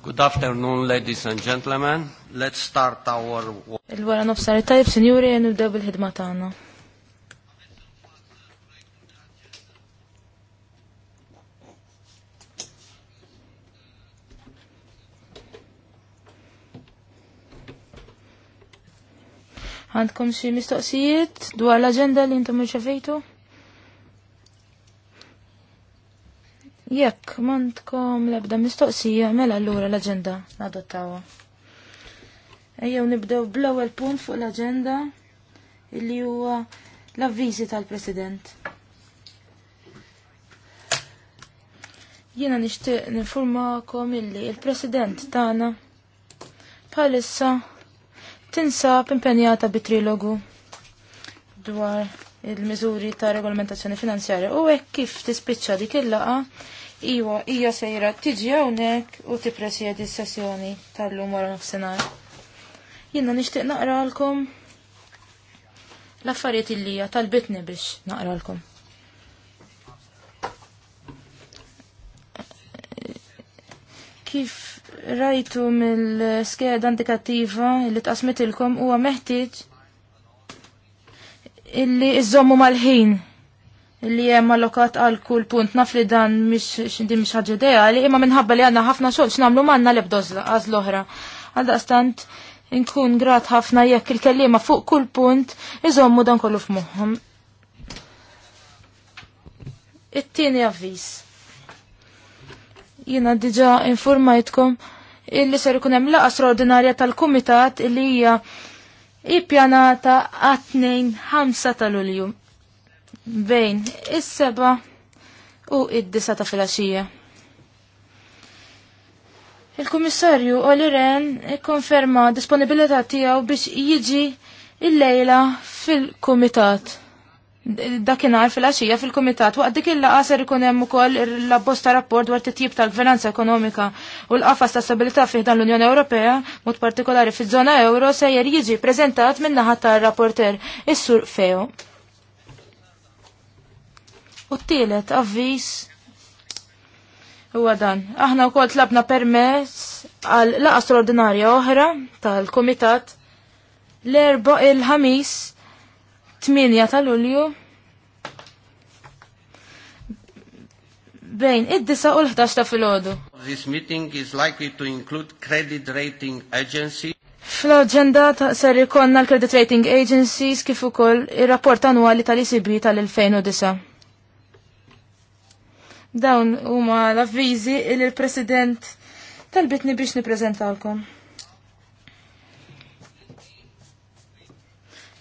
Good afternoon, ladies and gentlemen. Let's start our work. Il-wara nofsari tajb, senjuri, e nibdew bil-ħidma tagħna. Għandkom xie mistoqsijiet dwar l agenda li intom xafejtu? Jekk mandkom lebda mistoqsija mela allura l-aġenda nadottawa. Ejjew nibdew bl-ewwel punt fuq l-aġenda illi huwa l-avviżi tal-President. Jiena nixtieq ninformakom illi il-President tagħna bħalissa tinsab impenjata bitrilogu dwar il-miżuri ta' regolamentazzjoni finanzjarja u hekk kif tispiċċa dik il-laqa Iwa, ija sejra tiġi hawnhekk u tippresjedi s-sessjoni tal-lum wara nofsinhar. Jiena nixtieq naqralkom l-affarijiet illija tal-bitni biex naqralkom. Kif rajtu mill-skeda indikattiva li tqasmitilkom huwa meħtieġ illi iżommu mal-ħin li hemm allokat għal kull punt naf li dan mhix din mhix ħaġa ideali, imma minħabba li għandna ħafna manna x'nagħmlu m'għandna lebda għażl oħra. Għaldaqstant inkun grat ħafna jekk il-kellima fuq kull punt iżommu dan kollu f'moħħhom. It-tieni avviż. Jiena diġa' informajtkom illi ser ikun hemm laqgħa straordinarja tal-kumitat li hija ippjanata għat-tnejn ħamsa tal-ulju bejn is-seba u id-disa ta' filgħaxija. Il-Kummissarju Oliren ikkonferma disponibilità tiegħu biex jiġi il-lejla fil-Kumitat. Dakinhar fil-għaxija fil-Kumitat waqt dik il-laqgħa ikun hemm ukoll l-abbosta rapport dwar titjib tal-gvernanza ekonomika u l-qafas ta' stabilità fih dan l-Unjoni Ewropea, mod partikolari fiż-żona euro sejjer jiġi preżentat min-naħa tar-rapporter is-Sur Feo. U t-tielet avviż huwa dan. Aħna wkoll tlabna permess għal laqa straordinarja oħra tal-Kumitat l-erba il-ħamis 8 ta' Lulju bejn id-9 u l-11 ta' filgħodu. This meeting is likely to include credit rating agency. Fl-agenda ser ikonna l-Credit Rating Agencies kif ukoll ir-rapport annwali tal-ECB tal-2009. Dawn huma l-avviżi il l-President talbitni biex nippreżentawlkom.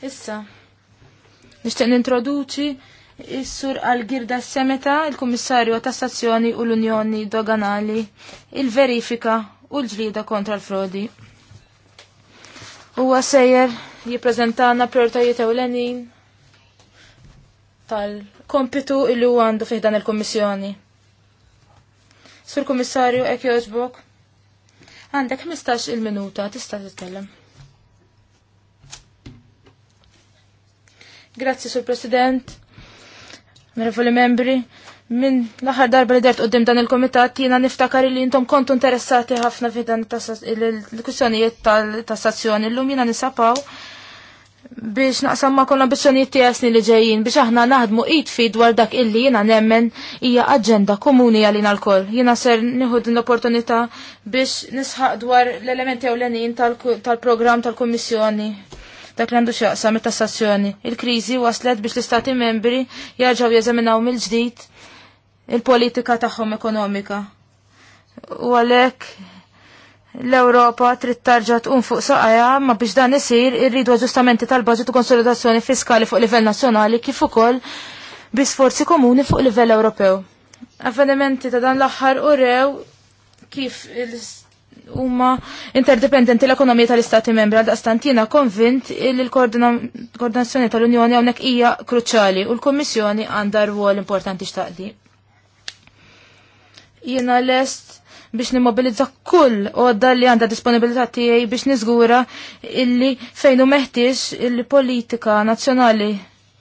Issa, nixtieq nintroduċi s sur għal-girda semeta il-Kummissarju tassazzjoni u l-Unjoni Doganali il-verifika u l-ġlida kontra l-frodi. Huwa sejjer jippreżentana prioritajiet ewlenin tal-kompitu illi u għandu fih dan il-kommissjoni. Sur kommissarju, ek joġbok. Għandek 15 il-minuta, tista' tittellem. Grazzi, sur President, onorevoli membri, minn l-aħħar darba li dert qoddim dan il-komitat jiena niftakar li intom kontu interessati ħafna f'dan il-kwistjonijiet tal-tassazzjoni. Llum jiena nisapaw biex naqsam ma kollha ambizzjonijiet tiegħi li ġejjin biex aħna naħdmu id fi dwar dak illi jiena nemmen hija aġenda komuni għalina l-koll. Jiena ser nieħu din l-opportunità biex nisħaq dwar l-elementi ewlenin tal-programm tal-Kummissjoni dak li għandu xaqsam it tassazzjoni Il-kriżi waslet biex l-istati membri jarġaw jeżaminaw mill-ġdid il-politika tagħhom ekonomika. U għalhekk l-Europa trid tarġa tqum fuq soqajja ma biex dan isir irridu aġġustamenti tal-baġit u konsolidazzjoni fiskali fuq livell nazzjonali kif ukoll bi sforzi komuni fuq livell Ewropew. Avvenimenti ta' dan l-aħħar u rew kif huma interdependenti l-ekonomija tal-Istati membri għal daqstantina konvint li l-koordinazzjoni tal-Unjoni hawnhekk hija kruċjali u l-Kummissjoni għandha rwol importanti x'taqdi. Jiena lest biex nimmobilizza kull għodda li għandha disponibilità tiegħi biex niżgura illi fejn hu meħtieġ il-politika nazzjonali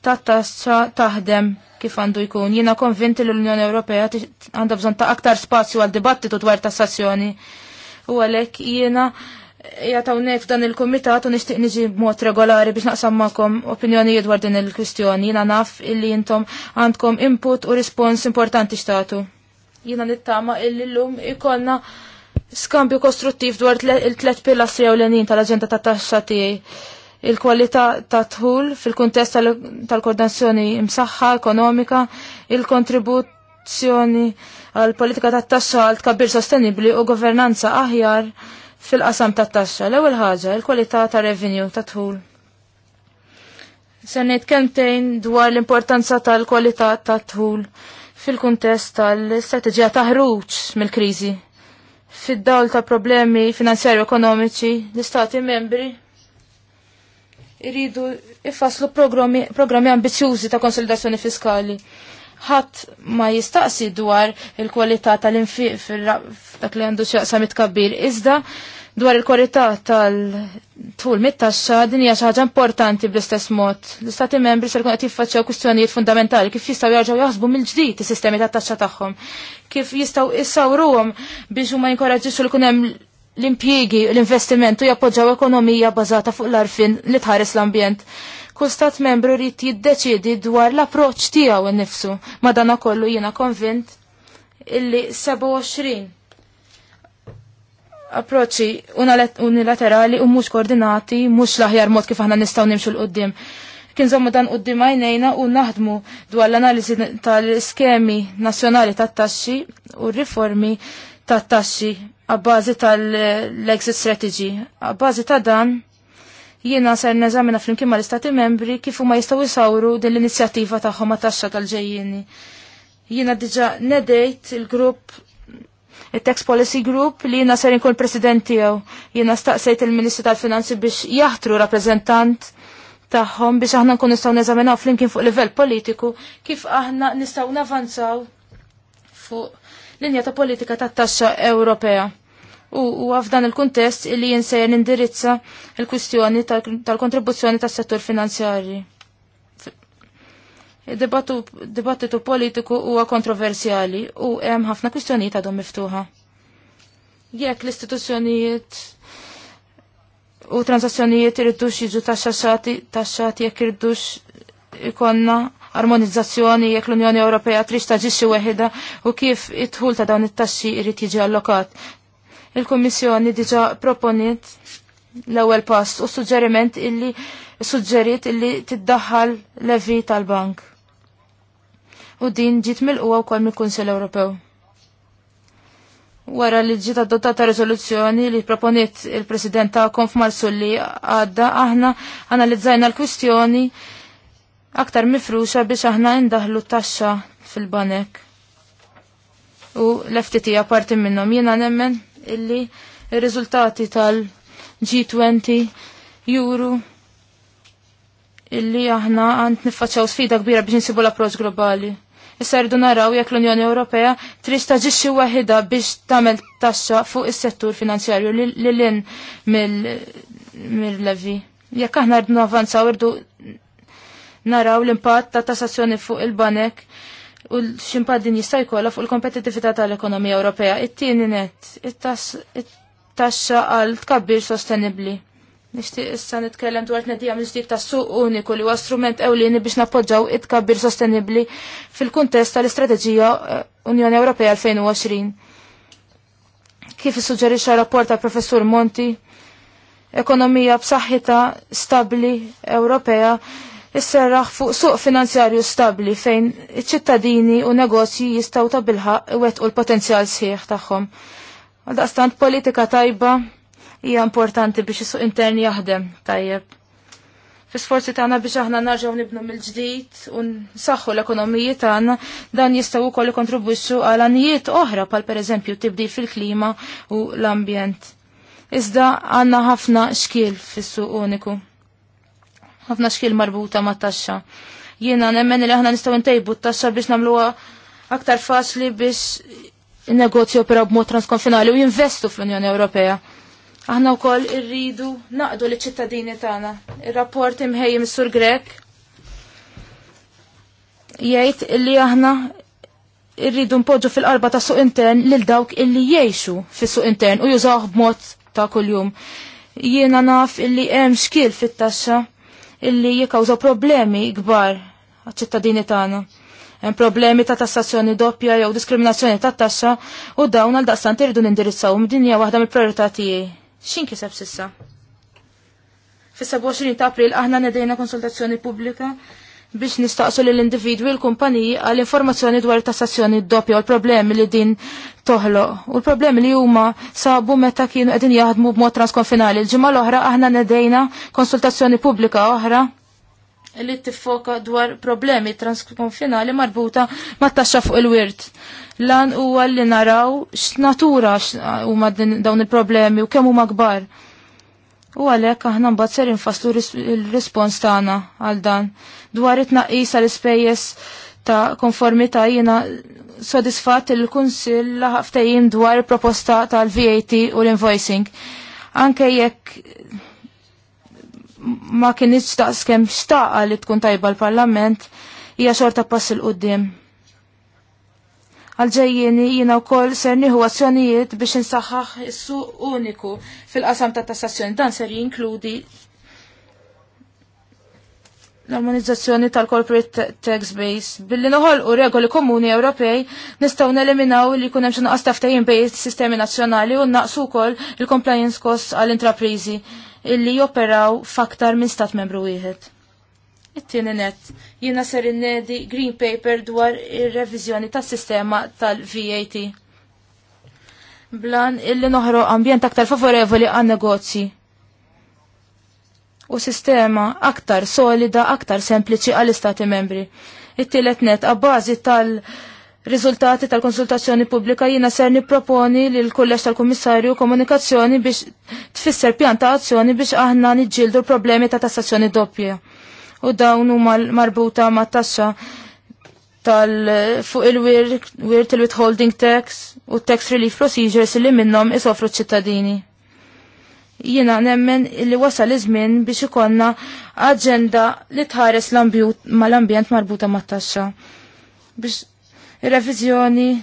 tat tassa taħdem kif għandu jkun. Jiena konvinti l unjoni Ewropea għandha bżonn ta' aktar spazju għal dibattitu dwar tassazzjoni. U għalhekk jiena jatawnek f'dan il-komitat u nishtiq niġi mod regolari biex naqsam ma'kom opinjonijiet dwar din il-kwistjoni. Jina naf illi jintom għandkom input u respons importanti xtatu jina nittama lum ikonna skambju kostruttiv dwar il-tlet pilastri ewlenin tal-aġenda ta' taxxa tiegħi. Il-kwalità ta' tħul fil-kuntest tal-koordinazzjoni imsaħħa ekonomika, il-kontribuzzjoni għal politika ta' taxxa għal tkabbir sostenibli u governanza aħjar fil-qasam ta' taxxa. L-ewwel ħaġa, il-kwalità ta' revenue ta' tħul. Se ngħid kemmtejn dwar l-importanza tal-kwalità ta' tħul. Ta fil-kuntest tal-istrateġija taħruċ mill-kriżi. Fid-dawl ta' problemi finanzjarju ekonomiċi, l-istati membri iridu ifaslu programmi, programmi ambizjużi ta' konsolidazzjoni fiskali. Ħadd ma jistaqsi dwar il-kwalità tal-infiq fil-dak li għandu xaqsam kabbir, iżda dwar il-kwalità tal-tul mit-taxxa din hija xi ħaġa importanti bl-istess mod. L-istati membri se jkun qed jiffaċċjaw kwistjonijiet fundamentali kif jistgħu jarġgħu jaħsbu mill-ġdid is-sistemi tat-taxxa tagħhom. Kif jistgħu issawruhom biex huma jinkoraġġixxu li kun hemm l-impjiegi, l-investiment u jappoġġaw ekonomija bażata fuq l-arfin li tħares l-ambjent. Kull stat membru rrid jiddeċiedi dwar l-approċċ tiegħu innifsu. Madana kollu jiena konvint illi 27 approċċi unilaterali u mhux koordinati, mhux l-aħjar mod kif aħna nistgħu nimxu l-qudiem. Kien żommu dan qudiem għajnejna u naħdmu dwar l-analiżi tal-iskemi nazzjonali tat-taxxi u r-riformi tat-taxxi għabbażi tal-exit strategy. Għabbażi ta' dan jiena ser neżamina flimkien mal-Istati membri kif huma jistgħu jsawru din l-inizjattiva tagħhom għat taxxa tal-ġejjieni. Jiena diġà nedejt il-grupp il-Tax Policy Group li jina ser inkun president tiegħu. Jina staqsejt il-Ministru tal-Finanzi biex jaħtru rappreżentant tagħhom biex aħna nkun nistgħu neżaminaw flimkien fuq livell politiku kif aħna nistgħu navanzaw fuq linja ta' politika tat-taxxa Ewropea. U f'dan il-kuntest li jinsejjer nindirizza il-kwistjoni tal-kontribuzzjoni tas-settur finanzjarji dibattitu politiku huwa kontroversjali u hemm ħafna kwistjonijiet għadhom miftuħa. Jekk l-istituzzjonijiet u transazzjonijiet irridux jiġu taxxaxati taxxati jekk irridux ikonna armonizzazzjoni jekk l-Unjoni Ewropea trix taġixxi weħida u kif it-tħul ta' dawn it-taxxi jrid jiġi allokat. Il-Kummissjoni diġà proponiet l-ewwel pass u suġġeriment illi suġġeriet illi tiddaħħal levi tal-bank u din ġiet milquwa wkoll mill-Kunsell Ewropew. Wara li ġiet adottata riżoluzzjoni li proponiet il-President tagħkom f'Marzu li għadda aħna analizzajna l-kwistjoni aktar mifruxa biex aħna indaħlu taxxa fil-banek. U l-FTT parti minnhom jiena nemmen illi ir-riżultati tal-G20 juru illi aħna għand niffaċċaw sfida kbira biex nsibu l-approċ globali. Issa rridu naraw jekk l-Unjoni Ewropea trista ġixxi waħida biex tagħmel taxxa fuq is-settur finanzjarju lil lin mill-levi. Jekk aħna rridu navanzaw irdu naraw l-impatt ta' tassazzjoni fuq il-banek u l-ximpad din jista' jkollha fuq il-kompetittività tal-ekonomija Ewropea. It-tieni net, it-taxxa għal tkabbir sostenibbli. Nixtieq issa nitkellem dwar tnedija mill-ġdid tas-suq uniku li huwa strument ewlieni biex nappoġġaw it-tkabbir sostenibbli fil-kuntest tal-Istrateġija eh, Unjoni Ewropea 2020. Kif issuġġerixxa rapport ta' Professur Monti, ekonomija b'saħħita stabbli Ewropea isserraħ fuq suq finanzjarju stabbli fejn iċ-ċittadini u negozji jistgħu ta' bilħaq iwettqu l-potenzjal sħiħ tagħhom. Għaldaqstant politika tajba hija importanti biex is-suq intern jaħdem tajjeb. Fis-sforzi tagħna biex aħna narġgħu nibnu mill-ġdid u nsaħħu l-ekonomiji tagħna dan jistgħu wkoll ikontribwixxu għal anijiet oħra pal pereżempju tibdil fil-klima u l-ambjent. Iżda għandna ħafna xkiel fis-suq uniku. Ħafna xkiel marbuta ma' taxxa Jiena nemmen li aħna nistgħu ntejbu t-taxxa biex nagħmluha aktar faċli biex negozju operaw b'mod transkonfinali u jinvestu fl-Unjoni Ewropea. Aħna wkoll irridu naqdu liċ ċittadini tagħna. Ir-rapport imħejjim sur Grek jgħid illi aħna irridu npoġġu fil-qarba ta' suq intern lil dawk illi jgħixu fis-suq intern u jużaw b'mod ta' kuljum. Jiena naf illi hemm xkil fit-taxxa illi jikkawża problemi kbar għaċ-ċittadini tagħna. Hemm problemi ta' tassazzjoni doppja jew diskriminazzjoni ta' taxxa u dawn għal daqstant irridu nindirizzawhom din hija waħda mill-priorità tiegħi. X'inkiseb sissa? Fis-27 ta' April aħna nedejna konsultazzjoni pubblika biex nistaqsu l individwi l-kumpaniji għal informazzjoni dwar tassazzjoni doppja u l-problemi li din toħlo. U l-problemi li huma sabu meta kienu qegħdin jaħdmu b'mod transkonfinali. L-ġimgħa l-oħra aħna nedejna konsultazzjoni pubblika oħra li tiffoka dwar problemi transkonfinali marbuta ma' taxxa fuq il-wirt. Lan huwa li naraw x'natura huma dawn il-problemi u kemm huma kbar. U għalhekk aħna mbagħad ser infaslu il-rispons tagħna għal dan dwar it-tnaqqis għal ispejjeż ta' konformità jina sodisfatt il-Kunsill laħaf dwar il-proposta tal-VAT u l-invoicing. Anke jekk ma nistaqs daqskemm xtaqa li tkun tajba l-Parlament hija xorta pass il qudiem Għalġejjeni jiena wkoll ser nieħu azzjonijiet biex insaħħaħ is-suq uniku fil-qasam ta' tassazzjoni dan ser jinkludi l-armonizzazzjoni tal-corporate tax base billi noħolqu regoli komuni Ewropej nistgħu neliminaw li jkun hemm xi nuqqas taftajin bejn sistemi nazzjonali u naqsu wkoll il-compliance costs għall intrapriżi illi joperaw faktar minn stat membru wieħed. It-tieni net, jiena ser innedi Green Paper dwar ir-reviżjoni tas-sistema tal-VAT. Blan illi noħro ambjent aktar favorevoli għan negozji u sistema aktar solida, aktar sempliċi għall-istati membri. It-tielet net, għabbażi tal- riżultati tal-konsultazzjoni pubblika jiena ser nipproponi lil kullex tal-Kummissarju komunikazzjoni biex tfisser pjan ta' azzjoni biex aħna niġġieldu problemi ta' tassazzjoni doppja. U dawn huma marbuta ma' tassa tal fuq il-wirt il-withholding tax u tax relief procedures li minnhom isofru ċ-ċittadini jina nemmen li wasal iż-żmien biex ikonna aġenda li tħares l-ambjent mal-ambjent marbuta ma' tassa. Biex Ir-reviżjoni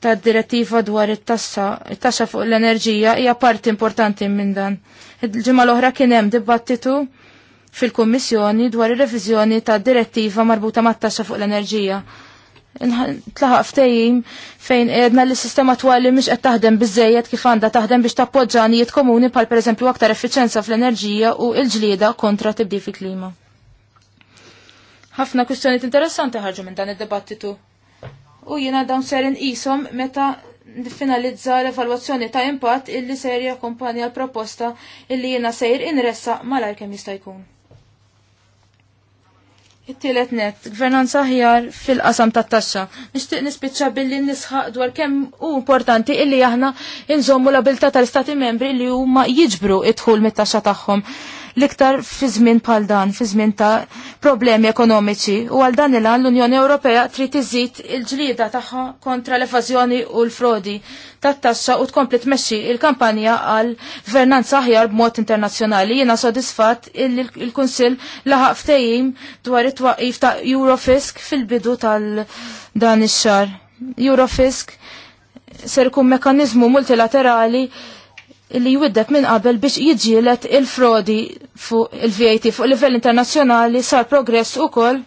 tad direttiva dwar it-tassa, it-tassa fuq l-enerġija hija parti importanti minn dan. Il-ġimgħa l-oħra kien hemm dibattitu fil-Kummissjoni dwar ir-reviżjoni tad direttiva marbuta mat-tassa fuq l-enerġija tlaħaq ftejim fejn edna li sistema twali mhix qed taħdem biżejjed kif għandha taħdem biex tappoġġa nijiet komuni bħal pereżempju aktar effiċenza fl-enerġija u l-ġlieda kontra tibdi fil-klima. Ħafna kwistjonijiet interessanti ħarġu minn dan id-dibattitu u jiena dawn ser inqishom meta finalizza l-evalwazzjoni ta' impatt illi ser jakkumpanja l-proposta illi jiena sejr inressa malajr kemm jista' jkun. il tielet net, gvernanza ħjar fil-qasam tat taxxa. Nixtieq nispiċċa billi nisħaq dwar kemm u importanti illi aħna inżommu l-abilità tal-Istati membri li huma jiġbru id-dħul mit-taxxa tagħhom l-iktar fi żmien bħal dan, fi żmien ta' problemi ekonomiċi. U għal dan il l-Unjoni Ewropea trid iżid il-ġlida tagħha kontra l-evażjoni u l-frodi tat-taxxa u tkompli tmexxi il-kampanja għal gvernanza aħjar b'mod internazzjonali. Jiena sodisfatt il-Kunsill laħaq ftehim dwar it-twaqif ta' Eurofisk fil-bidu tal dan ix-xar. Eurofisk ser ikun mekanizmu multilaterali illi jwiddeb minn qabel biex jiġielet il-frodi fuq il-VAT fuq livell internazzjonali sar progress ukoll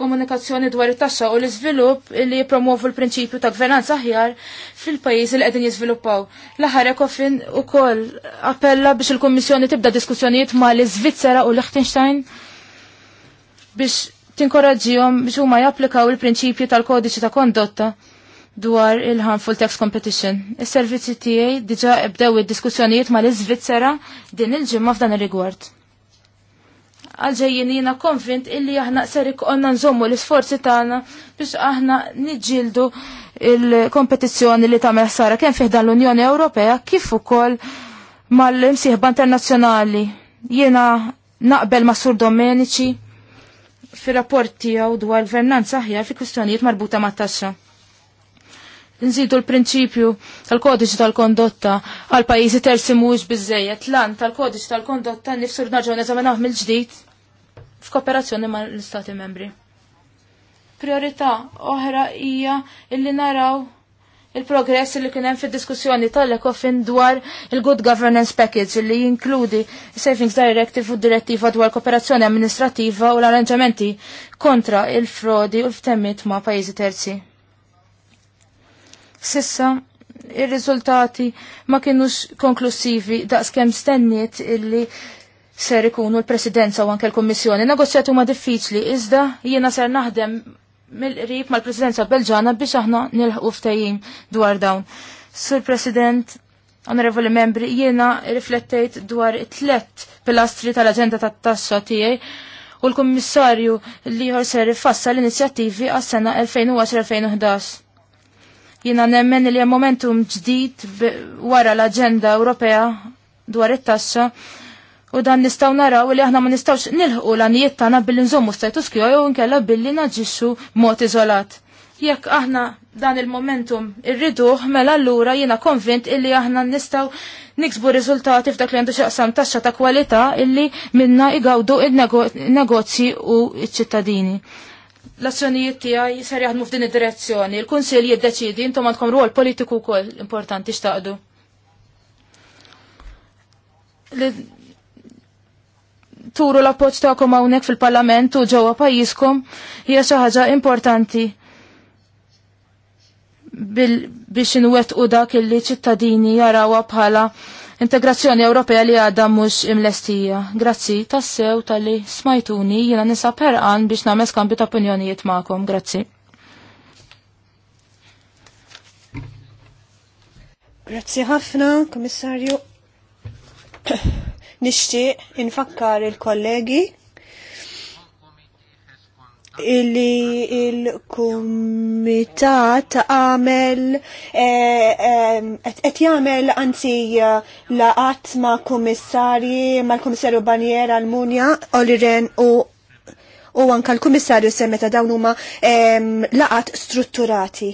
komunikazzjoni dwar it-taxxa u l-iżvilupp li jipromovu l-prinċipju ta' gvernanza aħjar fil-pajjiż li qegħdin jiżviluppaw. L-aħħar ekofin ukoll appella biex il-Kummissjoni tibda diskussjonijiet mal iżvizzera u l Liechtenstein biex tinkoraġġihom biex huma japplikaw il-prinċipju tal-kodiċi ta' kondotta dwar il-harmful tax competition. Is-servizzi tiegħi diġà ebdew id-diskussjonijiet mal-Iżvizzera din il-ġimgħa f'dan ir-rigward għalġejjien jina konvint illi aħna ser ikonna nżommu l-isforzi tagħna biex aħna niġġieldu il-kompetizzjoni li tagħmel Sara kemm fih dan l-Unjoni Ewropea kif ukoll mal-imsieħba internazzjonali. Jiena naqbel ma' Sur Domenici fi rapport tiegħu dwar gvernanza aħjar fi kwistjonijiet marbuta mat-taxxa nżidu l-prinċipju tal-kodiċi tal-kondotta għal pajjiżi terzi mhux biżejjed lan tal-kodiċi tal-kondotta nifsur narġgħu neżaminaw mill-ġdid f'kooperazzjoni mal istati membri. Priorità oħra hija illi naraw il-progress li kien hemm fid-diskussjoni tal ekofin dwar il-Good Governance Package li jinkludi Savings Directive u direttiva dwar kooperazzjoni amministrativa u l-arranġamenti kontra il-frodi u l-ftemmit ma' pajjiżi terzi. Sissa, il-rizultati ma kienux konklusivi daqskem stenniet illi ser ikunu l-presidenza u anke l-kommissjoni. Negozjati huma diffiċli, iżda jiena ser naħdem mill-qrib mal-presidenza belġana biex aħna nilħu ftajim dwar dawn. Sur President, Onorevoli Membri, jiena riflettejt dwar it-tlet pilastri tal-aġenda tat-taxxa tiegħi u l-Kummissarju li ser ifassa l-inizjattivi għas-sena 2010-2011 Jina nemmen li hemm momentum ġdid wara l-Aġenda Ewropea dwar it-taxxa u dan nistgħu naraw li aħna ma nistgħux nilħqu l-għanijiet tagħna billi nżommu status quo jew nkella billi naġixxu mod iżolat. Jekk aħna dan il-momentum irriduh mela allura jiena konvint illi aħna nistgħu niksbu riżultati f'dak li għandu xaqsam taxxa ta' kwalità illi minna igawdu il-negozji u ċ-ċittadini l-azzjonijiet tiegħi ser jaħdmu f'din id-direzzjoni. Il-Kunsill jiddeċidi intom għandkom rwol politiku wkoll importanti xtaqdu. Turu l-appoġġ tagħkom hawnhekk fil-Parlament u ġewwa pajjiżkom hija xi ħaġa importanti biex inwettqu dak illi ċittadini jarawha bħala integrazzjoni Ewropea li għadha mhux imlestija. Grazzi tassew tal-li smajtuni jiena nisa perqan biex nagħmel skambju ta' opinjonijiet magħkom. Grazzi. Grazzi ħafna, Komissarju. Nixtieq infakkar il-kollegi illi il-kumitat għamel qed eh, eh, jagħmel anzi eh, laqat ma' kummissarji mal-Kummissarju Banier Almunja Oliren u u anka l-Kummissarju semmeta dawn huma laqat strutturati.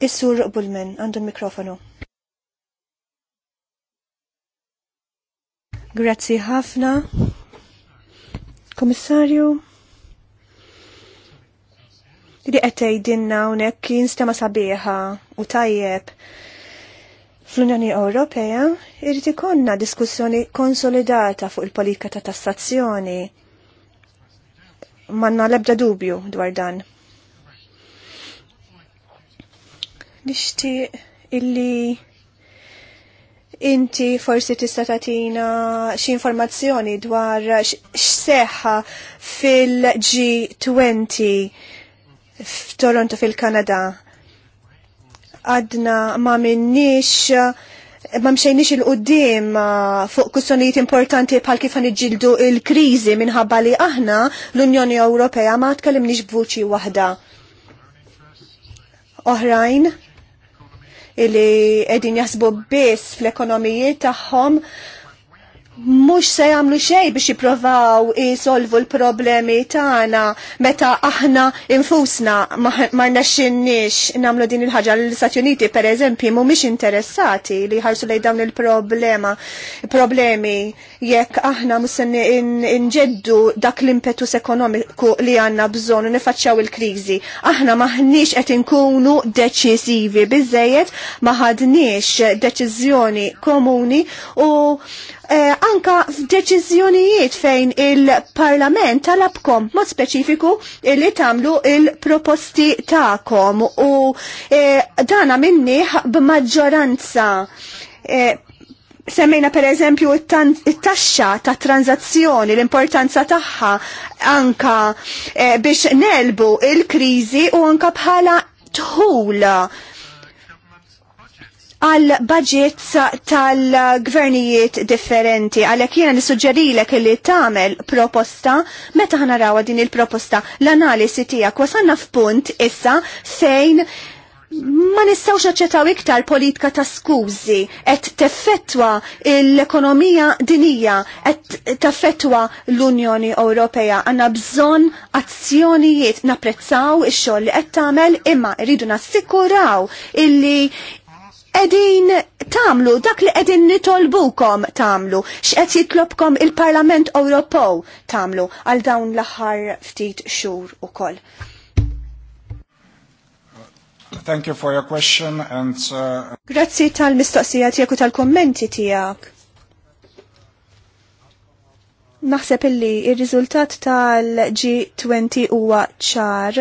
Is-sur Bulmen għandu l-mikrofonu. Grazzi ħafna. Komissarju, li għettej dinna unek jinstema sabiħa u tajjeb fl-Unjoni Ewropea irrit ikonna diskussjoni konsolidata fuq il-politika ta' tassazzjoni. Manna lebda dubju dwar dan. Nishti illi Inti forsi tista' tagħtina xi informazzjoni dwar x'seħħa fil-G20 f'Toronto fil-Kanada. Għadna ma minnix ma mxejnix il-qoddim fuq kussonijiet importanti bħal kif ġildu il kriżi minħabba li aħna l-Unjoni Ewropea ma tkellimniex b'vuċi waħda. Oħrajn li edin jasbu biss fl-ekonomiji tagħhom mux se jamlu xej biex jiprovaw jisolvu l-problemi tagħna meta aħna infusna ma nexxinniex namlu din il-ħaġa l-Stati Uniti per eżempju mhumiex interessati li jħarsu lejn dawn il-problema problemi jekk aħna musen nġeddu dak l-impetus ekonomiku li għanna bżon u nifacċaw il-krizi. Aħna maħniex qed inkunu deċisivi biżejjed maħadniex deċiżjoni komuni u eh, anka f'deċiżjonijiet fejn il-Parlament talabkom mod speċifiku li tamlu il-proposti ta'kom u eh, dana minniħ b'maġġoranza. Eh, Semmejna per eżempju it-taxxa ta' tranzazzjoni, l-importanza tagħha anka eh, biex nelbu il-kriżi u anka bħala tħul għal budgets tal-gvernijiet differenti, għalek jena nisuġġerilek li tamel proposta, meta ħana rawa din il-proposta, l-analisi tijak, wasanna f'punt issa fejn ma nistawx aċċettaw iktar politika ta' skużi qed teffettwa l-ekonomija dinija, qed teffettwa l-Unjoni Ewropea. Għandna bżonn azzjonijiet napprezzaw ix-xogħol li qed tagħmel imma rridu nassikuraw illi edin tamlu dak li edin nitolbukom tamlu, x'qed jitlobkom il-Parlament Ewropew tamlu għal dawn l-aħħar ftit xhur ukoll. Thank you for your question and... Uh... Grazzi tal-mistoqsija tiegħek u tal kummenti tiegħek. Naħseb illi ir riżultat tal tal-G20 huwa ċar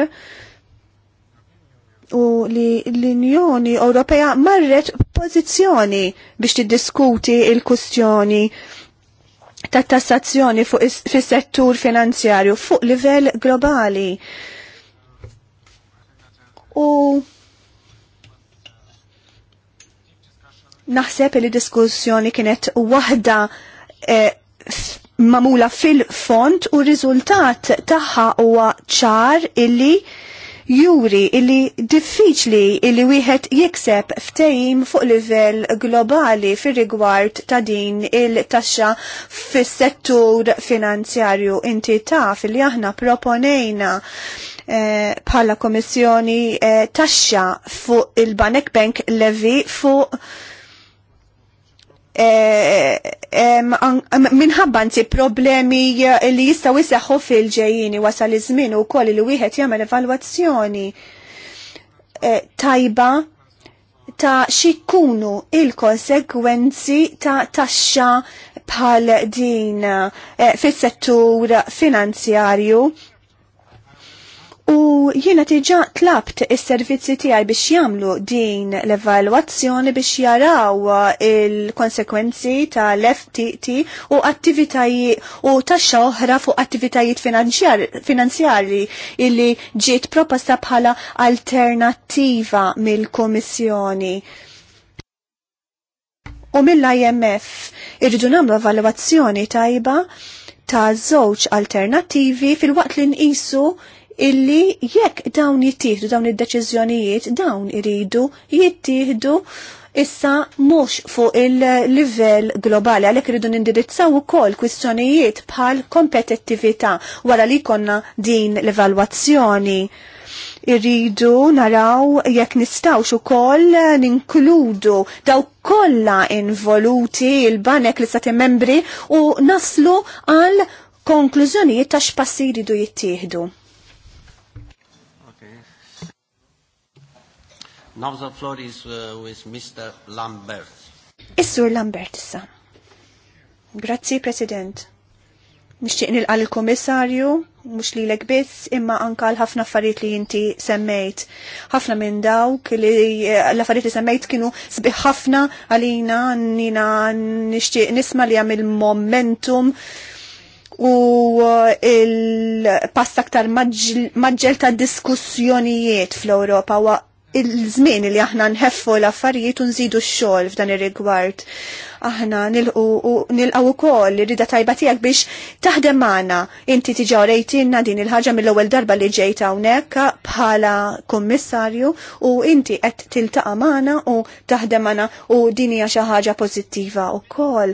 u li l-Unjoni Ewropea marret pożizzjoni biex tiddiskuti il-kustjoni ta' tassazzjoni fis-settur finanzjarju fuq livell globali. U Naħseb li diskussjoni kienet waħda eh, mamula fil-font u riżultat taħħa huwa ċar illi juri illi diffiċli illi wieħed jikseb ftehim fuq livell globali fir rigward ta' din il-taxxa fis-settur finanzjarju inti taf li aħna proponejna eh, bħala eh, komissjoni eh, taxxa fuq il-Banek Bank levi fuq Eh, eh, minħabba nti problemi eh, li jistaw jisaxħu fil-ġejjini wasal iż-żmien ukoll li wieħed jagħmel evalwazzjoni tajba ta' xikunu il-konsekwenzi ta' taxxa bħal din fis-settur finanzjarju U jiena tiġa tlabt is-servizzi tiegħi biex jagħmlu din l-evalwazzjoni biex jaraw il-konsekwenzi tal-FTT u attivitajiet u taxxa oħra fuq attivitajiet finanzjarji illi ġiet proposta bħala alternattiva mill-Kummissjoni. U mill-IMF irridu nagħmlu evalwazzjoni tajba ta' żewġ alternattivi fil-waqt li nqisu illi jekk dawn jittieħdu dawn id-deċiżjonijiet dawn iridu jittieħdu issa mhux fuq il-livell globali għalhekk iridu nindirizzaw ukoll kwistjonijiet bħal kompetittività wara li konna din l-evalwazzjoni irridu naraw jekk nistawx ukoll ninkludu daw kollha involuti il-banek li stati membri u naslu għal konklużjonijiet ta' x'passi jridu jittieħdu. Now the floor is uh, with Mr. Lambert. Issur Lambert issa. Grazzi, President. Nixtieq nilqa l-Komissarju, mhux lilek biss, imma anka l-ħafna affarijiet li inti semmejt. Ħafna minn dawk li eh, l-affarijiet li semmejt kienu sbiħ ħafna għalina nina nixtieq nisma li hemm il-momentum u eh, il-pass aktar maġġel ta' diskussjonijiet fl-Ewropa il-żmien li aħna nħeffu l-affarijiet unżidu x-xogħol f'dan ir-rigward. Aħna nilqgħu wkoll li rida tajba tiegħek biex taħdem magħna. Inti tiġa rejtinna din il-ħaġa mill-ewwel darba li ġejt hawnhekk bħala kommissarju u inti qed tiltaqa' magħna u taħdem magħna u din hija xi ħaġa pożittiva wkoll.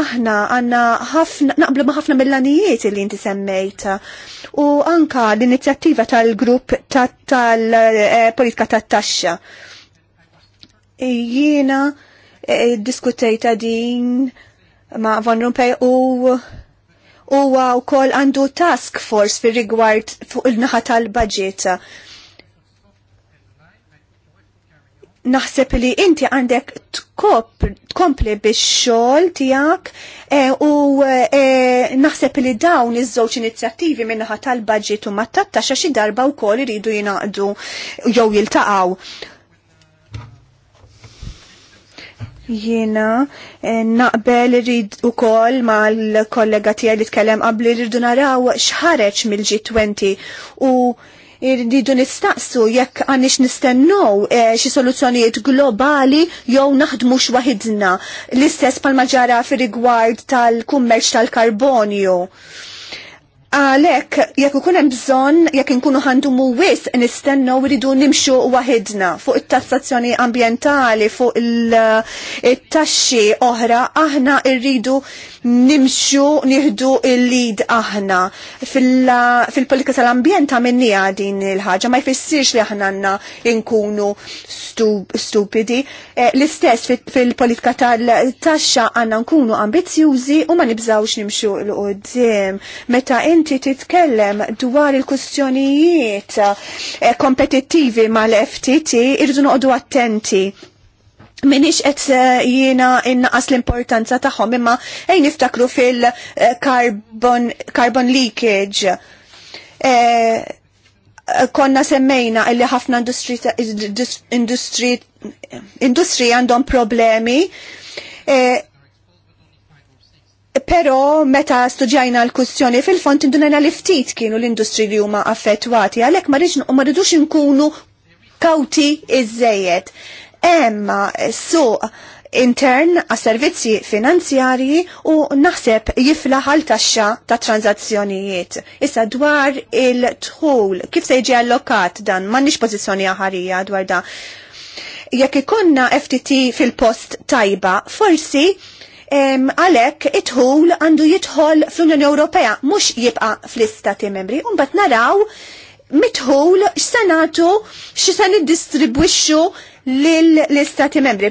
Aħna għandna ħafna naqblu ma' ħafna mill-anijiet li inti semmejt. U anka l-inizjattiva tal-grupp tal-politika tat-taxxa. Jiena eh, diskutejta din ma' Van Rompuy u huwa wkoll għandu task force fir rigward fuq il-naħa tal-budget. Naħseb li inti għandek tkompli biex xogħol tiegħek e, u e, naħseb li dawn iż-żewġ inizjattivi minnaħa tal-budget u mat-tattaxa xi darba wkoll iridu jingħaqdu jew jiltaqgħu Jiena eh, naqbel kol ukoll mal-kollega tiegħi li tkellem qabli rridu naraw x'ħareġ mill-G20 u rridu nistaqsu jekk għanix nistennow eh, xi soluzzjonijiet globali jew naħdmu waħidna l-istess pal ġara fir rigward tal-kummerċ tal-karbonju. tal kummerċ tal tal kummerċ tal karbonju Għalek, jekk ikun hemm bżonn, jekk inkunu ħandumu wis nistennu iridu nimxu waħedna fuq it-tassazzjoni ambjentali, fuq il-taxxi oħra, aħna rridu nimxu nieħdu il-lid aħna. Fil-politika tal-ambjent għamennija din il-ħaġa, ma jfissirx li aħna għanna inkunu stupidi. Eh, l-istess fil-politika tal-taxxa għanna nkunu ambizjużi u ma nibżawx nimxu l-qoddim. Meta inti titkellem dwar il-kustjonijiet eh, kompetittivi mal-FTT, irridu noqdu attenti Minix qed eh, jiena innaqas l-importanza tagħhom imma ej niftakru fil-carbon carbon leakage. E, konna semmejna illi ħafna industri industri għandhom problemi. E, Pero meta studjajna l kustjoni fil-font indunajna li ftit kienu l-industri li huma affettwati għalhekk ma rridux inkunu kawti iż hemm suq intern għas servizzi finanzjarji u naħseb jiflaħ għal taxxa ta' tranzazzjonijiet. Issa dwar il-tħul, kif se jiġi allokat dan, m'għandniex pożizzjoni aħarija dwar da. Jekk ikonna FTT fil-post tajba, forsi għalek itħul għandu jitħol fl-Unjoni Ewropea, mux jibqa fl-istati membri, unbat naraw mitħul x-sanatu x-san id-distribwixxu lill-istati membri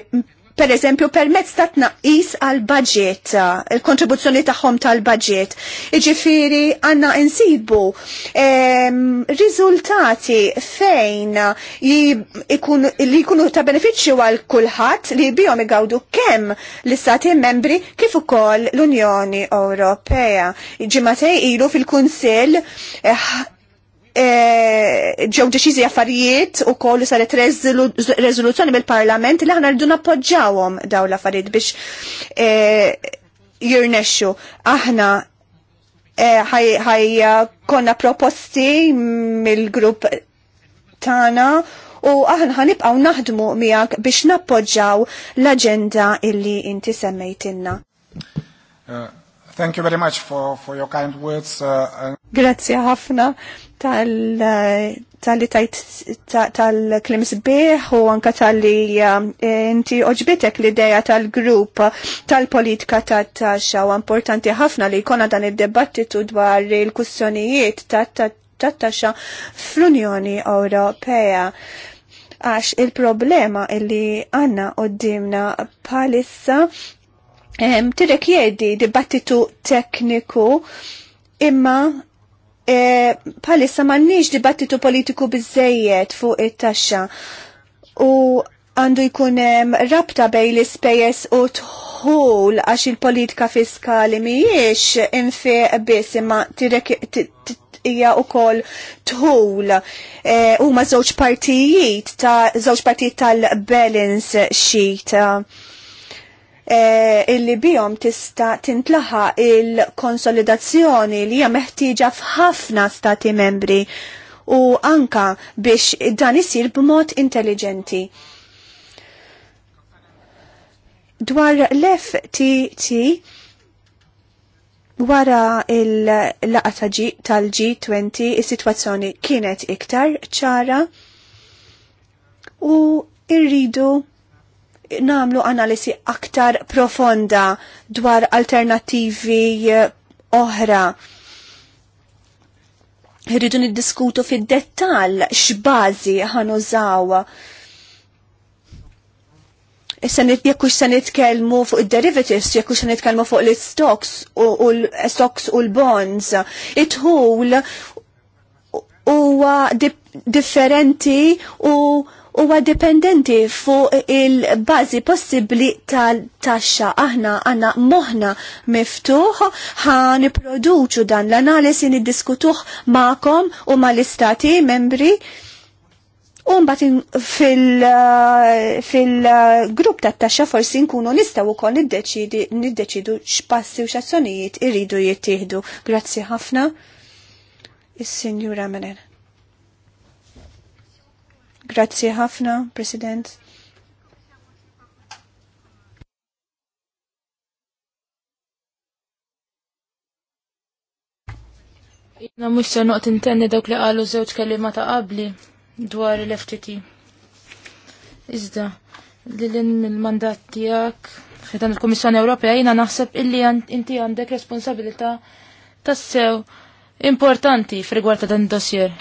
per eżempju permezz ta' tnaqqis għal budget il-kontribuzzjoni tagħhom tal-budget. Iġifiri għandna insibu riżultati fejn li jkunu ta' benefiċċju għal kulħadd li bihom igawdu kemm l-istati membri kif ukoll l-Unjoni Ewropea. Ġimatej ilu fil-Kunsill eh, Eh, ġew deċiżi affarijiet u koll saret rezoluzzjoni mill-parlament li ħana rridu nappoġġawhom daw l-affarijiet biex eh, jirnexxu. Aħna eh, ħajja konna proposti mill-grupp tana u aħna ħanibqaw naħdmu miegħek biex nappoġġaw l-aġenda illi inti semmejtinna. Uh, thank you very much for, for your kind words. Uh, Grazie ħafna tal-li tajt tal-klim sbieħ u anka tal-li um, inti oġbitek l-ideja tal-grupp tal-politika tat-taxxa u importanti ħafna li jkona dan id-debattitu dwar il-kussjonijiet tat taxa fl-Unjoni Ewropea għax il-problema illi għanna dimna palissa tirek jedi dibattitu tekniku imma e, palissa m'għandniex dibattitu politiku bizzejiet fuq it-taxxa u għandu jkun rabta bej l-ispejjeż u tħul għax il-politika fiskali mhijiex infi biss imma hija wkoll tħul e, huma żewġ partijiet ta' żewġ partijiet tal-balance sheet. Eh, illi bihom tista tintlaħa il-konsolidazzjoni li hija meħtieġa f'ħafna stati membri u anka biex dan isir b'mod intelligenti. Dwar l-FTT wara il laqata tal tal-G20 is-sitwazzjoni kienet iktar ċara u irridu namlu analisi aktar profonda dwar alternativi eh, oħra. Rridu niddiskutu fid-dettal x'bażi ħanużaw. Issa jekk se nitkellmu fuq id-derivatives, jekk se nitkellmu fuq l-stocks u l-stocks u l-bonds, it-ħul huwa differenti u huwa dipendenti fuq il-bazi possibli tal-taxxa. Aħna għanna moħna miftuħ ħan produċu dan l-analisi niddiskutuħ ma'kom u mal-istati membri. Umbat eh, fil-grupp fil, tat-taxxa forsi nkunu nistgħu wkoll niddeċidu x'passi u x'azzjonijiet iridu jittieħdu. Grazzi ħafna. Is-Sinjura Menen. Grazzi ħafna, President. Jina mux se noqt intenni dawk li qalu żewġ kelliema ta' qabli dwar l-FTT. Iżda, li l-in mandat tijak fitan il-Komissjoni Ewropea jina naħseb illi inti għandek responsabilità tassew importanti f'rigward ta' dan dossier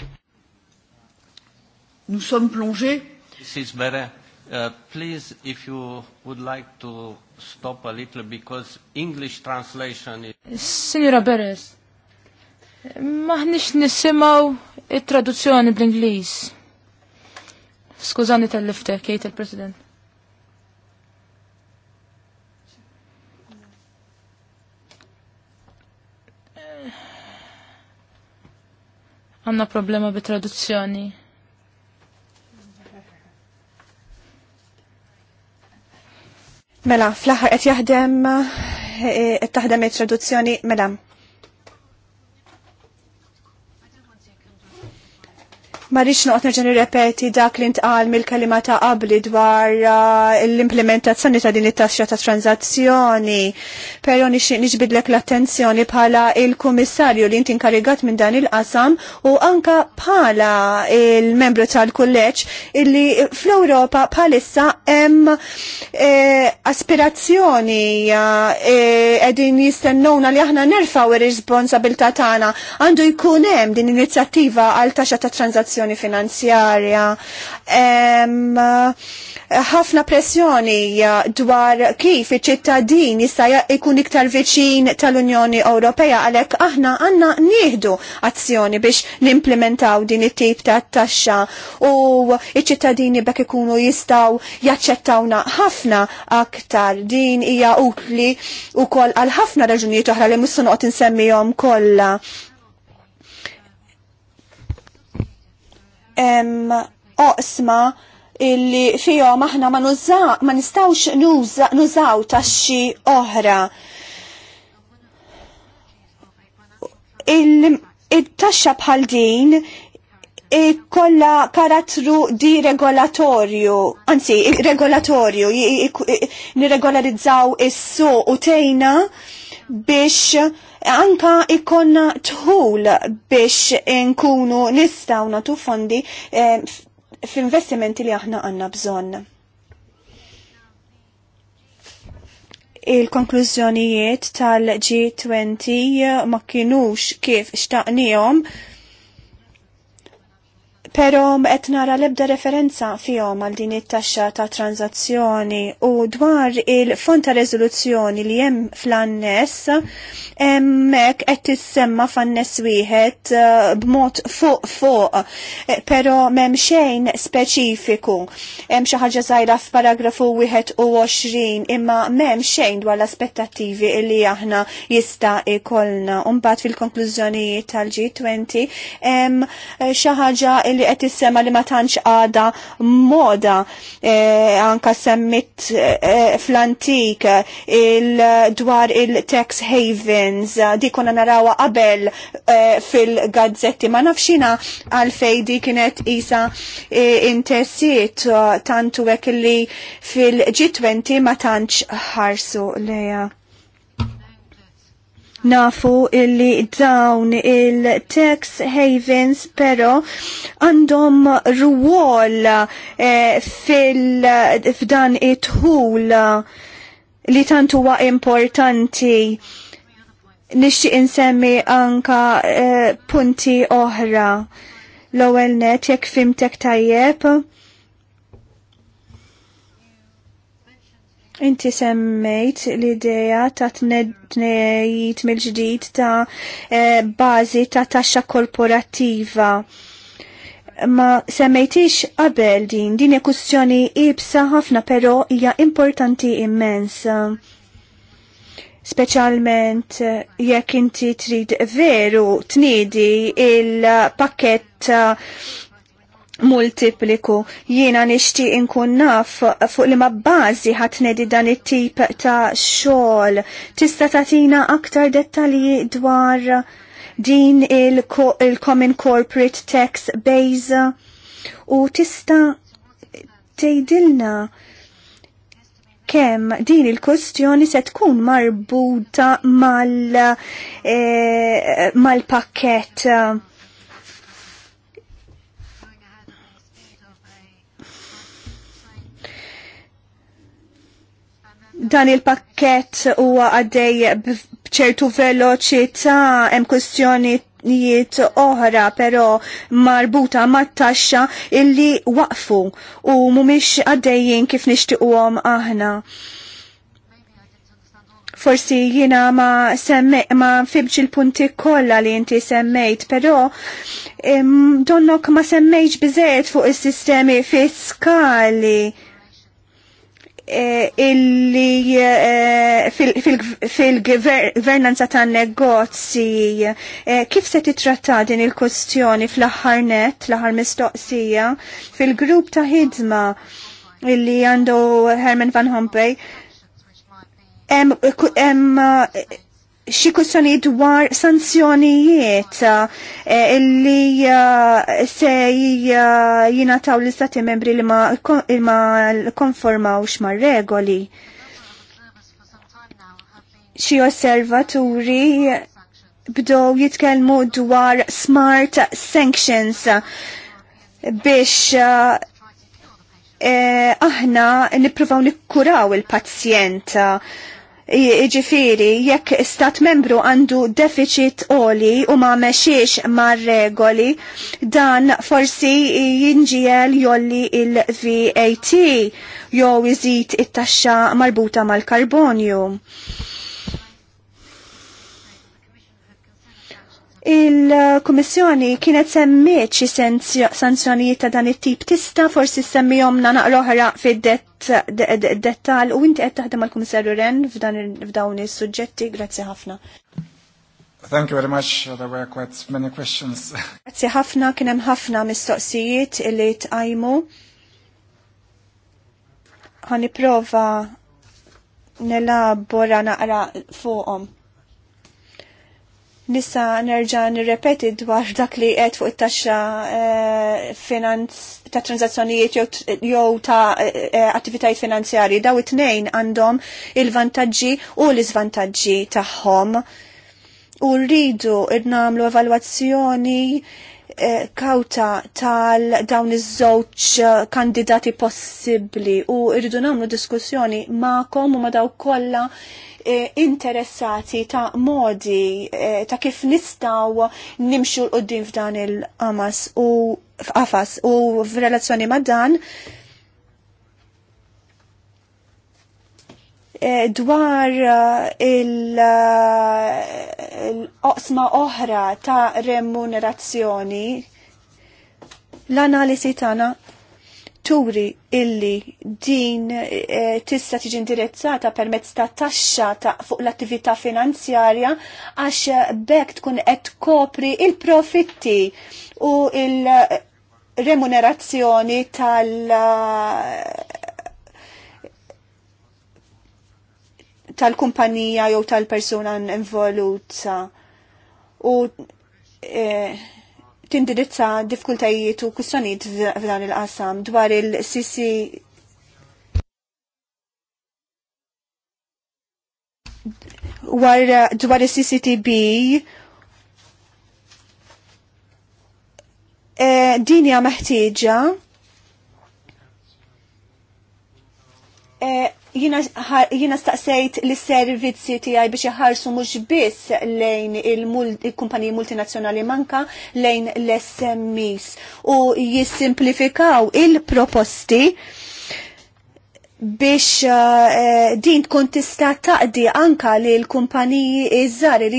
nous sommes plongés. Mrs. Beret, uh, please, if you would like to stop a little because English translation is... Signora Beres, maħnix nisimaw il traduzzjoni bl-Inglis. Skużani tal lifte jgħid il-President. Għanna problema bi traduzzjoni. Mela, fl-aħħar qed jaħdem eh, qed taħdem it-traduzzjoni mela Ma rix noqgħod nerġa' nirrepeti dak li ntqal mill-kelima ta' qabli dwar uh, l-implementazzjoni ta' din it-taxxa ta' tranzazzjoni. Però nixtieq niġbidlek l-attenzjoni bħala il-kummissarju li inti inkarigat minn dan il-qasam u anka bħala il-membru tal-kulleġġ illi fl-Ewropa bħalissa hemm eh, aspirazzjoni qegħdin eh, eh, jistennuna li aħna nerfaw ir-responsabilità tagħna għandu jkun hemm din inizjattiva għal taxxa ta' tranzazzjoni pressjoni finanzjarja. Ħafna pressjoni dwar kif iċ-ċittadin jista' jkun iktar viċin tal-Unjoni Ewropea għalhekk aħna għandna nieħdu azzjoni biex nimplementaw din it-tip ta' taxxa u iċ-ċittadini bekk ikunu jistgħu jaċċettawna ħafna aktar din hija utli u koll għal ħafna raġunijiet oħra li mussu noqgħod insemmihom kollha oqsma illi fihom aħna ma nużaw ma nistgħux nużaw taxxi oħra. Il-taxxa bħal din kolla karattru di regolatorju, anzi regolatorju, nirregolarizzaw is-su u tejna biex anka ikonna tħul biex nkunu nistaw natu fondi eh, f'investimenti li aħna għanna bżonn. Il-konklużjonijiet tal-G20 ma kienux kif xtaqnijom Pero qed nara l-ebda referenza fihom għal din it-taxxa ta' tranzazzjoni u dwar il-fond ta' reżoluzzjoni li hemm fl-annes hemmhekk qed tissemma f'annes wieħed eh, b'mod fuq fuq, eh, però m'hemm xejn speċifiku. Hemm xi ħaġa żgħira f'paragrafu wieħed u 20 imma m'hemm xejn dwar l-aspettattivi li aħna jista' ikollna. Mbagħad fil-konklużjonijiet tal-G20 hemm eh, xi ħaġa li qed issema li ma tantx għada moda e, anka semmit e, e, fl-antik il dwar il-tax havens di kuna narawa qabel fil-gazzetti ma nafxina għalfej di kienet isa intessiet tantu hekk li fil-G20 ma tantx ħarsu leja. Nafu illi dawn il-tax havens pero għandhom ruwol eh, fil-fdan it-ħul li tantu huwa importanti nixtieq insemmi anka eh, punti oħra l-ewwel net jekk fimtek tajjeb Inti semmejt l-ideja ta' t-nejt mill-ġdid ta' eh, bażi ta' taxxa korporattiva. Ma semmejtix qabel din, din kustjoni ibsa ħafna però hija importanti immens. Speċjalment eh, jekk inti trid veru tniedi il-pakket eh, multipliku. Jiena nixti inkun naf fuq li ma ħat nedi dan it-tip ta' xogħol. Tista' tagħtina aktar dettalji dwar din il-Common Corporate Tax Base u tista' tgħidilna kemm din il kustjoni se tkun marbuta eh, mal-pakket Eh, mal dan il-pakket huwa għaddej bċertu veloċità hemm kwistjonijiet oħra però marbuta mat-taxxa illi waqfu u mhumiex għaddejjin kif nixtiequhom aħna. Forsi jiena ma semme, ma fibx il-punti kollha li inti semmejt, pero donnok ma semmejx bizet fuq is-sistemi fiskali Eh, illi eh, fil-gvernanza ta' negozji eh, kif se titratta din il-kustjoni fl-aħħar net, l-aħħar mistoqsija fil-grupp ta' ħidma illi għandu Herman Van Hompej xi kwistjoni dwar sanzjonijiet li eh, illi eh, se uh, jingħataw l-istati membri li ma, konformaw xma mar regoli. Xi osservaturi bdow jitkellmu dwar smart sanctions biex aħna nippruvaw nikkuraw il-pazjent Iġifiri, jekk stat membru għandu deficit oli u ma meċiex ma regoli, dan forsi jinġiel jolli il-VAT jew iżid it-taxxa marbuta mal-karbonju. Il-Kummissjoni kienet semmiet xi sanzjonijiet ta' dan it-tip tista' forsi semmihomna naqroħra fid-dettal u inti qed taħdem mal-Kummissarju Ren f'dawn is-suġġetti. Grazzi ħafna. Thank you very much. There were quite many questions. Grazzi ħafna kien hemm ħafna mistoqsijiet li tqajmu. prova nelabora naqra fuqhom. Nissa nerġa' nirrepeti dwar dak li qed fuq it-taxxa eh, finanz ta' tranzazzjonijiet jew ta' eh, attivitajiet finanzjari. Daw it-tnejn għandhom il-vantaġġi u l-iżvantaġġi tagħhom. U rridu namlu evalwazzjoni kawta tal dawn iż-żewġ eh, kandidati possibbli u rridu nagħmlu diskussjoni ma'kom u ma' daw kollha eh, interessati ta' modi eh, ta' kif nistgħu nimxu l-qoddim f'dan il-qamas u f'qafas u f'relazzjoni ma' dan Eh, dwar eh, il eh, qosma oħra ta' remunerazzjoni l-analisi tana turi illi din tista tiġi indirizzata permezz ta' taxxa ta' fuq l-attività finanzjarja għax bekk tkun qed kopri il-profitti u il-remunerazzjoni tal- tal-kumpanija jew tal-persuna involuta u e, tindirizza diffikultajiet u kwistjonijiet f'dan il-qasam dwar il sisi dwar il-CCTB e, dinja meħtieġa Eh, jina staqsejt li servizzi tijaj biex jħarsu mux biss lejn il-kumpaniji multinazzjonali manka lejn l-SMEs u jissimplifikaw il-proposti biex uh, din tkun tista taqdi anka li l-kumpaniji iż li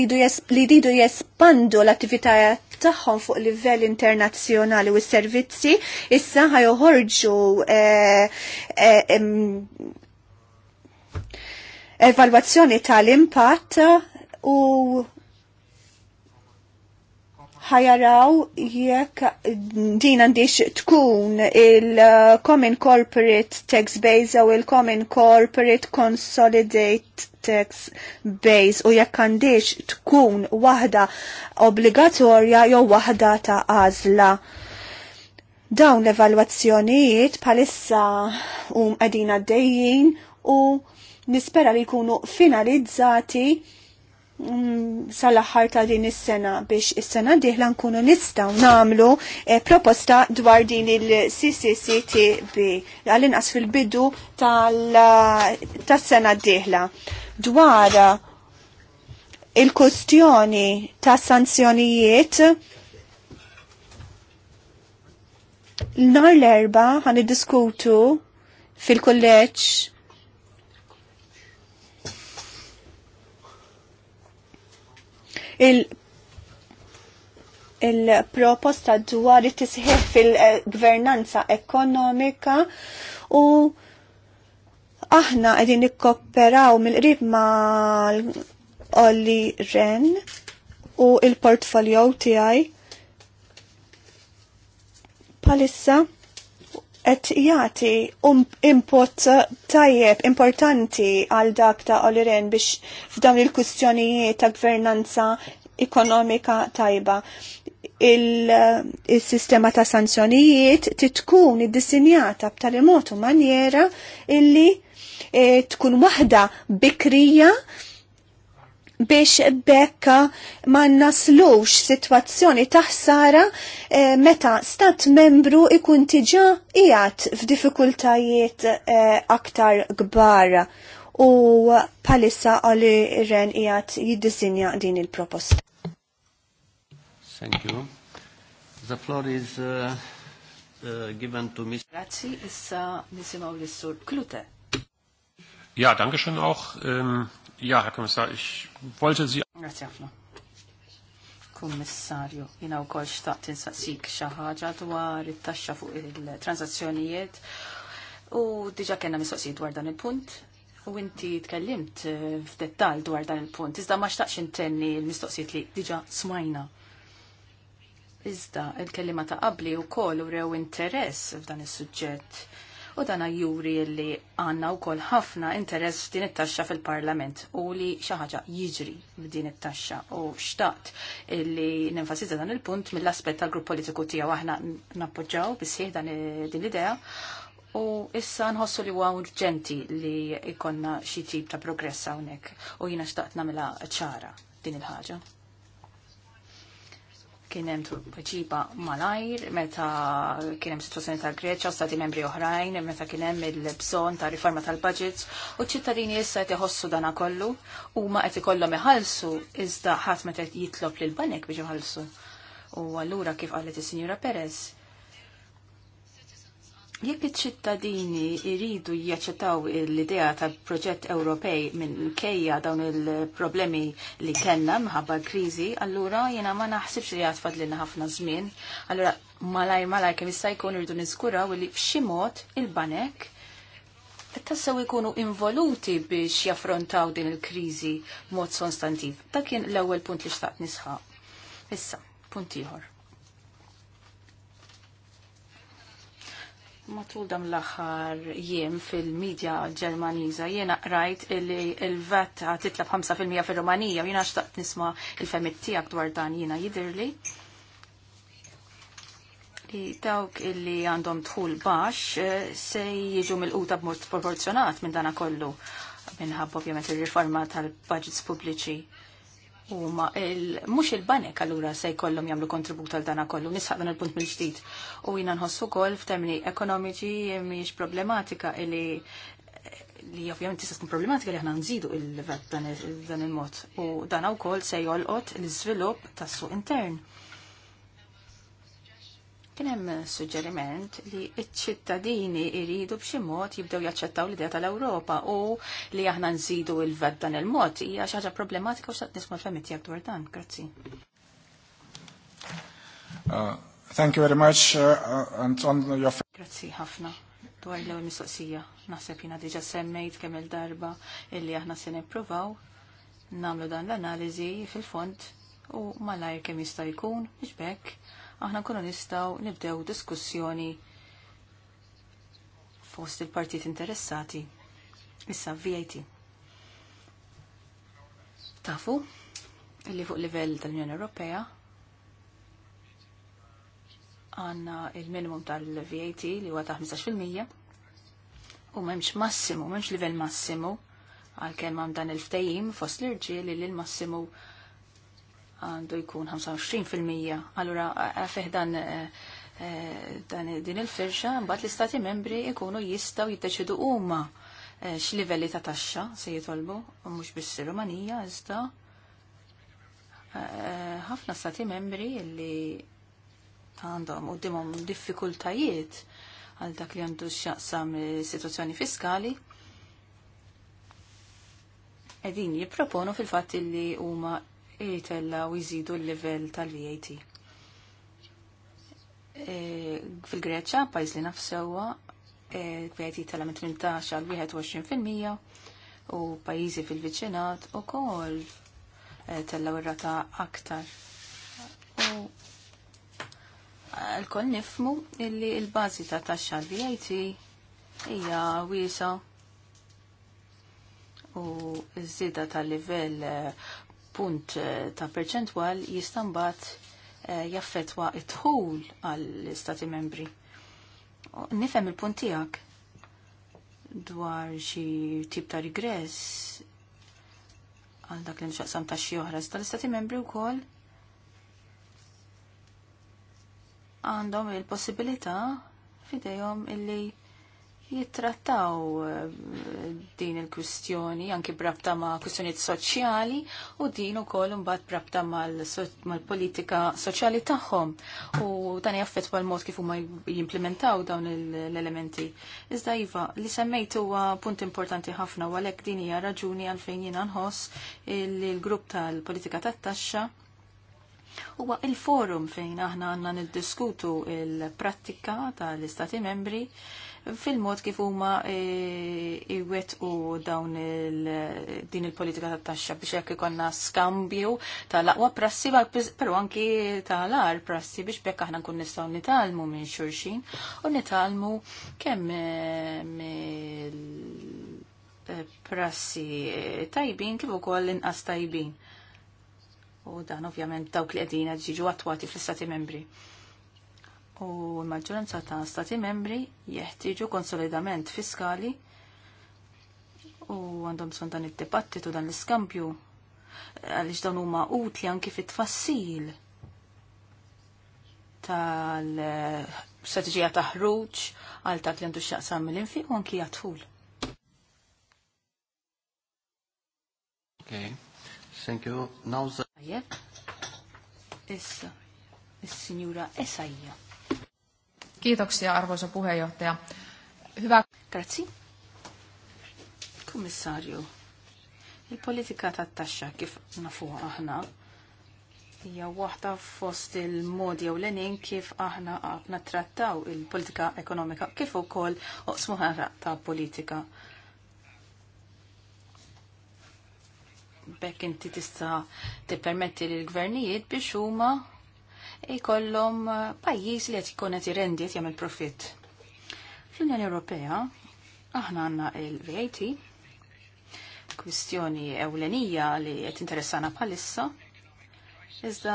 jridu jespandu l attivitajat tagħhom fuq livell internazzjonali u s-servizzi issa ħajoħorġu eh, eh, evalwazzjoni tal-impatt u ħajaraw jekk din għandix tkun il-Common Corporate Tax Base u il-Common Corporate Consolidate Tax Base u jekk għandix tkun waħda obbligatorja jew waħda ta' għażla. Dawn l-evalwazzjonijiet palissa um għadina d u nispera li jkunu finalizzati Mm, sal-aħħar ta' din is-sena biex is-sena diħla nkunu nistgħu nagħmlu eh, proposta dwar din il-CCCTB għal-inqas fil-bidu eh, tas-sena diħla dwar eh, il-kustjoni ta' sanzjonijiet l-nar l-erba għan diskutu fil kolleċ il- il-proposta dwar it-tisħiħ fil-gvernanza ekonomika u aħna qegħdin nikkopperaw mill-qrib ma' Olli Ren u il-portfolio tiegħi palissa qed jagħti um input tajjeb importanti għal dak ta' Oliren biex f'dawn il-kwistjonijiet ta' gvernanza ekonomika tajba. Il-sistema il ta' sanzjonijiet titkun id disinjata b'tali mod manjera illi e, tkun waħda bikrija biex bekka ma naslux situazzjoni taħsara eh, meta stat membru ikun tiġa ijat f'diffikultajiet eh, aktar gbar u palissa għalli ren ijat jiddisinja din il-proposta. Thank you. The floor is uh, uh, given to Ms. Grazzi, issa nisimaw l-sur Klute. Ja, danke schön auch. um... Ja, Herr Kommissar, ich wollte Sie... Grazie, Afna. Kommissario, jina u kol xtaqt insaqsik xaħġa dwar it-taxxa fuq il-transazzjonijiet u diġa kena mistoqsijiet dwar dan il-punt u inti tkellimt eh, f'dettal dwar dan il-punt, iżda ma xtaqx intenni l-mistoqsijiet li diġa smajna. Iżda, il-kellima ta' qabli u kol u rew interess f'dan is-suġġett u dan juri li għanna u kol ħafna interess f'din it-taxxa fil-parlament u li xaħġa jiġri b'din it-taxxa u xtaqt li nenfasizza dan il-punt mill-aspet tal-grupp politiku tiegħu aħna nappoġġaw bisħieħ dan din l-idea U issa nħossu li huwa urġenti li ikonna xi tip ta' progress hawnhekk u jiena xtaqt nagħmilha ċara din il-ħaġa kienem tweġiba malajr, meta kienem situazzjoni ta' Greċa, stati membri oħrajn, meta kienem il-bżon ta' riforma tal-budget, u ċittadini issa qed iħossu dana kollu, u ma qed ikollhom iħallsu iżda ħadd meta jitlob lil banek biex iħallsu. U allura kif qalet is-Sinjura Perez, Jekk iċ-ċittadini jridu jaċċettaw l-idea ta' proġett Ewropej minn kejja dawn il-problemi li kellna minħabba l-kriżi, allura jiena ma naħsibx li għatfad li ħafna żmien. Allura malaj malaj kemm jista' jkun irridu niżguraw li f'xi mod il-banek tassew ikunu involuti biex jaffrontaw din il-kriżi mod sostantiv. Dak kien l-ewwel punt li xtaqt nisħaq. Issa, punt ieħor. Matul dam l-axar jiem fil-medja ġermaniza jiena rajt li il-vet titlab 5% fil-Romanija u jiena xtaqt nisma il-femit tijak dwar dan jiena jidirli. Li dawk illi għandhom tħul bax eh, se jiġu mill-quta b'mod proporzjonat minn dana kollu minħabba ovvjament il-riforma tal-budgets pubbliċi huma il mhux il-banek allura se jkollhom jagħmlu kontribut għal dana kollu nisħaq dan il-punt mill-ġdid. U jiena nħossu ukoll f'termini ekonomiċi mhix problematika li li ovvjament tista' tkun problematika li aħna nżidu il-vat dan il-mod u dan wkoll se jolqot l-iżvilupp tas-suq intern. Kien hemm suġġeriment li ċ-ċittadini jridu b'xi mod jibdew jaċċettaw l-idea tal-Ewropa u li aħna nżidu l-vet dan il-mod hija xi ħaġa problematika u x'qed nisma' femmit jak dwar dan. Grazzi. Uh, thank you very much uh, uh, and on your Grazzi ħafna dwar l-ewwel mistoqsija. Naħseb jiena diġà semmejt kemm il-darba illi aħna se nippruvaw nagħmlu dan l-analiżi fil-fond u malajr kemm jista' jkun biex bekk aħna nkunu nistgħu nibdew diskussjoni fost il-partit interessati. Issa VAT. Tafu li fuq livell tal-Unjoni Ewropea għanna il-minimum tal-VAT li huwa ta' 15% u m'hemmx massimu, m'hemmx livell massimu għalkemm hemm dan il-ftehim fost l-irġiel li l-massimu għandu jkun 25%. Allura, fih dan dan din il-firxa, mbagħad l-istati membri jkunu jistgħu jiddeċidu huma x-livelli ta' taxxa se jitolbu, mhux biss ir-Rumanija iżda ħafna stati membri li għandhom qudiemhom diffikultajiet għal dak li għandu x'jaqsam situazzjoni fiskali edin jipproponu fil-fatt li huma jitella u jżidu l-level tal-VAT. E, Fil-Greċa, pajz li nafsewa, e, VAT jitella minn 18 għal 21% u pajizi fil-viċinat u kol e, tella rata aktar. U l-koll nifmu illi il-bazi ta' taxxa l-VAT hija wiesa' u z-zida tal-livell e, punt eh, ta' perċentwal jista' mbagħad eh, jaffetwa it-tħul għall-istati membri. Nifhem il-punt tiegħek dwar xi tip ta' rigress għal dak li nxaqsam ta' xi oħra tal-istati membri wkoll għandhom il-possibilità fidejhom illi jittrattaw eh, din il-kwistjoni anki brabta ma' kwistjoniet soċjali u din u koll mbagħad brabta mal-politika soċjali tagħhom u dan jaffet l mod kif huma jimplementaw dawn l-elementi. Iżda iva, li semmejt huwa punt importanti ħafna u għalhekk din hija raġuni għalfejn jiena nħoss il-grupp tal-politika tat-taxxa huwa il-forum fejn aħna għandna niddiskutu il-prattika tal-Istati membri fil-mod kif huma e, iwettqu dawn din il-politika tat-taxxa biex jekk ikonna skambju tal-aqwa prassi però anki tal-ar prassi biex bekk aħna nkun nistgħu nitalmu minn xulxin u nitalmu kemm e, e, prassi tajbin kif ukoll inqas tajbin u dan ovvjament dawk li qegħdin qed jiġu attwati fl-Istati membri. U l-maġġoranza ta' Stati membri jeħtieġu konsolidament fiskali u għandhom son dan id u dan l-iskambju għaliex dawn huma utli anki fit-tfassil tal-strategija ta' ħruġ għal ta' li għandu x'jaqsam mill-infiq u anki jatħul. Okay. Thank you. Now's Tajjeb. Issa, signora sinjura Kiitoksia, arvoisa puheenjohtaja. Hyvä. Grazzi. Kummissarju, il-politika tat-taxxa kif nafu aħna hija waħda fost il-modi u l-enin kif aħna natrattaw trattaw il-politika ekonomika kif ukoll oqsmu ħarra ta' politika. bekk inti tista' tippermetti l gvernijiet biex huma jkollhom eh, pajjiż li qed jkun qed irendiet jagħmel profitt. Fl-Unjoni Ewropea aħna għandna il-VAT, kwistjoni ewlenija li qed interessana bħalissa, Iżda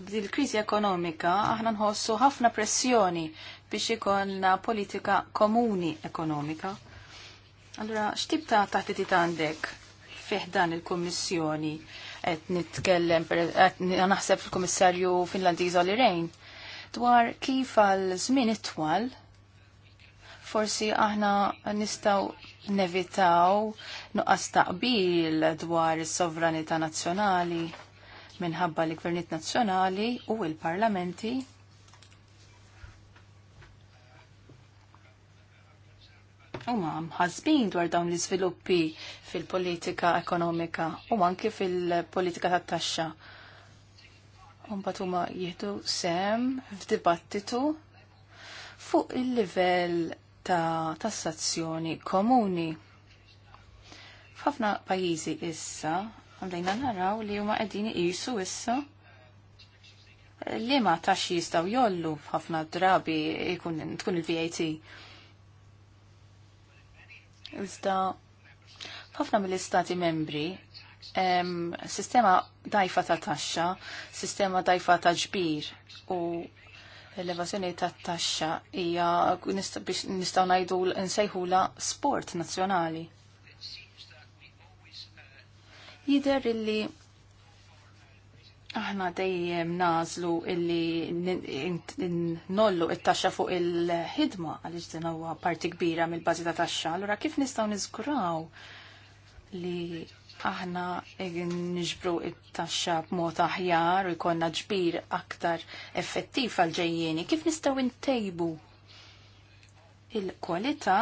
b'dil eh, kriżi ekonomika aħna nħossu ħafna pressjoni biex ikollna politika komuni ekonomika. Allura, x'tib ta' taħtiti għandek? Fih dan il-Kommissjoni qed nitkellem naħseb fil-Kummissarju Finlandiż Oli Rejn dwar kif għal żmien itwal forsi aħna nistaw nevitaw nuqqas taqbil dwar is-sovranità nazzjonali minħabba li gvernit nazzjonali u il-parlamenti huma mħazbin dwar dawn l-iżviluppi fil-politika ekonomika u anke fil-politika tat-taxxa. Mbagħad huma jieħdu sem f'dibattitu fuq il-livell ta' tassazzjoni komuni. F'ħafna pajjiżi issa għamlejna naraw li huma qegħdin iqisu issa li ma tax jistgħu jollu f'ħafna drabi tkun il-VAT. Iżda ħafna mill-istati membri sistema dajfa ta' taxxa, sistema dajfa ta' ġbir u l-evazjoni ta' taxxa hija nistgħu ngħidu nsejħula sport nazzjonali. Jider illi Aħna dejjem nażlu illi nollu it-taxxa fuq il-ħidma għaliex din huwa parti kbira mill-bażi ta' taxxa. Allura kif nistgħu niżguraw li aħna niġbru it-taxxa b'mod aħjar u jkollna ġbir aktar effettiv għal-ġejjieni, kif nistgħu ntejbu il-kwalità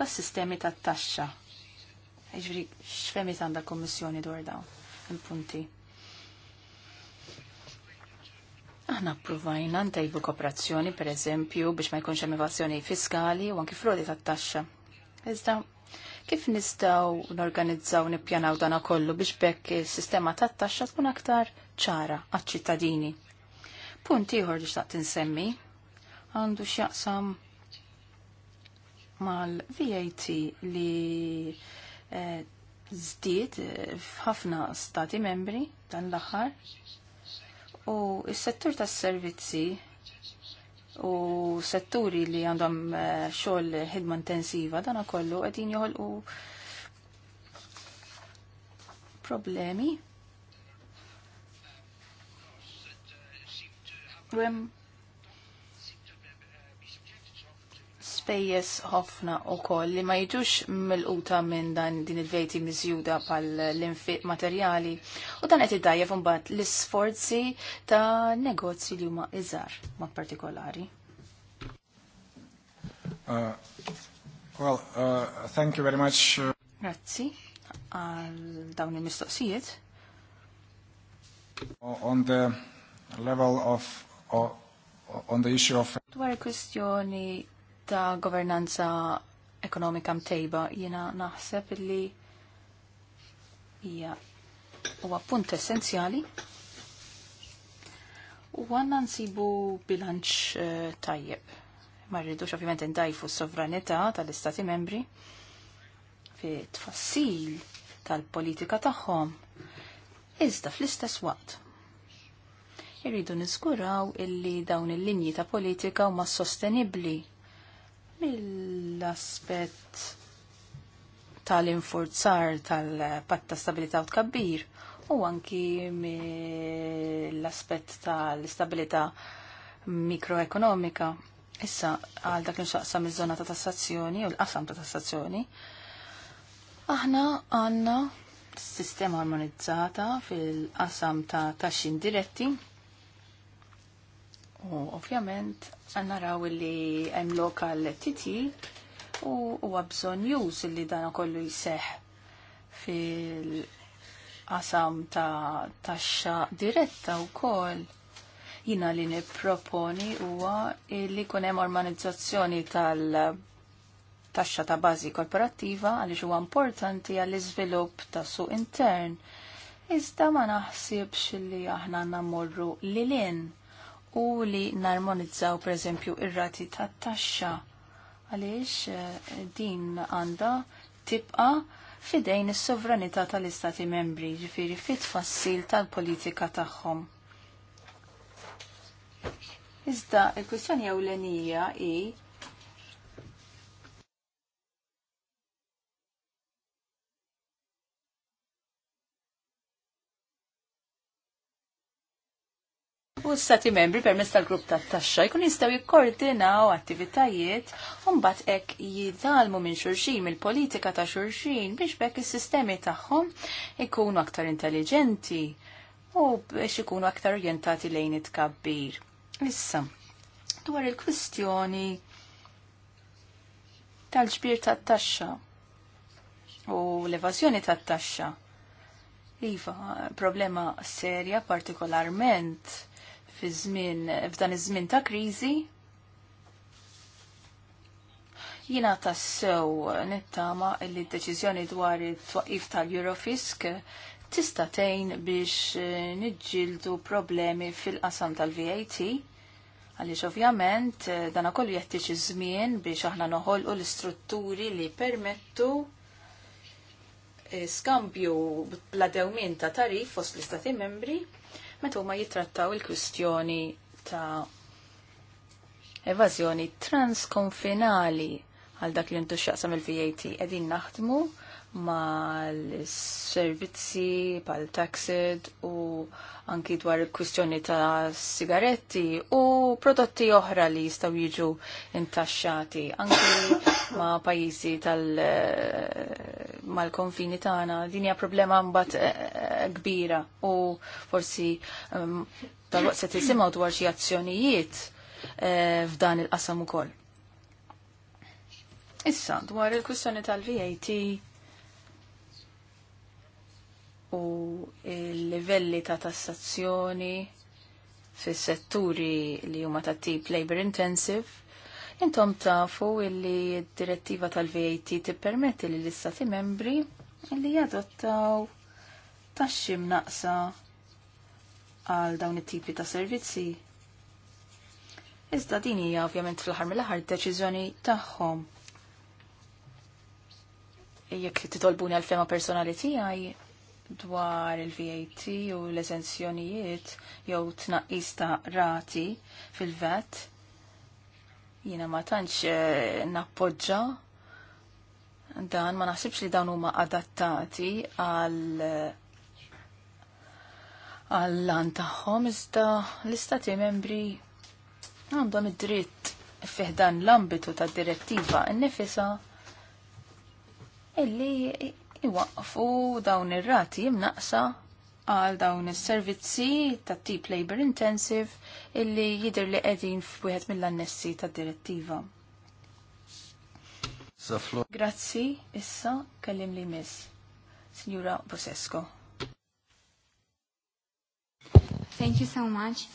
tas-sistemi tat-taxxa? Jiġri x'femi għandha l-Kummissjoni dwar dawn il-punti. Aħna provajna ntajbu kooperazzjoni, per eżempju, biex ma jkunx hemm evażjoni fiskali u anki frodi tat-taxxa. Iżda, kif nistgħu norganizzaw nippjanaw dana kollu biex bekk is-sistema tat-taxxa tkun aktar ċara għaċ-ċittadini? Punt ieħor biex xtaqt insemmi għandu x'jaqsam mal-VAT li żdied eh, eh, f'ħafna stati membri dan l-aħħar U s-settur tas servizzi u setturi li għandhom eh, xogħol ħidma intensiva dan kollu qegħdin joħolqu problemi. U spejjes ħafna u koll li ma jiġux mill-quta minn dan din il-vejti mizjuda pal l-infiq materjali u dan għet qed iddajjef bat l sforzi ta' negozji li huma iżar ma' partikolari. Uh, well, uh, thank you very much. Uh, Grazzi għal dawn il-mistoqsijiet. On the level of on the issue of dwar kwistjoni ta' governanza ekonomika mtejba jiena naħseb li hija huwa punt essenzjali u għanna nsibu bilanċ uh, tajjeb. Ma rridux ovvjament ndajfu s-sovranità tal-istati membri fi tfassil tal-politika tagħhom iżda fl-istess waqt. Irridu niskuraw illi dawn il-linji ta' politika huma sostenibbli mill-aspett tal-infurzar tal-patta stabilità u tkabbir u anki mill-aspett tal-istabilità mikroekonomika. Issa għal dak nxaqsam iż-żona ta' tassazzjoni u l-qasam ta' tassazzjoni. Aħna għanna sistema armonizzata fil-qasam ta' taxxin diretti U ovvjament għanna raw li hemm lokal titi u huwa bżonn już li dan kollu jseħ fil-qasam ta' taxxa diretta wkoll jina li nipproponi huwa li kun hemm organizzazzjoni tal taxxa ta' bażi korporattiva għaliex huwa importanti għall iżvilupp ta' suq intern. Iżda ma naħsibx li aħna namorru lilin u li narmonizzaw per eżempju ir-rati ta' taxxa għaliex eh, din għanda tibqa fidejn is-sovranità tal-Istati membri ġifiri fit tfassil tal-politika tagħhom. Iżda il-kwistjoni ewlenija hi U s-sati membri permess tal-grupp tat-taxxa jkun jistgħu jikkoordinaw attivitajiet u mbagħad hekk jidalmu minn xulxin mill-politika ta' xulxin biex bekk is-sistemi tagħhom ikunu aktar intelligenti u biex ikunu aktar orjentati lejn it kabbir Issa, dwar il-kwistjoni tal-ġbir tat-taxxa u l-evażjoni tat-taxxa. Iva, problema serja partikolarment fi f'dan iż-żmien ta' kriżi jina tassew nittama li d-deċiżjoni dwar it-twaqif tal-Eurofisk tista' tgħin biex eh, niġġieldu problemi fil-qasam tal-VAT għaliex ovvjament eh, dan kollu jettiċ żmien biex aħna noħolqu l-istrutturi li permettu eh, skambju bla dewmien ta' tarif fost l-istati membri meta huma jittrattaw il-kwistjoni ta' evażjoni transkonfinali għal dak li ntuxxaqsam il-VAT qegħdin naħdmu mal-servizzi pal taxed u anki dwar il-kwistjoni ta' sigaretti u prodotti oħra li jistaw jiġu intaxxati anki ma' pajjiżi tal- eh, mal-konfini tagħna din hija problema mbagħad eh, kbira u forsi tal-waqt ehm, se tisimgħu dwar xi azzjonijiet eh, f'dan il-qasam ukoll. Issa, dwar il-kwistjoni tal-VAT, u il-livelli ta' tassazzjoni fis setturi li huma ta' tip labor intensive, intom tafu illi d-direttiva tal-VAT tippermetti li l-istati membri li jadottaw taxxi mnaqsa għal dawn it-tipi ta' servizzi. Iżda din hija ovvjament fl-aħħar mill-aħħar deċiżjoni tagħhom. Jekk titolbuni għal fema personali tiegħi, dwar il-VAT u l-esenzjonijiet jew tnaqqis ta' rati fil-VAT jina ma tantx eh, nappoġġa dan ma naħsibx li dawn huma adattati għal eh, għall-lan tagħhom iżda l-istati membri għandhom id-dritt fiħdan l-ambitu tad direttiva nnifisha illi iwaqqfu dawn ir-rati jimnaqsa għal dawn is-servizzi ta' tip labor intensive illi jidher li qegħdin f'wieħed mill-annessi tad-direttiva. Grazzi, issa kellim li miss. Signora Bosesco. Thank you so much.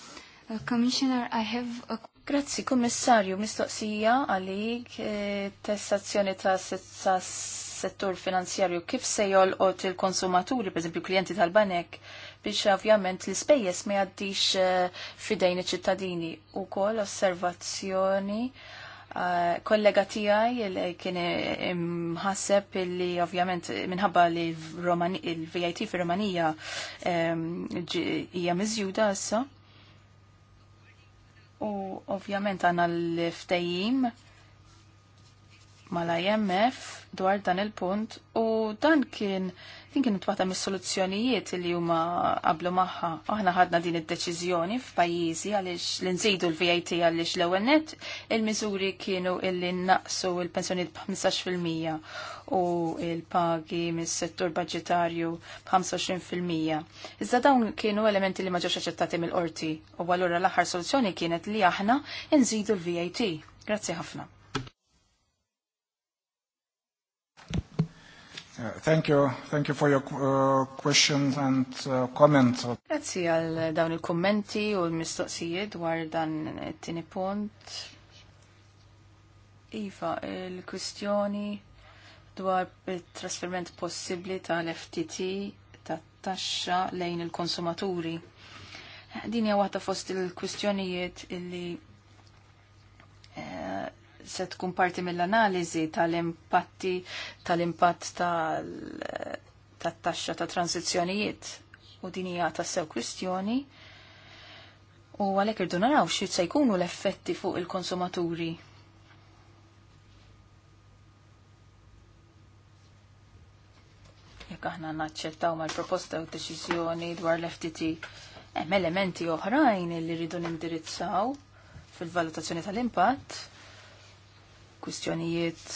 Uh, Commissioner, I have a Grazzi, Kummissarju, mistoqsija għalik eh, tessazzjoni ta' settur finanzjarju kif se jolqot il-konsumaturi, per esempio klienti tal-banek, biex ovvjament l-ispejjeż ma jgħaddix eh, fidejn iċ-ċittadini. Ukoll osservazzjoni eh, kollega tijaj li kien imħasseb li ovvjament minħabba li il-VIT fi Romanija ehm, hija miżjuda issa. U ovvjament għanna l-ftejjim mal-IMF dwar dan il-punt u dan kien din kien twata mis-soluzzjonijiet li huma qablu magħha. Aħna ħadna din id-deċiżjoni f'pajjiżi għaliex li nżidu l-VAT għaliex l-ewwel net il-miżuri kienu illi naqsu l-pensjonijiet b'15% u l-pagi mis-settur budġetarju b'25%. Iżda dawn kienu elementi li ma ġewx aċċettati mill-qorti u allura l-aħħar soluzzjoni kienet li aħna nżidu l-VAT. Grazzi ħafna. Uh, thank you, thank you for your uh, questions and uh, comments. Grazzi għal dawn il-kommenti u l-mistoqsijiet dwar dan it-tieni punt. Iva, il-kwistjoni dwar il-trasferment possibbli tal-FTT ta' taxxa lejn il-konsumaturi. Din hija waħda fost il-kwistjonijiet illi eh, se tkun parti mill-analiżi tal-impatti tal-impatt tal taxxa ta' transizzjonijiet u din hija tassew kwistjoni. U għalhekk irdu naraw xi se jkunu l-effetti fuq il-konsumaturi. Jekk aħna naċċettaw mal-proposta u deċiżjoni dwar l-FTT hemm elementi oħrajn li rridu nindirizzaw fil-valutazzjoni tal-impatt kwistjonijiet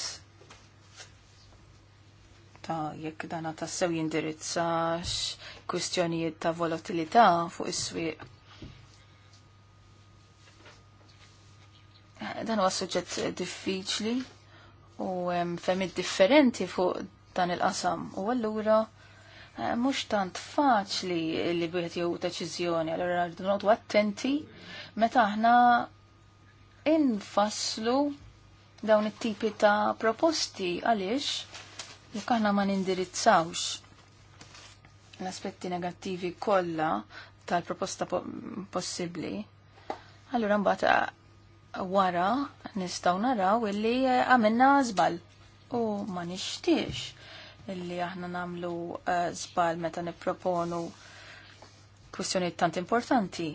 ta' jekk dana ta' sew jindirizzax, kwistjonijiet ta' volatilità fuq is-swieq. Dan huwa suġġett diffiċli u hemm differenti fuq dan il-qasam u allura eh, mhux tant faċli li wieħed jew deċiżjoni, allura rridu attenti meta aħna infasslu dawn it-tipi ta' proposti għaliex jekk aħna ma nindirizzawx l-aspetti negattivi kollha tal-proposta possibbli, allura mbagħad wara nistgħu naraw illi għamilna żball u ma nixtiex illi aħna nagħmlu żball meta nipproponu kwistjonijiet tant importanti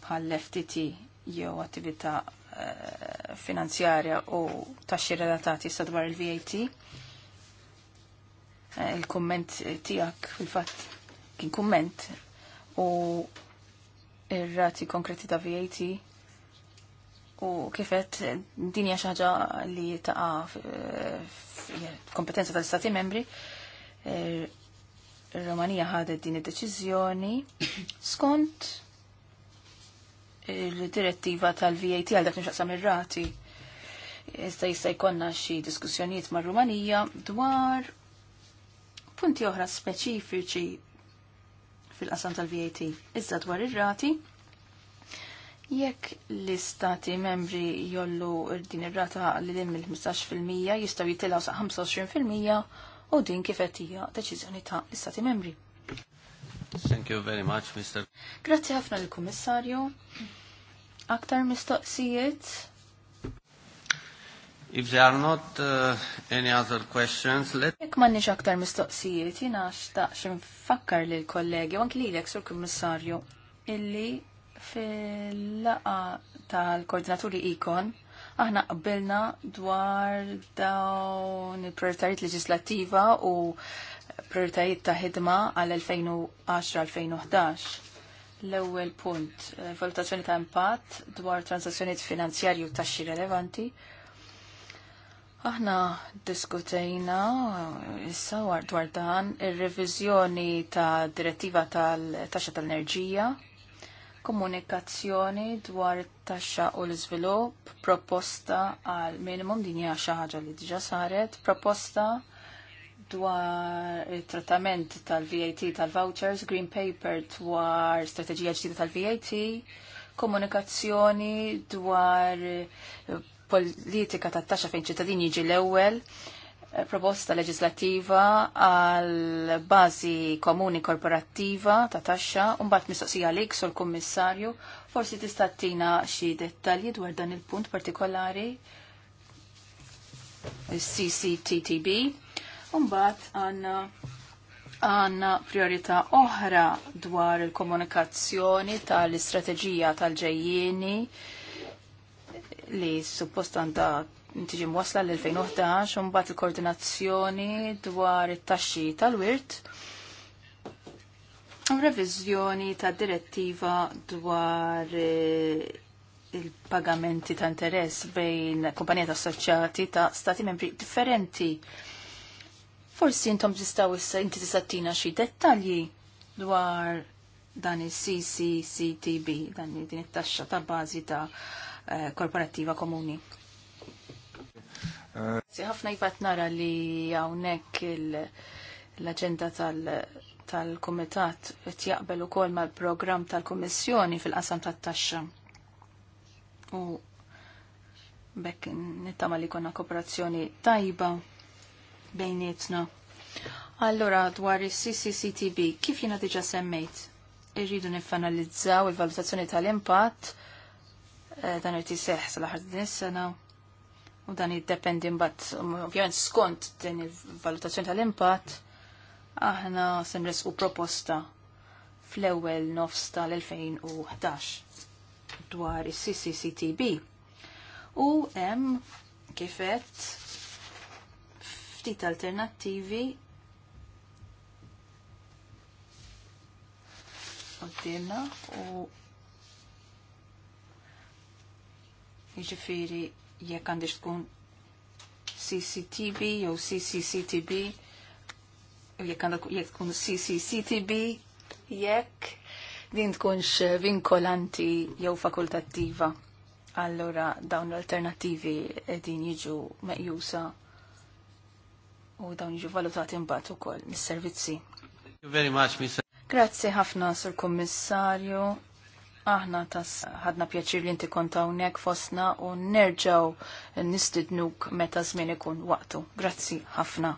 bħal-FTT jew attività Eh, finanzjarja u taxxi relatati sadwar il-VAT. Eh, il-komment tijak fil-fat kien komment u ir-rati konkreti ta' VAT u kifet dinja xaġa li ta' eh, kompetenza tal-Stati membri. ir ħadet din id-deċiżjoni skont il-direttiva tal-VAT għal dak nixaqsam ir-rati. issa jista' jkollna xi diskussjonijiet mar-Rumanija dwar punti oħra speċifiċi fil-qasam tal-VAT. Iżda dwar ir-rati, Jekk l-istati membri jollu din ir-rata li lim il-15% jistaw jitilgħu sa' 25% u din kif qed hija deċiżjoni ta' l-istati membri. Thank you very much, Mr. Grazzi ħafna l kummissarju aktar mistoqsijiet? If there are not uh, any other questions, let... Jek nix aktar mistoqsijiet, jina xtaqx nfakkar li l-kollegi, u anki li l-ek sur kommissarju, illi fil-laqa tal-koordinaturi ikon, aħna qbilna dwar dawn il-prioritariet leġislativa u prioritajiet ta' ħidma għal 2010-2011. L-ewwel punt, eh, valutazzjoni ta' impatt dwar transazzjonijiet finanzjarji u taxxi rilevanti. Aħna diskutejna eh, issa dwar dan ir-reviżjoni ta' direttiva tal-taxxa tal-enerġija, komunikazzjoni dwar it-taxxa u l-iżvilupp, proposta għal minimum din hija xi ħaġa li diġà saret, proposta dwar trattament tal-VAT tal-vouchers, green paper dwar strategija ġdida tal-VAT, komunikazzjoni dwar eh, politika tat taxxa fejn ċittadini jiġi l-ewwel, eh, proposta leġislattiva għal bażi komuni korporattiva ta' taxxa, u mbagħad mistoqsija għalik sur kummissarju, forsi tista' tina xi dettalji dwar dan il-punt partikolari. Eh, CCTTB Umbat għanna għanna priorità oħra dwar il-komunikazzjoni tal-istrateġija tal-ġejjieni li suppost għandha tiġi mwasla l-2011 un il-koordinazzjoni dwar it-taxxi tal-wirt u revizjoni ta' direttiva dwar eh, il-pagamenti ta' interess bejn kompanija ta' assoċjati ta' stati membri differenti Forsi intom tistaw issa inti tistattina xi dettalji dwar dan il-CCCTB, dan din it-taxxa ta' bażi ta' eh, korporattiva komuni. Eh. Si ħafna jibat nara li hawnhekk l-aġenda tal-Kumitat qed jaqbel ukoll mal-programm tal-Kummissjoni fil-qasam tat-taxxa. U bekk nittama li konna kooperazzjoni tajba bejnietna. Allora, dwar il-CCCTB, kif jina diġa semmejt? Irridu nifanalizzaw il-valutazzjoni tal-impatt eh, dan irti seħ sal-ħar din sena u dan jiddependi mbagħad um, ovvjament skont din il-valutazzjoni tal-impatt aħna semres u proposta fl-ewwel nofs tal-2011 dwar is-CCCTB. U hemm kifet ftit alternattivi għoddimna u Jiġifieri jekk għandix tkun CCTV jew CCCTB u jekk għandek jekk tkun CCCTB jek din tkunx vinkolanti jew fakultattiva. Allora dawn l-alternativi din jiġu meqjusa u dawn jiġu valutati mbagħad ukoll mis-servizzi. Grazzi ħafna sur kummissarju. Aħna tas ħadna pjaċir li inti kont hawnhekk fostna u nerġgħu nistidnuk meta żmien ikun waqtu. Grazzi ħafna.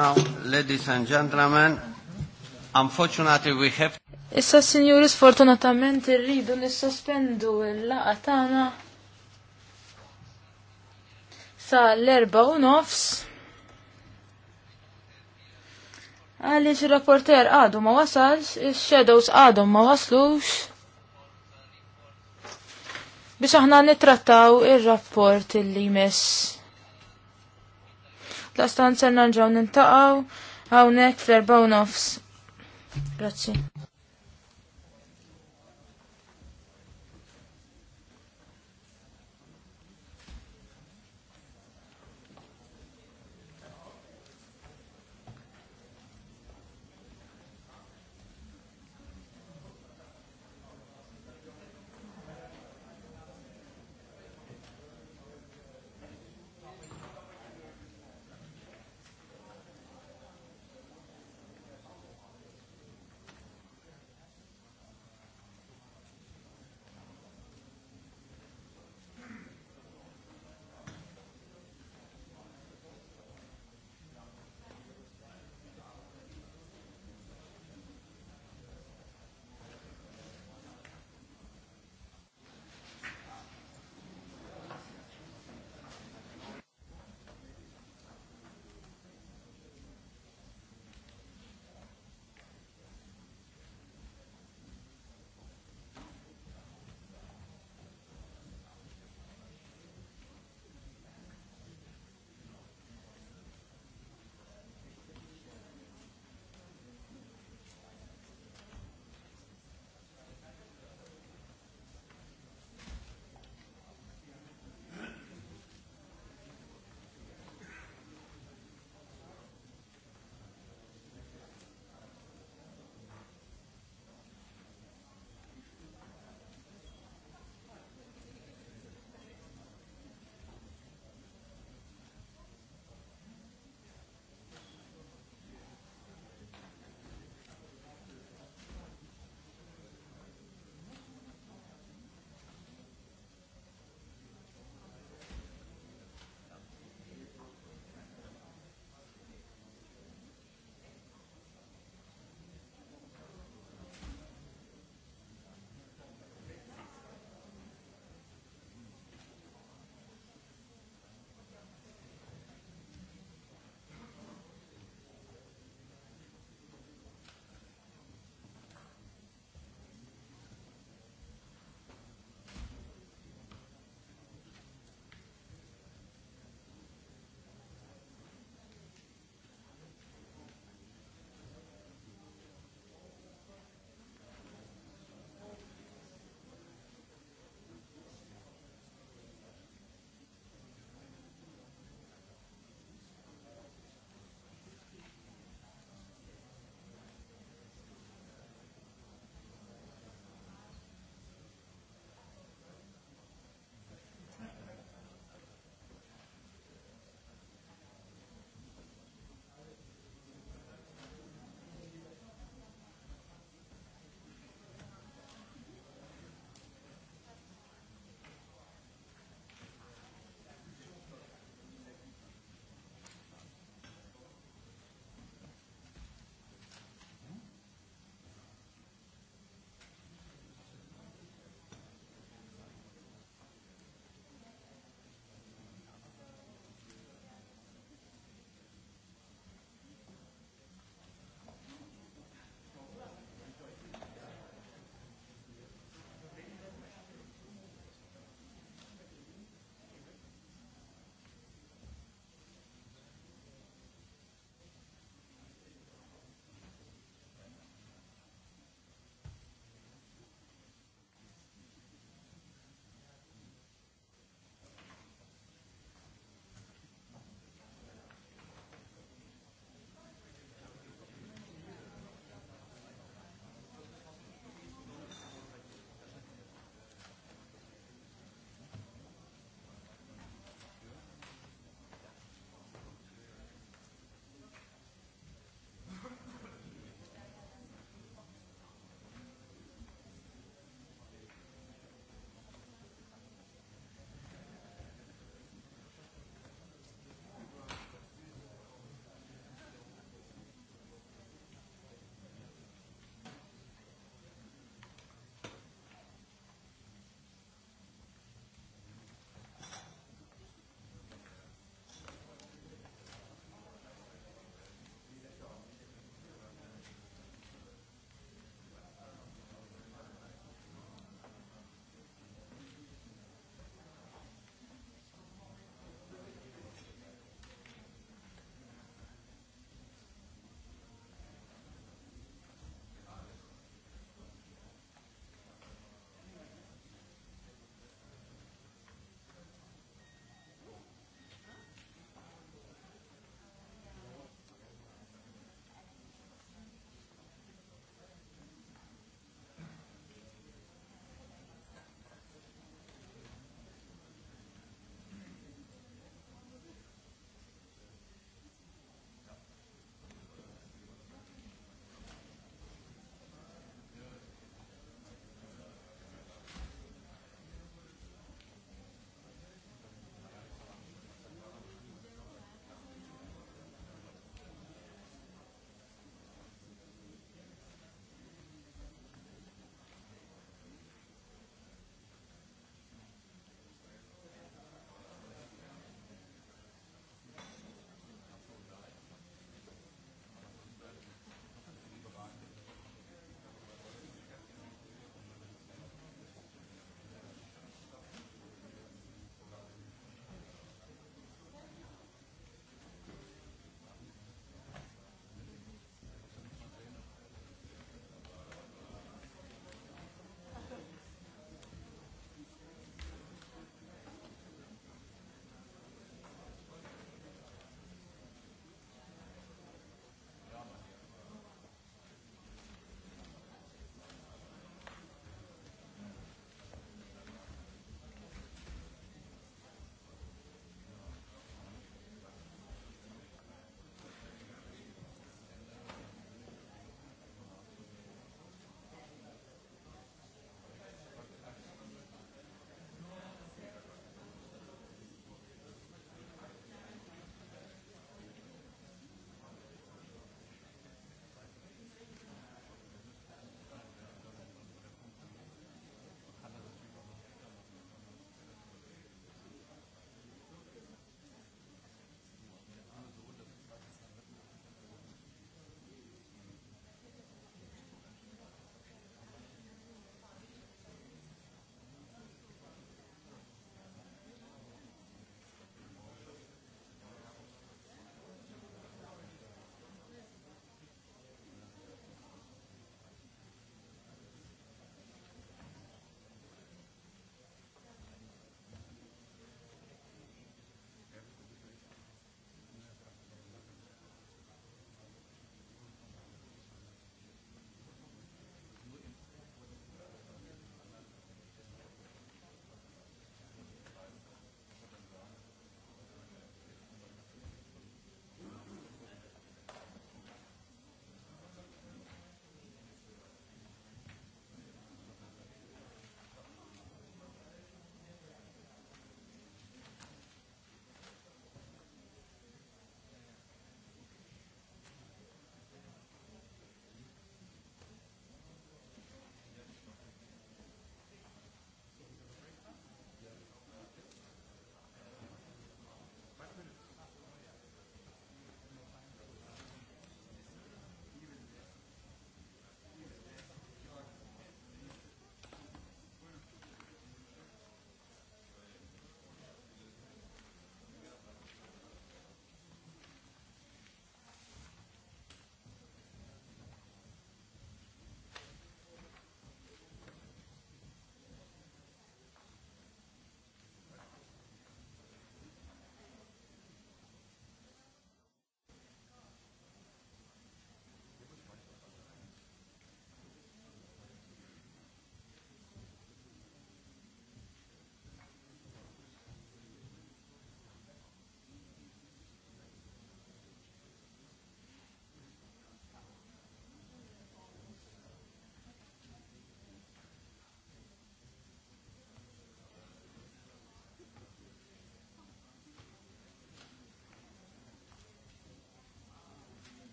Now, ladies and gentlemen, unfortunately we have... Issa, signori, sfortunatament irridu nissospendu il-laqa tagħna sa l-erba u nofs. Għaliex il-rapporter għadu ma wasalx, il-shadows għadu ma waslux biex aħna nitrattaw ir-rapport il li ta' stanza nanġaw nintaqaw għawnek fl-erba' u nofs. Grazie.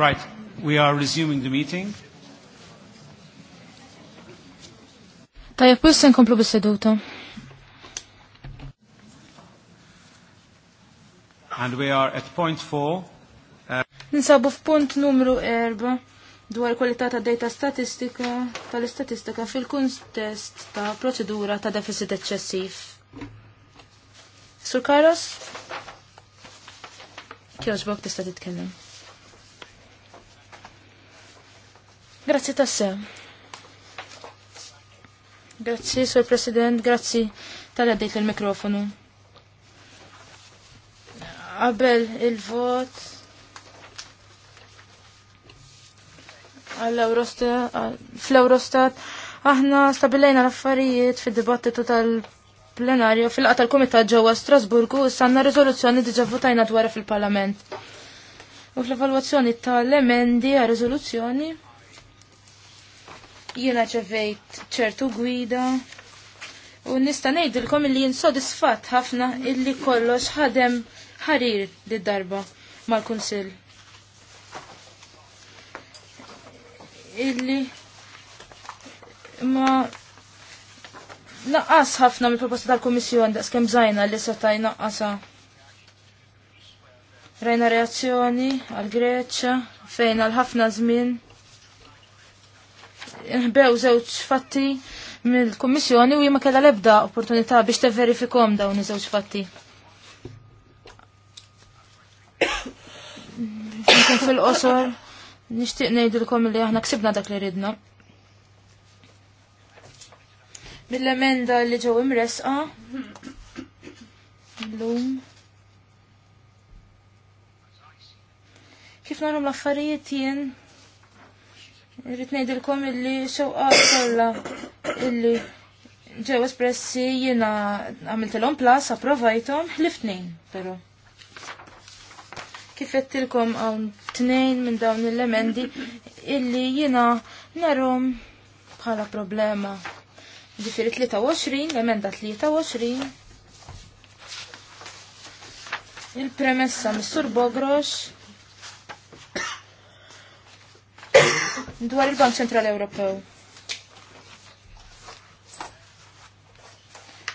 Right, we are resuming the meeting. Tajja, pwis nkomplu bis-seduta. And we are at point four. Uh... Ninsabu f'punt numru erba' dwar kwalità ta' data statistika tal-istatistika fil-kuntest ta' proċedura ta' deficit eċċessiv. Sur Carlos. kjoġbok tista' titkellem. Grazzi tasse. Grazzi, Sur President, grazzi tal dejt il-mikrofonu. Qabel il-vot fl-Eurostat, aħna stabilejna l-affarijiet fil-dibattitu tal-plenarju fil-qata tal-Komitat ġewwa Strasburgu u sanna riżoluzzjoni diġa votajna dwar fil-Parlament. U fl evaluazzjoni tal-emendi għal riżoluzzjoni jiena ċevejt ċertu gwida u nista' ngħidilkom illi jinsodisfatt ħafna illi kollox ħadem ħarir lid-darba mal-Kunsill. Illi ma naqqas ħafna mill-proposta tal-Kummissjoni daqs kemm żajna li seta' jnaqqasha. Rajna reazzjoni għal Greċċa fejn għal ħafna żmien nħbew żewġ fatti mill-Kummissjoni u jima kella lebda opportunità biex teverifikom dawn iż-żewġ fatti. fil-qosor, nixtieq ngħidilkom li aħna ksibna dak li ridna. Mill-emenda li ġew imresqa llum. Kif narom l-affarijiet jien Irrit ngħidilkom illi xewqa kollha illi ġew espressi jiena għamiltilom plas approvajthom ħliftnejn però. Kif għawn hawn tnejn minn dawn l-emendi illi jiena nerhom bħala problema. Ġifieri 23, l-emenda 23. Il-premessa Mr. Bogrosh dwar il-Bank Central Ewropew.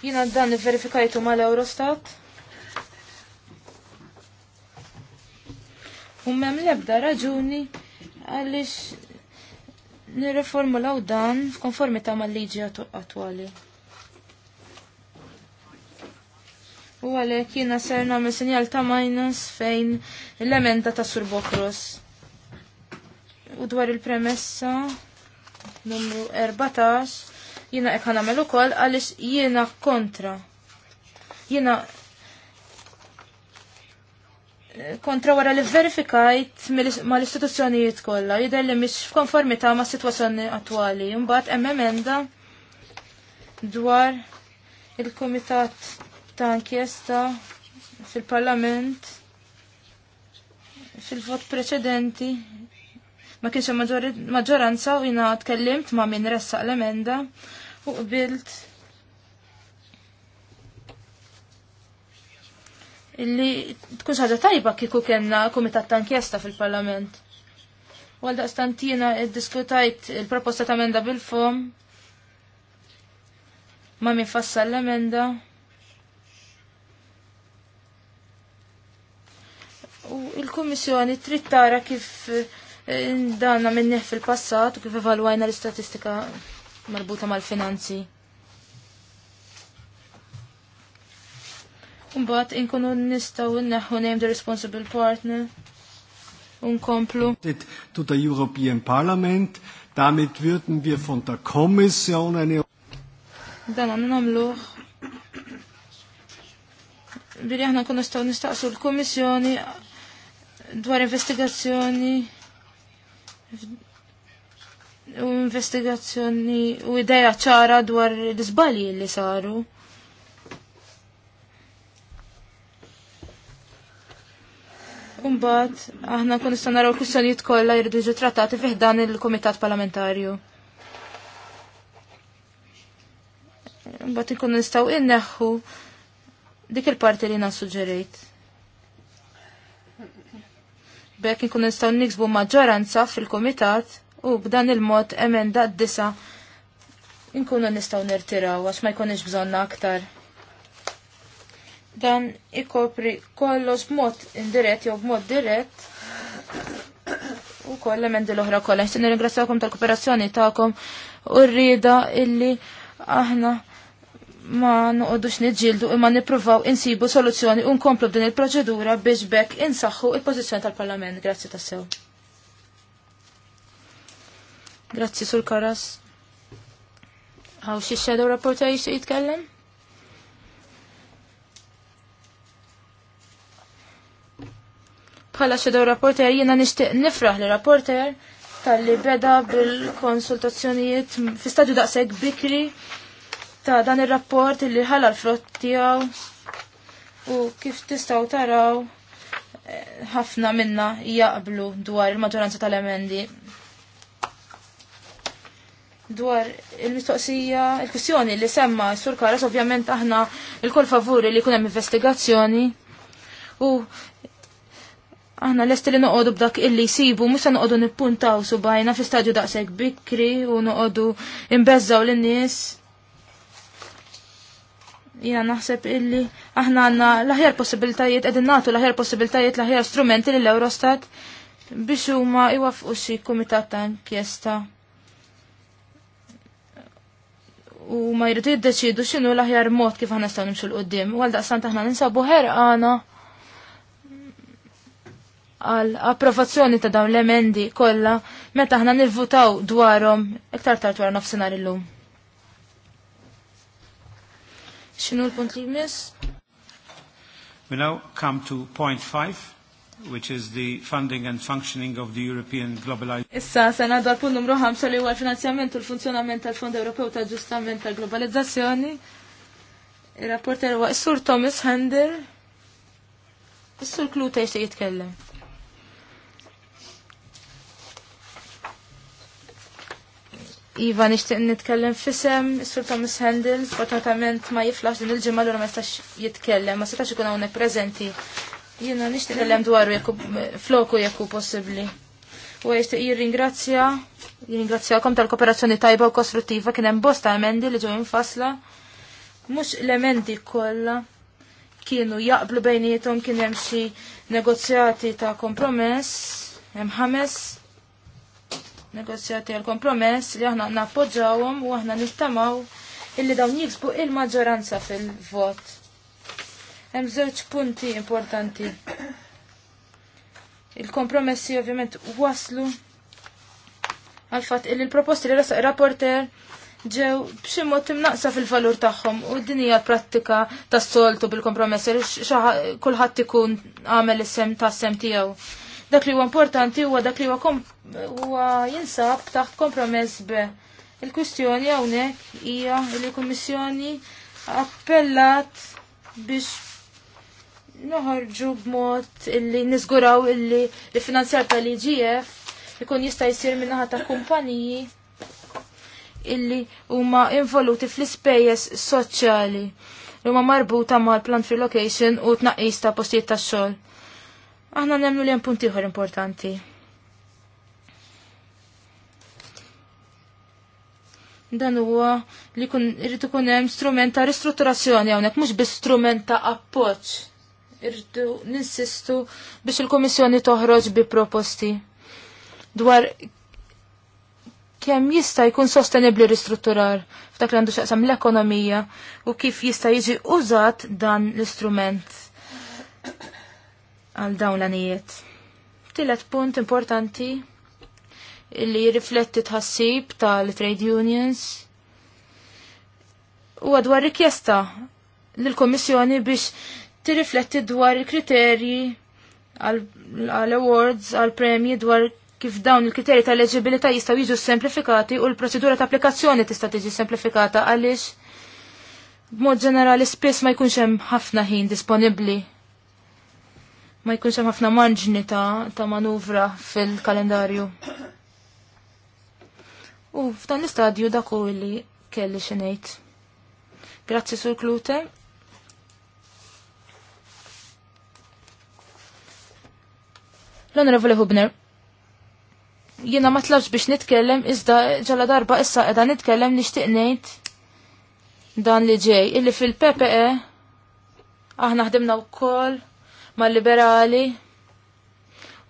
Jina dan verifikajtu mal-Eurostat. Ummem lebda raġuni għalix nirreformulaw dan f'konformità mal-liġi attwali. U għalek jina ser namel sinjal ta' minus fejn l-emenda ta' Sur Bokros. U dwar il-premessa numru 14 jiena hekk ħanamel ukoll għaliex jiena kontra. Jiena eh, kontra wara li verifikajt mal istituzzjonijiet kollha jidher li mhix f'konformità ma' sitwazzjoni attwali. mbagħad hemm emenda dwar il-Kumitat ta' inkjesta fil-Parlament fil-vot preċedenti ma kienx hemm maġġoranza u jiena tkellimt ma' minn ressa l-emenda u qbilt illi tkun ħaġa tajba kieku kellna kumitat tankjesta inkjesta fil-Parlament. Għalda stantina id-diskutajt il-proposta ta' emenda bil-fom ma minn fassa l-emenda. U il-Kummissjoni trid tara kif danna minneħ fil-passat u kif evalwajna l-istatistika marbuta mal-finanzi. Mbagħad inkunu nistaw nneħħu name the responsible partner unkomplu. To the European Parliament, damit würden wir von der Kommission eine Dan għannu namluħ. Biri aħna kun nistaw nistaqsu l-Komissjoni dwar investigazzjoni u investigazzjoni u ideja ċara dwar l-izbali li saru. Umbat, aħna kun nistgħu naraw kwistjonijiet kollha jridu jiġu trattati fiħdan il-Kumitat Parlamentarju. Umbat, inkunu nistgħu inneħħu dik il-parti li nasuġġerejt. suġġerejt. Bekk nkun nistgħu niksbu maġġoranza fil-kumitat u b'dan il-mod emenda d-disa nkunu nistgħu nirtiraw għax ma jkunx bżonna aktar. Dan ikopri kollox b'mod indirett jew b'mod dirett u koll emendi l-oħra kollha. Nixtieq nirringrazzjakom tal-kooperazzjoni tagħkom u rrida illi aħna ma noqodux nidġildu imma nipruvaw insibu soluzzjoni u nkomplu il-proċedura biex bekk insaħħu il-pożizzjoni tal-Parlament. Grazzi tassew. Grazzi sur Karas. Għaw xi xedow rapporta jixtieq jitkellem? Bħala xedow rapporter jiena nixtieq nifraħ li rapporter tal-li beda bil-konsultazzjonijiet fi stadju daqshekk bikri ta' dan ir-rapport li ħalla l-frott tiegħu u kif tistaw taraw eh, ħafna minna jaqblu dwar il-maġġoranza tal-emendi. Dwar il-mistoqsija, il-kwistjoni li semma Sur Karas, ovvjament aħna il-kol favuri li kunem investigazzjoni u aħna l-est li noqodu b'dak illi jisibu, musa noqodu nippuntaw subajna fi stadju daqseg bikri u noqodu imbezzaw l-nis Jena naħseb illi aħna għanna l-aħjar possibiltajiet, edin natu l-aħjar possibiltajiet, l-aħjar strumenti l-Eurostat biex huma iwafqu xi kumitat ta' inkjesta. U ma jridu jiddeċidu x'inhu l-aħjar mod kif aħna nistgħu nimxu l-qudiem. Għal daqstant aħna ninsabu ħerqana għal approvazzjoni ta' dawn l-emendi kollha meta aħna nivvutaw dwarhom iktar tard wara nofsinhar illum. Xinu l-punt li We now come to point five, which is the funding and functioning of the European Globalization. Issa, sena dwar punt numru li huwa finanzjament u l-funzjonament tal-Fond Ewropew ta' ġustament tal-globalizzazzjoni. Il-rapporter huwa Sur Thomas Hender. Is-Sur Kluta jitkellem. Iva, nishtiq nitkellem fisem, Sur Thomas Handel, fortunatament ma jiflax din il-ġimma l ma jistax jitkellem, ma setax ikun għonek prezenti. Jiena nishtiq nitkellem dwaru jekku floku jekku possibbli. U jishtiq jirringrazzja, jirringrazzjakom tal-kooperazzjoni tajba u kostruttiva kien hemm bosta emendi li ġew fasla, Mhux l-emendi kollha kienu jaqblu bejnietom kien hemm xi negozjati ta' kompromess, hemm ħames negozjati għal kompromess li aħna nappoġġawhom u aħna nittamaw illi dawn jiksbu il-maġġoranza fil-vot. Hemm żewġ punti importanti. Il-kompromessi ovvjament waslu għal fatt illi l-proposti li rasaq rapporter ġew b'xi mod timnaqsa fil-valur tagħhom u din hija prattika tas-soltu bil-kompromessi li kulħadd ikun għamel is-sem tas-sem tiegħu. Dak li huwa importanti huwa dak li huwa jinsab taħt kompromess be. Il-kwistjoni hawnhekk hija li l-Kummissjoni appellat biex noħorġu b'mod illi niżguraw illi l-finanzjar tal-IGF ikun jista' jsir minnaħa ta' kumpaniji illi huma involuti fl-ispejjeż soċjali li huma marbuta mal-plant relocation u tnaqqis ta' postijiet tax-xogħol. Aħna nemmu li hemm punt ieħor importanti. Dan huwa li kun irritu kun hemm strument ta' ristrutturazzjoni hawnhekk mhux biss strument ta' appoġġ. Irdu ninsistu biex il-Kummissjoni toħroġ bi proposti dwar kemm jista' jkun sostenibbli ristrutturar f'dak li għandu xaqsam l-ekonomija u kif jista' jiġi użat dan l-istrument għal dawn l-anijiet. Tillet punt importanti li jirrifletti tħassib tal-trade unions u għadwar rikjesta l-Komissjoni biex tirrifletti dwar il-kriterji għal-awards, għal-premji dwar kif dawn il-kriterji tal eleġibilità jistaw jiġu semplifikati u l-proċedura ta' applikazzjoni tista' tiġi semplifikata għaliex b'mod ġenerali spiss ma jkunx hemm ħafna ħin disponibbli ma jkunx hemm ħafna marġni ta', ta manuvra fil-kalendarju. U f'dan l-istadju dak u li kelli xi ngħid. Grazzi sur Klute. L-Onorevoli Hubner. Jiena ma tlabx biex nitkellem iżda ġala darba issa qiegħda nitkellem nixtieq ngħid dan li ġej illi fil-PPE aħna ħdimna wkoll mal-liberali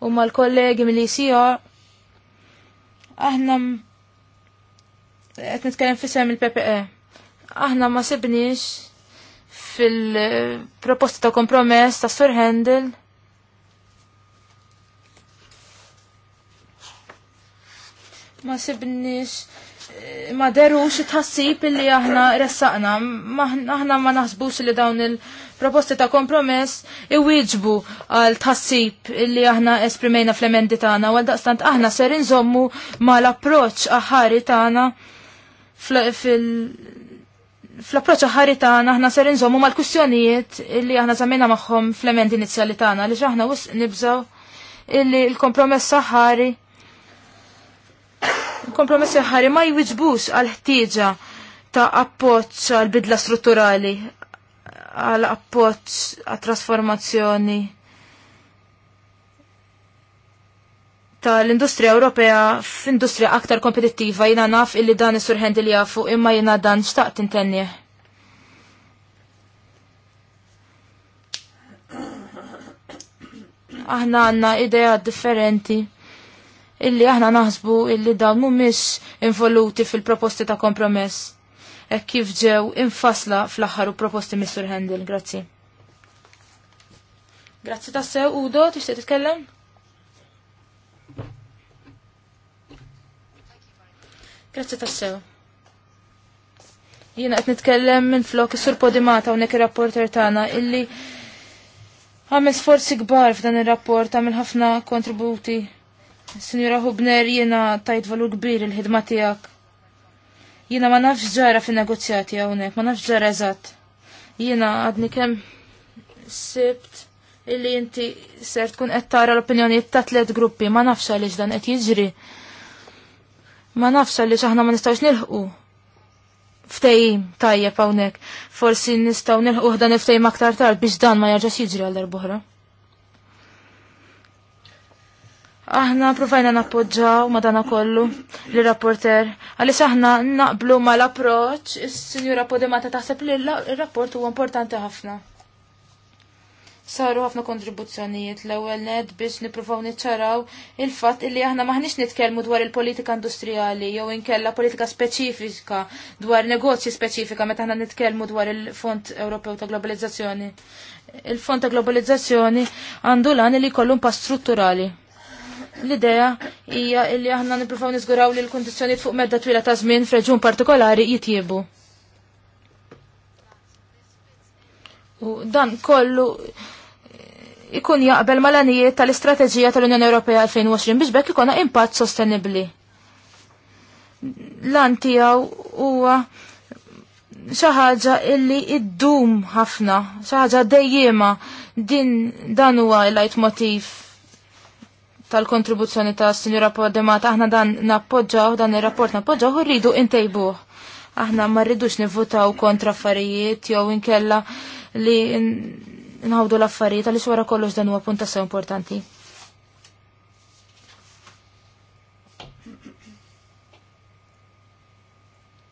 u mal-kollegi mill-ICR. Aħna qed nitkellem fisem il-PPE. Aħna ma sibniex fil-proposta ta' kompromess ta' Sir Handel. Ma sibniex ma derux tħassib illi aħna ressaqna, aħna ma naħsbux li dawn il- proposti ta' kompromess iwieġbu għal tħassib li aħna esprimejna fl-emendi tagħna għal daqstant aħna ser inżommu mal-approċċ aħari tagħna fl approċ aħari tagħna aħna ser inżommu mal-kwistjonijiet li aħna żammejna magħhom fl-emendi inizjali tagħna li aħna wisq nibżgħu illi l-kompromess aħari l-kompromess aħari ma jwiġbux għal ħtieġa ta' appoċ għal bidla strutturali għal appoġġ għat trasformazzjoni Ta l industrija Ewropea f'industrija aktar kompetittiva jina naf illi dan is-surħendi li jafu imma jina dan xtaqt intenni. Aħna għanna idea differenti illi aħna naħsbu illi dawn mhumiex involuti fil-proposti ta' kompromess. E kif ġew infasla fl-aħħar u proposti Mr. Handel. Grazzi. Grazzi tassew, Udo, tixtieq titkellem? Grazzi tassew. Jiena qed nitkellem minn flok is-sur Podimata hawnhekk ir-rapporter tagħna illi għamel sforzi kbar f'dan ir-rapport għamel ħafna kontributi. Sinjura Hubner jiena tajt valur kbir il-ħidma tiegħek Jiena ma nafx ġara fin negozjati hawnhekk, ma nafx ġara eżatt. Jiena għadni kemm sibt illi inti ser tkun qed tara l-opinjonijiet ta' tliet gruppi, ma nafx għaliex dan qed jiġri. Ma nafx għalix aħna ma nistgħux nilħqu ftejim tajjeb hawnhekk. Forsi nistgħu nilħu dan ftejim aktar tal biex dan ma jarġax jiġri għal darbohra. Aħna provajna nappoġġaw madana kollu li rapporter għaliex aħna naqblu ma l-approċ, is-sinjura Podemata taħseb li l-rapport huwa importanti ħafna. Saru ħafna kontribuzzjonijiet l-ewwel ned biex nippruvaw niċċaraw il-fatt illi aħna maħniex nitkellmu dwar il-politika industrijali jew inkella politika speċifika dwar negozji speċifika meta aħna nitkellmu dwar il-Fond Ewropew ta' Globalizzazzjoni. Il-Fond ta' Globalizzazzjoni għandu lan li jkollu pa strutturali L-idea hija li aħna nippruvaw niżguraw li l-kundizzjonijiet fuq medda twila ta' żmien f'reġjun partikolari jitjiebu. U dan kollu ikun jaqbel malanijiet tal-istrateġija tal-Unjoni Ewropea 2020 biex bekk ikona impatt sostenibli. l tiegħu huwa xi ħaġa illi dum ħafna, xaħġa ħaġa dejjema din dan huwa l-lajtmotiv tal-kontribuzzjoni ta' Sinjura Podemata, aħna dan nappoġġaw, dan ir-rapport nappoġġaw u rridu intejbuh. Aħna ma rridux nivvutaw kontra affarijiet jew inkella li nħawdu l-affarijiet għaliex wara kollox dan huwa punt tassew importanti.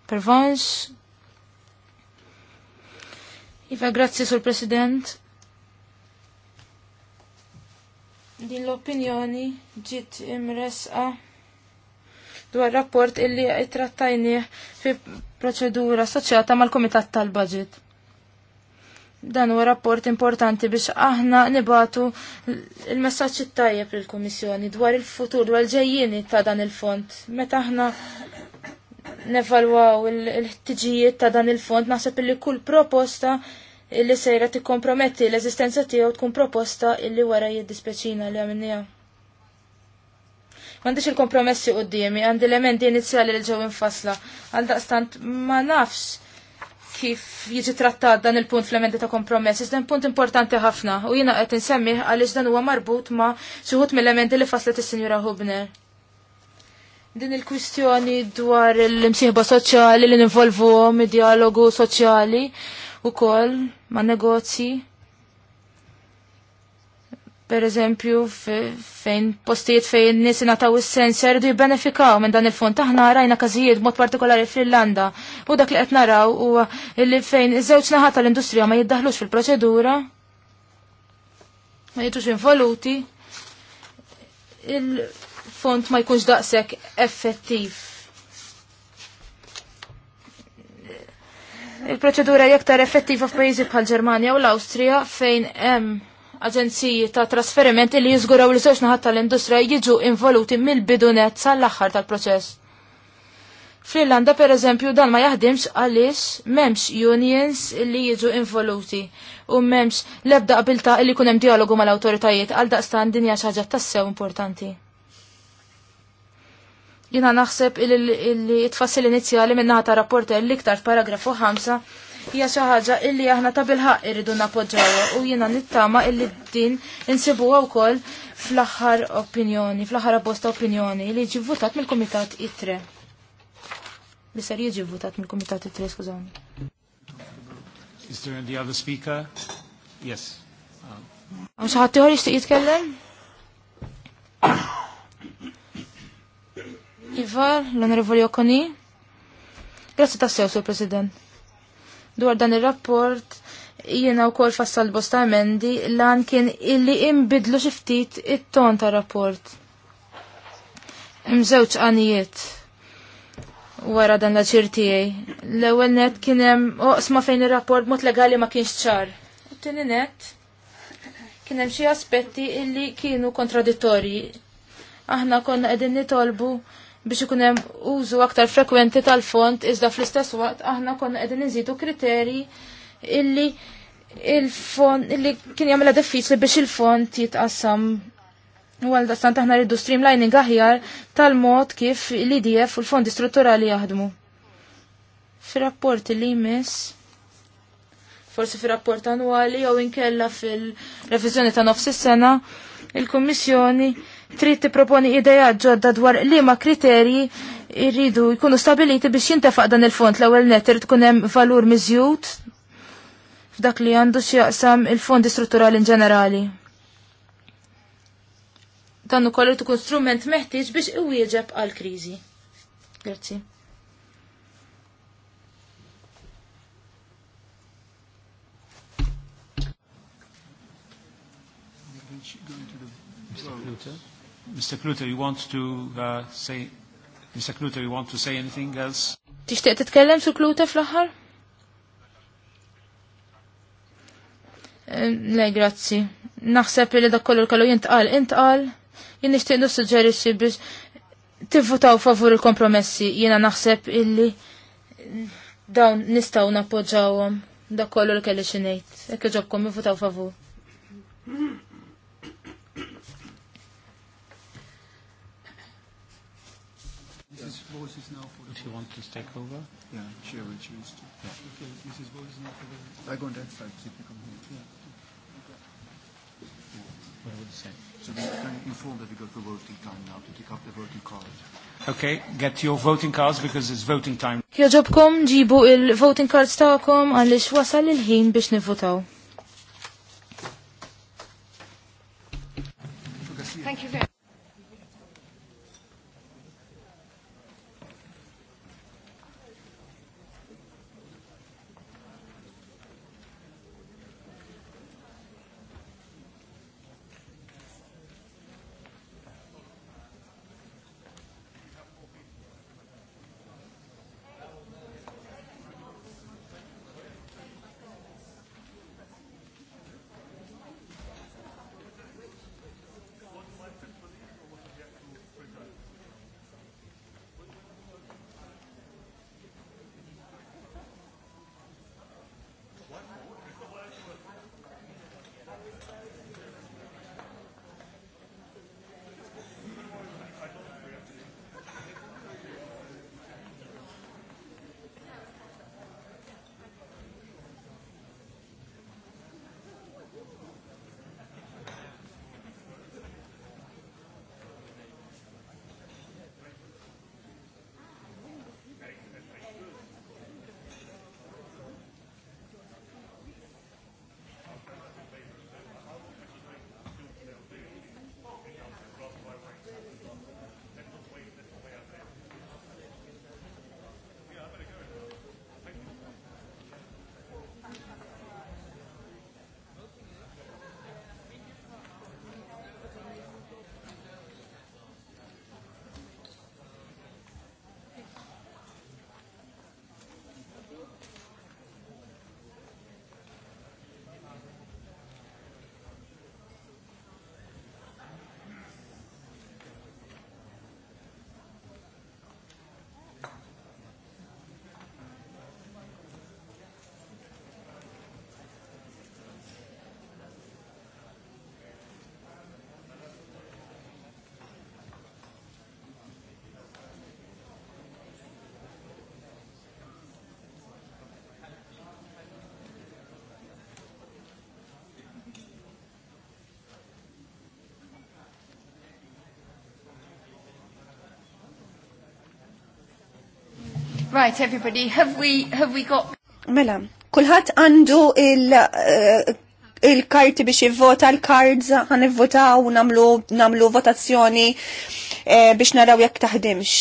Pervanx. Iva, grazzi sul President. Din l-opinjoni ġiet imresqa dwar rapport illi trattajnieh fi proċedura soċjata mal-Komitat tal-Budget. Dan huwa rapport importanti biex aħna nibatu il-messaġġ tajjeb il kummissjoni dwar il-futur dwar il-ġejjieni ta' dan il-fond. Meta aħna nevalwaw il-ħtiġijiet ta' dan il-fond naħseb illi kull proposta illi sejra tikkomprometti l-eżistenza tiegħu tkun proposta illi wara jiddispeċina li għamilnija. M'għandix il-kompromessi quddiemi, għandi elementi inizjali li ġew infasla, għal daqstant ma nafx kif jiġi trattat dan il-punt fl-emendi ta' kompromess, iżda punt importanti ħafna u jiena qed insemmi għaliex dan huwa marbut ma' xi wħud mill-emendi li faslet is-Sinjura Hubner din il-kwistjoni dwar l-imsieħba soċjali li ninvolvu id-dialogu soċjali kol ma' negozji per eżempju fejn postijiet fejn nies ingħataw is-sens jridu jibbenefikaw minn dan il-fond taħna rajna każijiet mod partikolari fl-Irlanda u dak li qed naraw huwa li fejn iż-żewġ naħat tal-industrija ma jiddaħlux fil-proċedura ma jiġux involuti il-fond ma jkunx daqshekk effettiv. Il-proċedura jektar effettiva f'pajjiżi bħal Ġermanja u l-Awstrija fejn hemm aġenziji ta' trasferiment li jiżguraw li żewġ naħat tal-industrija jiġu involuti mill-bidunet sal-aħħar tal-proċess. Fl-Irlanda pereżempju dan ma jaħdimx għaliex m'hemmx unions li jiġu involuti u m'hemmx l-ebda qabilta li jkun hemm dialogu mal-awtoritajiet għal daqstan dinja xi ħaġa tassew importanti. Jina naħseb illi tfassil inizjali minna ta' rapport l-iktar paragrafu 5 hija xi ħaġa illi aħna ta' bilħaq irridu napoġġawha u jiena nittama illi din insibuha wkoll fl-aħħar opinjoni, fl-aħħar apposta opinjoni li jiġi votat mill-Kumitat ITRE. Li ser jiġi votat mill-Kumitat ITRE, skużawni. Is there any other speaker? Yes. Għam tiħor jishtiq jitkellem? Iva, l-Onorevoli Okoni. Grazzi tassew, Sur President. Dwar dan il-rapport, jiena u kol fassal bosta emendi lan kien illi imbidlu xiftit it-ton ta' rapport. Mżewċ għanijiet wara dan l-ċir tiegħi. L-ewwel net kien hemm oqsma fejn ir-rapport mod legali ma kienx ċar. Tini net kien hemm xi aspetti illi kienu kontradittorji. Aħna konna qegħdin nitolbu biex ikun hemm użu aktar frekwenti tal-font iżda fl-istess waqt aħna konna qegħdin inżidu kriterji illi il-font illi kien jagħmilha diffiċli biex il-font jitqassam għal stant aħna rridu streamlining aħjar tal-mod kif l-IDF u l-fondi strutturali jaħdmu. fir rapport li jmiss forsi fir rapport annwali jew inkella fil-reviżjoni ta' nofs is-sena, il-Kummissjoni trid tipproponi idea ġodda dwar liema kriterji irridu jkunu stabiliti biex jintefaq dan il-fond l-ewwel net irid tkun hemm valur miżjud f'dak li għandu x'jaqsam il-fondi strutturali in ġenerali. Dan ukoll irid ikun strument meħtieġ biex iwieġeb għal kriżi. Grazzi. Mr. Pluto. Mr. Kluter, you want to uh, say... Mr. Kluter, you want to say anything else? Tixtieq titkellem su Kluter fl-aħħar? Le, grazzi. Naħseb li dak kollu l-kallu jintqal, intqal. Jien nixtieq nissuġġerixxi biex tivvutaw favur il-kompromessi. Jiena naħseb illi dawn nistgħu nappoġġawhom dak kollu l-kelli xi ngħid. Hekk iġobkom ivvutaw favur. take over? Yeah, she will choose to. Yeah. Okay, Mrs. Bo is not available. I go on that side, see if you come here. Yeah. What would you say? So we can inform that we got the voting time now to take up the voting card. Okay, get your voting cards because it's voting time. Joġobkom ġibu il-voting cards ta'kom għalix wasal il-ħin biex nivvotaw. Thank you very much. Right, everybody, have we, have we got... Mela, kulħat għandu il- eh, il-karti biex jivvota l-kards għan votaw namlu, namlu votazzjoni e, biex naraw jekk taħdimx.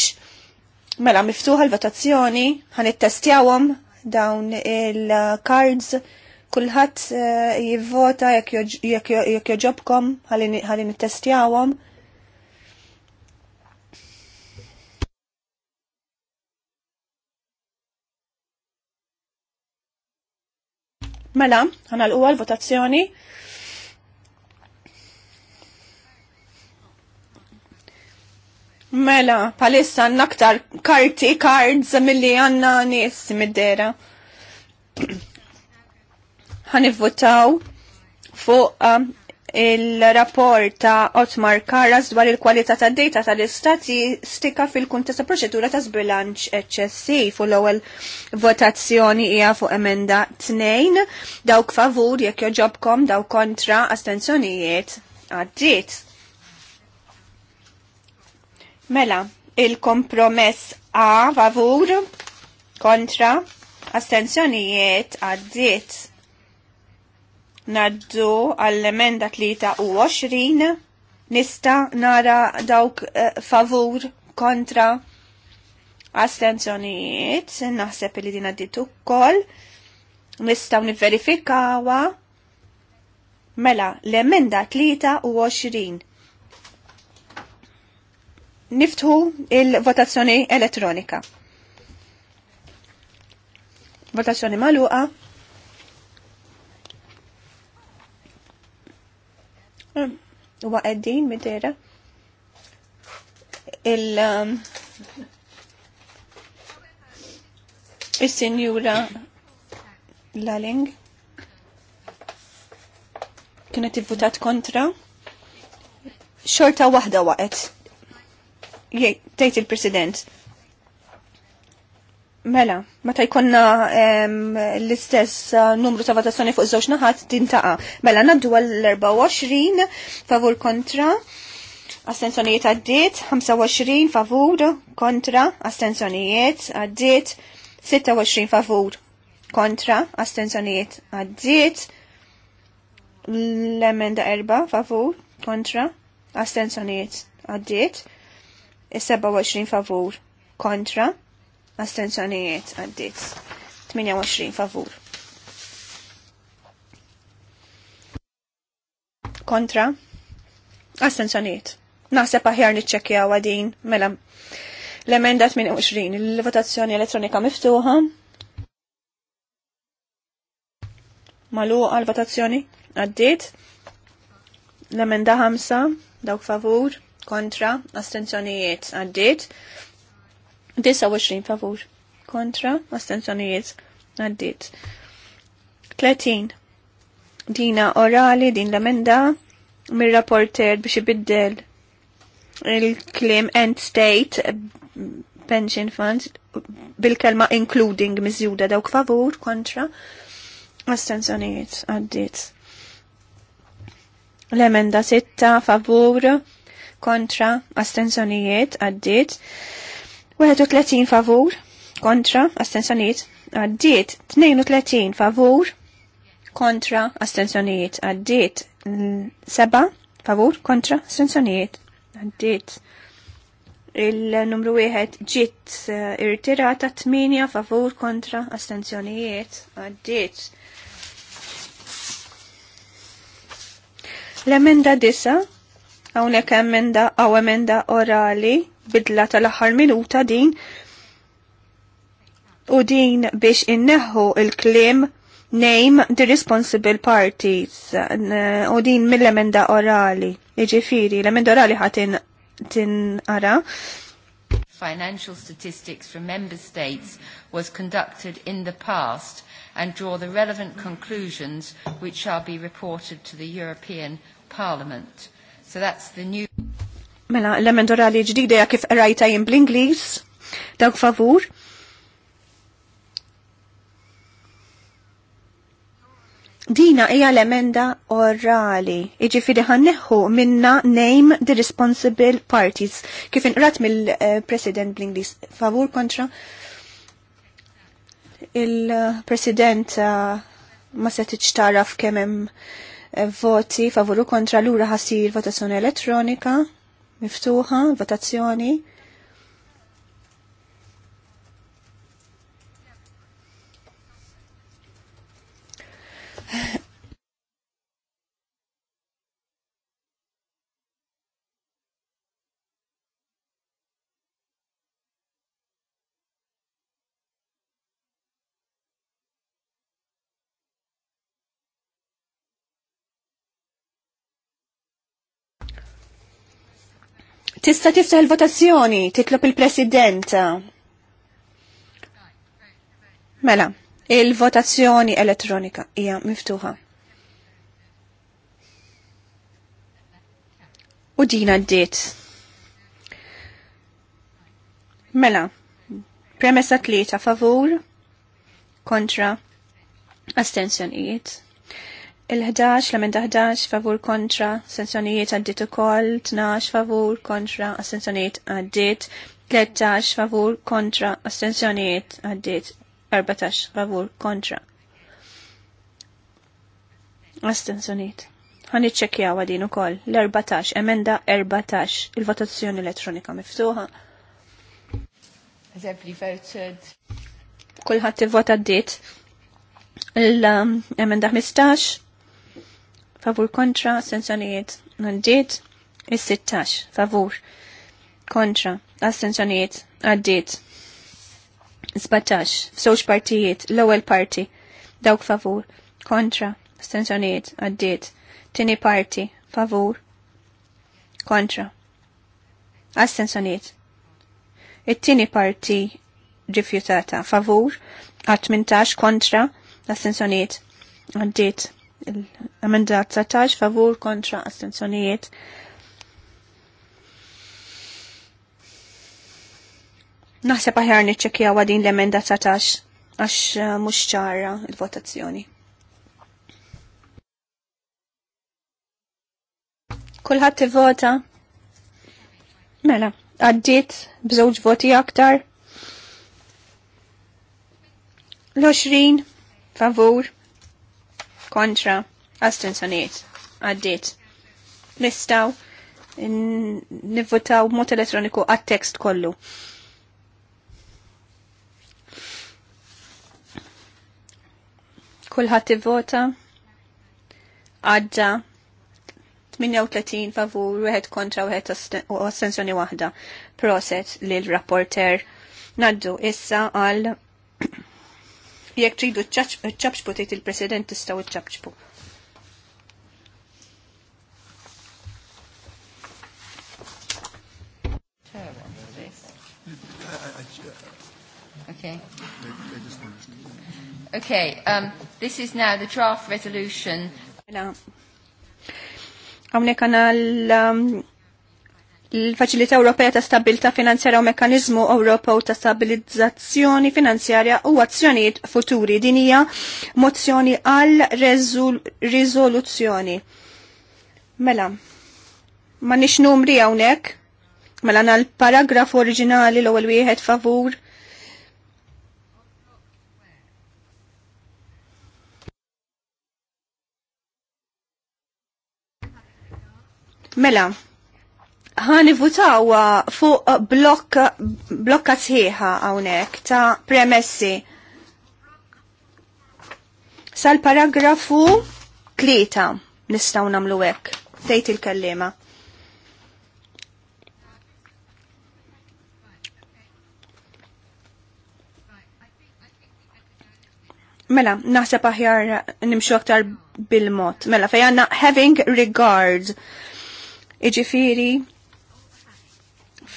Mela, miftuħa l-votazzjoni, għan jittestjawom dawn il kards kullħat eh, jivvota jekk joġobkom għalin it Mela, għana l-uwa l-votazzjoni. Mela, palissa naktar karti, cards, mill-li għanna nis mid-dera. votaw fuq um, il-rapport ta' Otmar Karas dwar il-kwalità ta' data tal-istatistika fil-kuntest ta' proċedura ta' sbilanċ eċċessiv u l-ewwel votazzjoni hija fuq emenda tnejn. dawk favur jekk joġobkom daw kontra astenzjonijiet għaddiet. Mela, il-kompromess A favur kontra astenzjonijiet għaddiet Naddu għall-emenda 23 nista nara dawk eh, favur kontra astenzjonijiet, naħseb li din għaddit ukoll. Nistgħu nivverifikawa mela l-emenda 23. Niftħu il-votazzjoni elettronika. Votazzjoni maluqa. huwa qegħdin mitera. il is-sinjura Laling kienet ivvutat kontra xorta waħda waqet. jgħid tgħid il-President Mela, meta jkonna l-istess eh, numru ta' votazzjoni fuq żewġ naħat ta' Mela naddu għall-24 favur kontra, astenzjonijiet għaddiet, 25 favur kontra, astenzjonijiet għaddiet, 26 favur kontra, astenzjonijiet għaddiet, l-emenda erba' favur kontra, astenzjonijiet għaddiet, 27 favur kontra, astenzjonijiet għaddit 28 favur. Kontra astenzjonijiet. Naħseb aħjar niċċekkja għadin mela l-emenda 28 il-votazzjoni elettronika miftuħa. Malu għal-votazzjoni għaddit l-emenda 5 dawk favur kontra astenzjonijiet għaddit 29 favur kontra astenzjonijiet għaddit. 30. Dina orali din l-amenda mir-rapporter biex ibiddel il-klim end state pension funds bil-kelma including mizjuda dawk favur kontra astenzjonijiet għaddit. L-emenda 6 favur kontra astenzjonijiet għaddit. 31 favur kontra astensjonijiet għaddiet 32 favur kontra astensjonijiet għaddiet 7 favur kontra astensjonijiet għaddiet il-numru 1 ġiet eh, irritirata 8 favur kontra astensjonijiet għaddiet L-emenda disa, għawnek emenda għaw emenda orali bidla tal-aħħar minuta din u din biex inneħħu il-klim name the responsible parties u din mill-emenda orali. Iġifiri, l-emenda orali ħatin tin ara Financial statistics from member states was conducted in the past and draw the relevant conclusions which shall be reported to the European Parliament. So that's the new Mela, l-emendorali ġdida ja kif rajta jim bl-Inglis, dawk favur. Dina hija l-emenda orali, fidi ħanneħu minna name the responsible parties, kif inqrat mill-President bl favur kontra il-President uh, ma se tiċtaraf kemm hemm eh, voti favur kontra lura ħassir votazzjoni elettronika miftuħa, votazzjoni. Tista tiftaħ il-votazzjoni, titlob il-President. Mela, il-votazzjoni elettronika hija miftuħa. U dina d-diet. Mela, premessa tlieta favur, kontra, astensjonijiet. Il-11, l-emenda 11, favur kontra, assenzjonijiet għaddit ukoll, 12, favur kontra, assenzjonijiet għaddit, 13, favur kontra, assenzjonijiet għaddit, 14, favur kontra. Astenzjonijiet. Għan iċċekjaw għadin ukoll l-14, emenda 14, il-votazzjoni elettronika miftuħa. Eżempli voted. Kulħadd ivvota d L-emenda 15, favur kontra astenzjonijiet għaddit, is-16 favur kontra astenzjonijiet għaddit, 17 f'żewġ partijiet l-ewwel parti dawk favur kontra astenzjonijiet għaddit, tini parti favur kontra astenzjonijiet. It-tieni parti rifjutata favur għat 18 kontra astenzjonijiet għaddit l l-amendat 19 favur kontra astenzjonijiet. Naħseb aħjar niċċekja din l-emenda 19 għax eh, mhux ċara il-votazzjoni. Kulħadd vota Mela, għaddiet bżewġ voti aktar. L-20 favur kontra, astensjoniet, għaddit. Nistaw nivvotaw mod elettroniku għat-tekst kollu. Kulħadd ivvota għadda 38 favur, wieħed kontra, wieħed ostensjoni waħda. Proset lil rapporter Naddu issa għal Jekk tridu ċabċbu tgħid il-President tistgħu ċabċbu. Okay. Okay, um, this is now the draft resolution. Għawnek mela, għana l-Faċilità Ewropea ta' Stabilità Finanzjarja u Mekanizmu Ewropew ta' Stabilizzazzjoni Finanzjarja u Azzjonijiet Futuri. Din hija mozzjoni għal riżoluzzjoni. Mela, ma nix numri hawnhekk. Mela għal paragraf oriġinali l-ewwel wieħed favur. Mela, ħani votawa fuq blokka sħiħa għawnek ta' premessi. Sal-paragrafu tlieta nistaw nagħmlu hekk. Tejt il-kellima. Mela, naħseb aħjar nimxu aktar bil-mod. Mela, fejanna having regard. Iġifiri,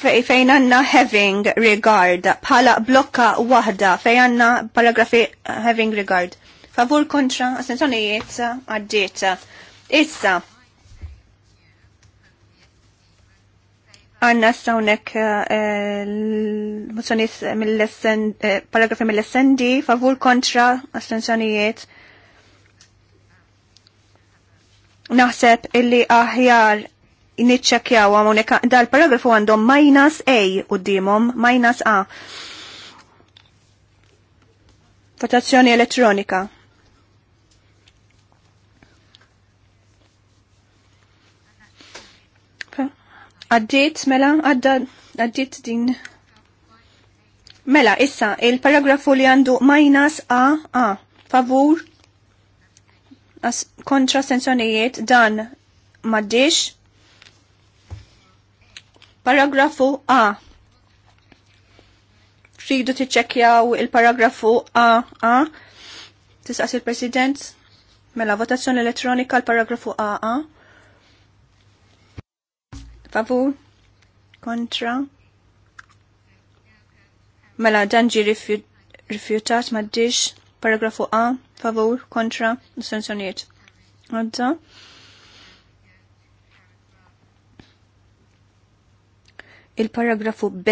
fejn għanna having regard bħala blokka wahda fejn għanna paragrafi uh, having regard. Favur kontra assenzjonijiet għaddiet. Issa, għanna stawnek uh, eh, mozzjonis eh, paragrafi mill-essendi, favur kontra astenzjonijiet. Naħseb illi aħjar niċċekjaw għamonek dal-paragrafu għandhom minus A u dimom, minus A. Votazzjoni elettronika. Għaddit, mela, għaddit din. Mela, issa, il-paragrafu li għandu minus A, A, favur, kontra sensjonijiet dan maddix, Paragrafu A. Fridu tiċċekjaw il-paragrafu A. A. Tisqas il-President. Mela votazzjoni elettronika l-paragrafu A. A. Favur. Kontra. Mela dan ġi rifjutat maddix paragrafu A, favur, kontra, sanzjoniet. Għadda. Il-paragrafu B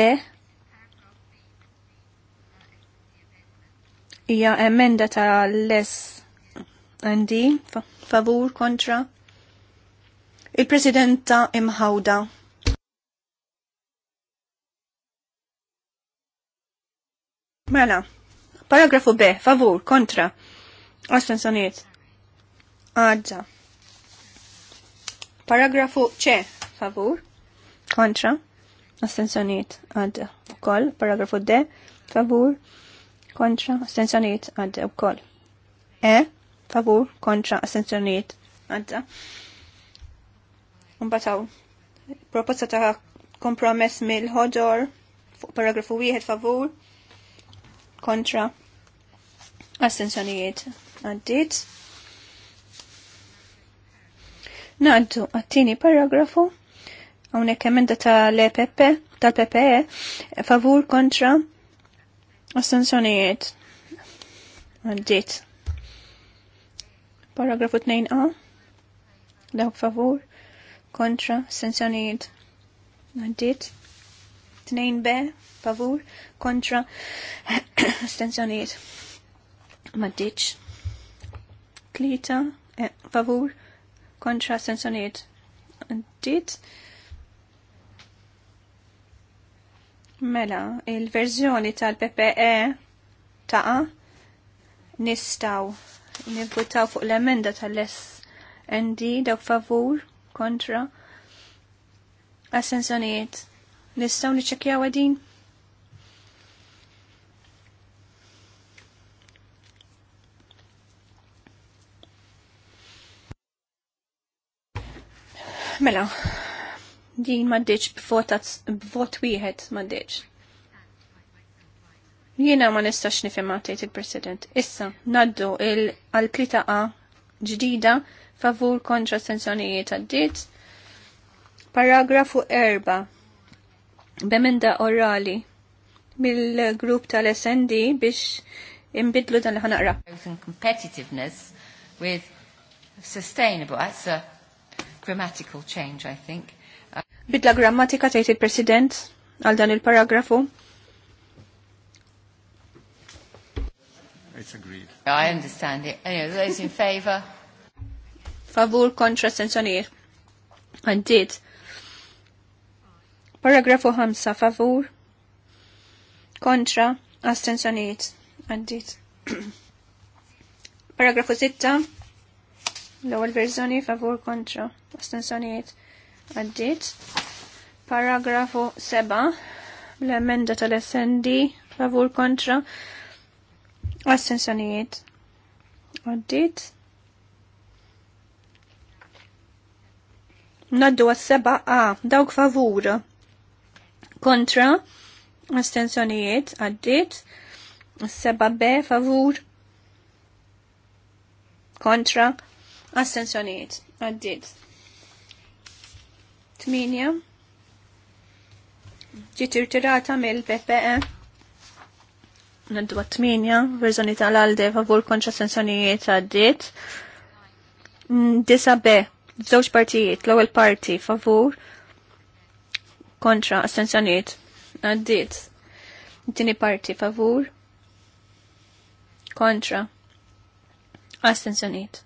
hija emenda ta' less D, favur kontra il-presidenta imħawda. Mela, paragrafu B, favur, kontra. Soniet. Għadza. Paragrafu C, favur, kontra astensjoniet għad u koll. Paragrafu D, favur, kontra, astensjoniet għad u koll. E, favur, kontra, astensjoniet għad. Unbataw, proposta ta' kompromess mill-ħodor, paragrafu 1, favur, kontra, astensjoniet għaddit. Naddu għattini paragrafu Hawnhekk emenda tal-EPP tal pepe, favur kontra astensjonijiet. Għaddit. Paragrafu 2a. Dawk favur kontra astensjonijiet. Għaddit. 2b eh, favur kontra astensjonijiet. Għaddit. Klita, favur, kontra sensoniet. Għaddit, Mela, il-verżjoni tal-PPE ta' nistaw nivvutaw fuq l-emenda tal-SND dawk favur kontra assenzjonijiet. Nistaw niċekjaw għadin? Mela, Din maddiċ b'vot wieħed ma maddiċ. Jiena ma nistax nifhem għatejt il-President. Issa, naddu il-għal-3 A ġdida favur kontra sensjonijiet għaddit. Paragrafu 4. Bemenda orali mill-grupp tal-SND biex imbidlu dan li ħanaqra. Competitiveness with sustainable, that's a grammatical change, I think. Bidla grammatika tgħid il-President għal dan il-paragrafu. It's agreed. I understand it. Anyway, those in favor? Favur kontra sensjonijiet. Għaddit. Paragrafu 5 favur kontra astensjonijiet. Għaddit. Paragrafu 6 l-ewwel verżjoni favur kontra astensjonijiet għaddit. Paragrafu 7, l-emenda tal-SND, favur kontra, assenzjonijiet. Għaddit. Naddu għas-seba A, dawk favur. Kontra, astenzjonijiet, għaddit. Seba B, favur. Kontra, astenzjonijiet, għaddit. 8 ġiet irtirata mill-PPE naddu 8 verżoni tal-alde favur kontra sensjonijiet għaddiet. Disa B, żewġ partijiet, l-ewwel parti favur kontra astensjonijiet għaddiet. Tini parti favur kontra astensjonijiet.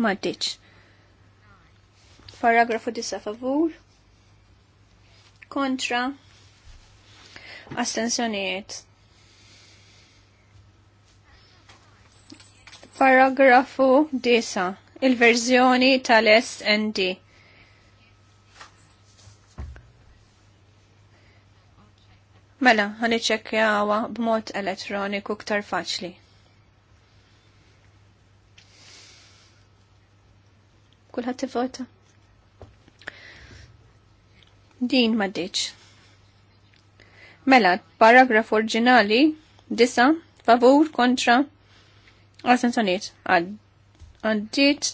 Ma diċ. Paragrafu 9 favur. Kontra. Astensjonijiet. Paragrafu disa, Il-verżjoni tal-SND. Mela, ħaniċċekkjawha b'mod elettroniku ktar faċli. Kulħadd tivota? Din maddiċ. Mela, paragraf orġinali disa, favur, kontra, għasensoniet, għaddit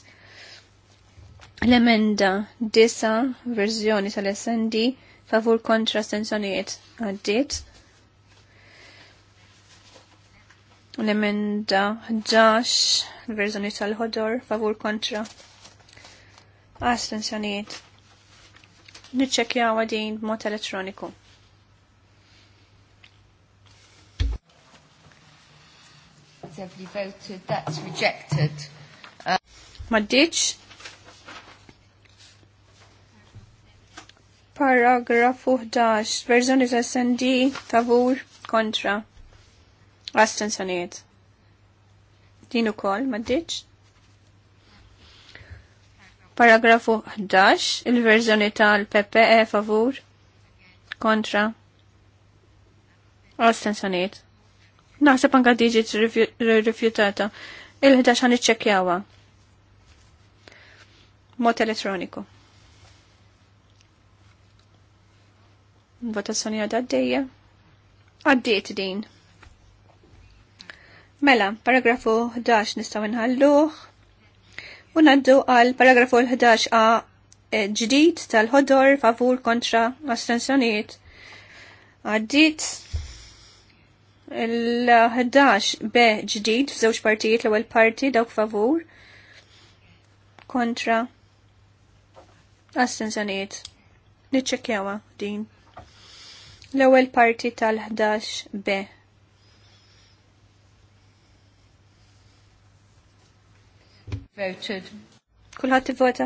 l-emenda disa verżjoni tal-SND favur kontra sensonijiet għaddit. L-emenda ġax, verżjoni tal-ħodor favur kontra astensjonijiet niċċekjaw għadin b'mod elettroniku. Every voted, that's rejected. Uh, maddiċ. Paragrafu 11, verżjoni ta' SND tavur kontra. Astensjoniet. Din ukoll, maddiċ. Paragrafu 11, il-verżjoni tal-PPE favur kontra astensjoniet. Naħseb anka diġi rifjutata. Il-11 għan iċċekjawa. Mot elettroniku. Votazzjoni għadha għaddejja. Għaddejt din. Mela, paragrafu 11 nistaw nħalluħ, U għal paragrafu 11a e, ġdid tal-ħodor favur kontra astensjonijiet. Għaddit l-11 b ġdid f'żewġ partijiet l-ewwel parti dawk favur kontra astensjoniet. Niċċekkjawha din. L-ewwel parti tal-11 b Voted. Kulħadd ivvota.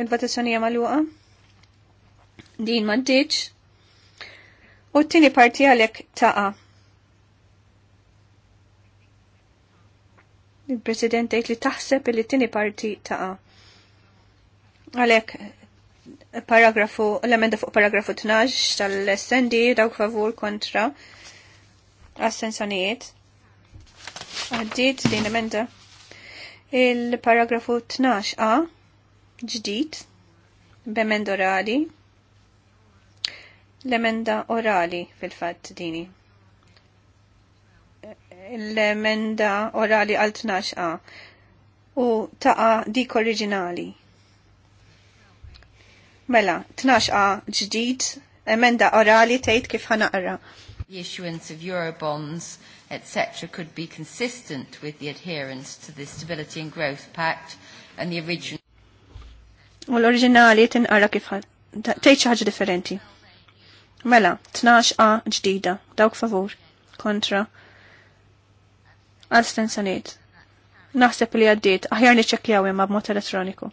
Il-votazzjoni hija magħluqa. Din ma ddiċ. U t-tieni parti għalhekk taqa'. Il-President tgħid li taħseb li t-tieni parti taqa'. Għalhekk paragrafu, l-emenda fuq paragrafu 12 tal-SND dawk favur kontra assenzjonijiet. Għaddit din emenda il-paragrafu 12a ġdid b'emenda orali l-emenda orali fil fat dini. L-emenda orali għal 12a u taqa dik oriġinali. Mela, 12a ġdid, emenda orali tgħid kif ħanaqra. The issuance of Eurobonds etc., could be consistent with the adherence to the Stability and Growth Pact and the original. U l-oriġinali tinqara kif tgħid ħaġa differenti. Mela, tnax a ġdida, dawk favur, kontra, għal stensaniet. Naħseb li għaddiet, aħjar niċċekkjaw imma b'mod elettroniku.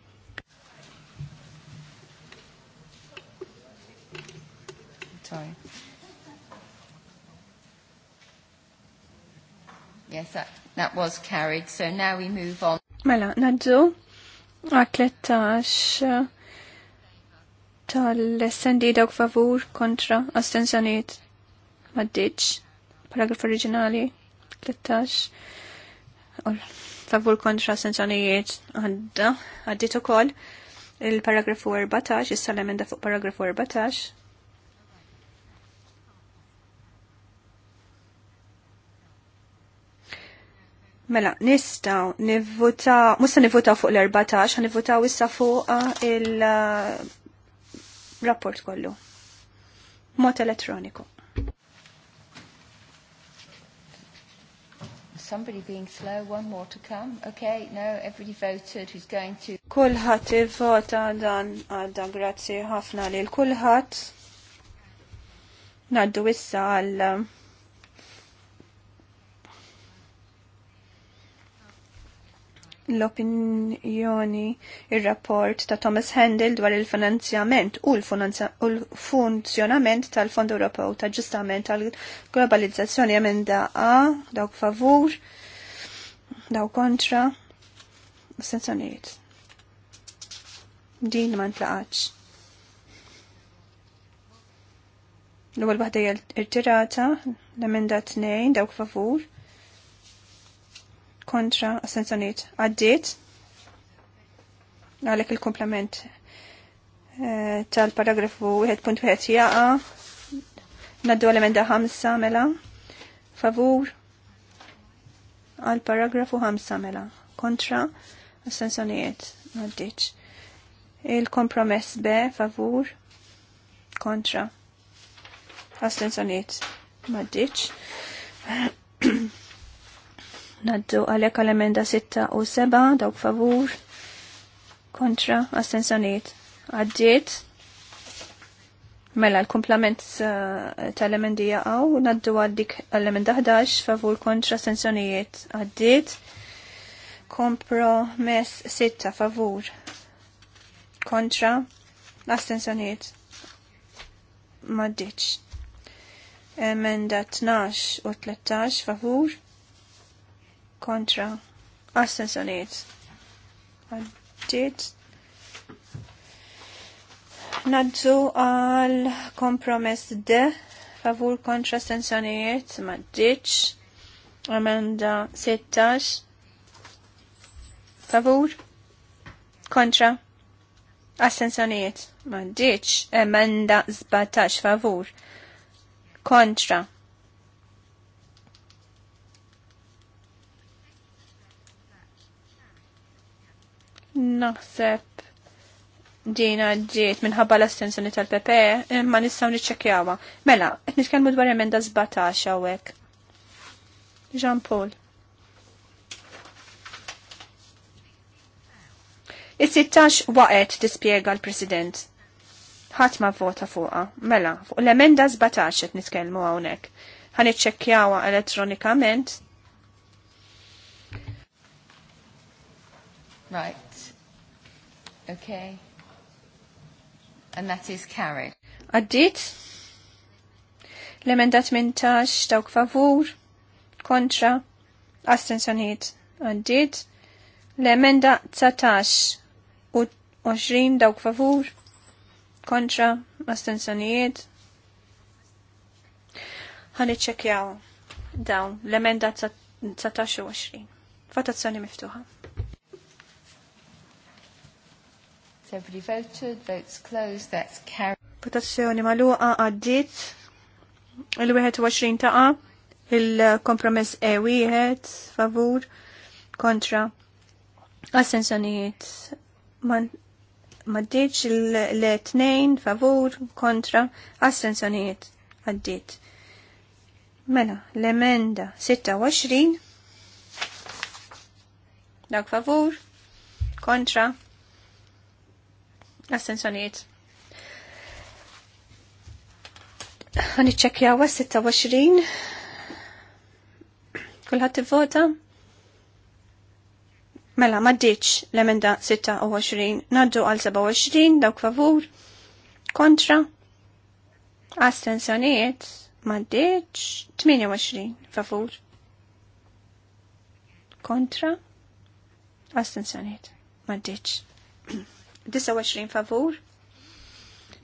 Yes, that, that was carried. So now we move on. Mela, naddu għakletax uh, tal-essendi dawk favur kontra astensjoniet maddiċ. Paragraf originali għakletax, Favur kontra astensjonijiet għadda għaddit ukoll il-paragrafu 14, issa l fuq paragrafu 14 Mela, nistaw nivvuta, musta nivvuta fuq l-14, għan nivvuta issa fuq ah, il-rapport ah, kollu. Mot elettroniku. Somebody being slow, one more to come. Okay, no, everybody voted who's going to... Kulħat il-vota dan għadda ah, grazzi ħafna li l-kulħat. Naddu issa għal l-opinjoni il rapport ta' Thomas Handel dwar il-finanzjament u l-funzjonament tal-Fond Ewropew ta' ġustament tal-globalizzazzjoni emenda A, dawk favur, dawk kontra, sensonijiet. Din ma ntlaqax. L-ewwel waħda hija tirata, irtirata l-emenda 2, dawk favur, kontra assenzjoniet għaddiet għalek il-komplement eh, tal-paragrafu 1.1 jaqa naddu għal-emenda 5 mela favur għal-paragrafu 5 mela kontra assenzjoniet għaddiet il-kompromess B favur kontra assenzjoniet maddiċ Naddu għalek għal-emenda 6 u 7, dawk favur, kontra, astensjoniet. għadġiet, mela l-komplement eh, tal-emendi għaw, naddu għaddik għal-emenda 11, favur, kontra, astensjoniet. Għaddiet, kompromess 6, favur, kontra, astensjoniet. Maddiċ. Emenda 12 u 13, favur, kontra assenzjoniet. għaddit nadżu għal kompromess D favur kontra ma maddiċ amenda 16 favur kontra ma maddiċ emenda 17 favur kontra Naħseb ġina ġiet minħabba l-astensjoni tal-PP, e, imma nistgħu niċċekkjawha. Mela, qed nitkellmu dwar emenda 17 hawnhekk. Jean Paul. Is-16 waqgħet tispjega l-President. Ħadd ma vota fuqha. Mela, fuq l-emenda 17 qed nitkellmu hawnhekk. Ħan iċċekkjawha elettronikament. Right. Okay. And that is carried. Addit. L-emenda 18 dawk favur, kontra, astensjoniet. Addit. L-emenda 19 u 20 dawk favur, kontra, astensjoniet. Għan iċċekjaw dawn l-emenda 19 u 20. Votazzjoni miftuħa. everybody voted, votes closed, that's carried. Votazzjoni maluqa għaddit, il-21 taqa, il-kompromess e wieħed favur, kontra, assenzjonijiet, maddiċ il-2 favur, kontra, assenzjonijiet, għaddit. Mela, l-emenda 26, dak favur, kontra, Assenzjoniet. Għan iċċekjawa 26. Kulħadd vota Mela ma ddiċ l-emenda 26. Naddu għal 27 dawk favur. Kontra. Assenzjoniet. ma ddiċ 28 favur. Kontra. Astensjoniet ma ddiċ. 29 favur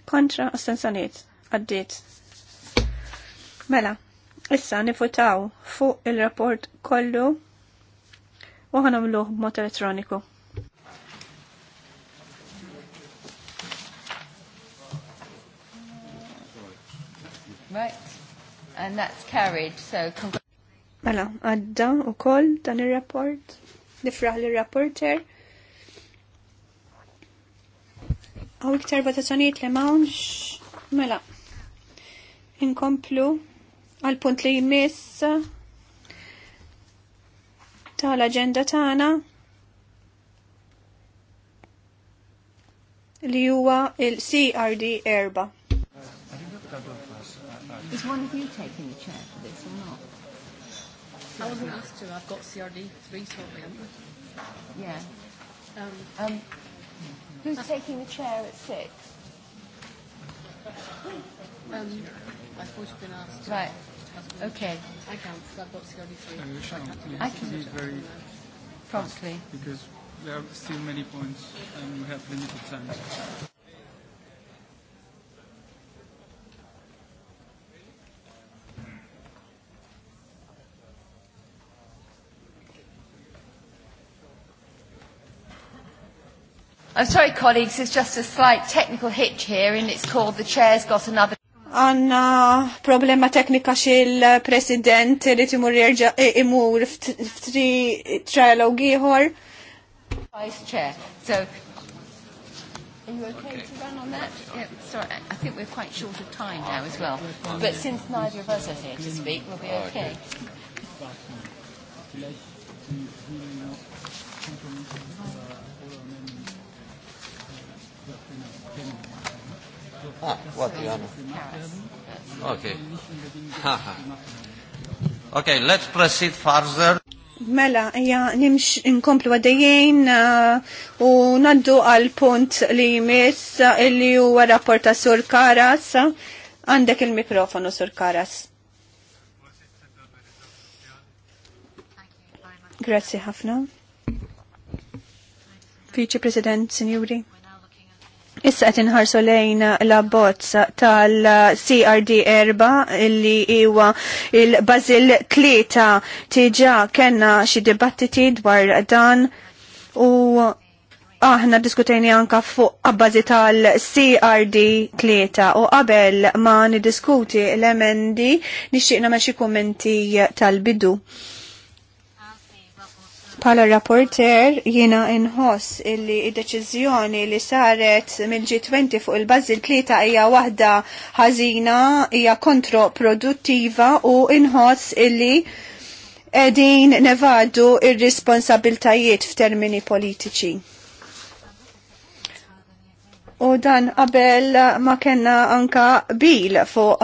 kontra astensjoniet għaddit. Mela, issa nifutaw fuq il-rapport kollu u ħanamluħ b'mod elettroniku. Right. And that's carried, so Mela, għadda u koll dan il-rapport, nifraħ l-rapporter Għaw iktar votazzjoniet li mawnx mela. Inkomplu għal punt li jmiss ta' l agenda tagħna li huwa il-CRD erba. Is one of you taking the chair for this or not? I wasn't asked to. I've got CRD three, so I Yeah. Um, um, Who's taking the chair at six? Um, I've always been asked. Right. Okay. I can't. I've got to go Uh, Sharon, I can please very promptly because there are still many points and we have limited time. I'm sorry, colleagues, there's just a slight technical hitch here, and it's called the chair's got another. Anna problema teknika xil-president li timur imur f'tri trialog ieħor. Vice chair. So, are you okay, okay to run on that? Yeah, sorry, I think we're quite short of time now as well. But since neither of us are here to speak, we'll be oh, okay. okay. Ah, okay. okay, let's proceed further. Mela, ja, nimx inkomplu għadejjien uh, u naddu għal punt li jmiss uh, illi u rapporta sur Karas. Għandek il-mikrofonu sur Karas. Grazie ħafna. Vice President, Signori. Issa qed inħarsu lejn la bozz tal-CRD erba' illi huwa il bazil tlieta tiġa kellna xi dibattiti dwar dan u aħna diskutejni anka fuq abbażi tal-CRD tlieta u qabel ma niddiskuti l-emendi nixtieqna ma xi kummenti tal-bidu. Pala rapporter jiena inħoss illi id-deċiżjoni li saret mill-G20 fuq il-bazz il-tlieta hija waħda ħażina hija kontroproduttiva u inħoss illi edin nevadu ir-responsabiltajiet f'termini politiċi. U dan qabel ma kena anka bil fuq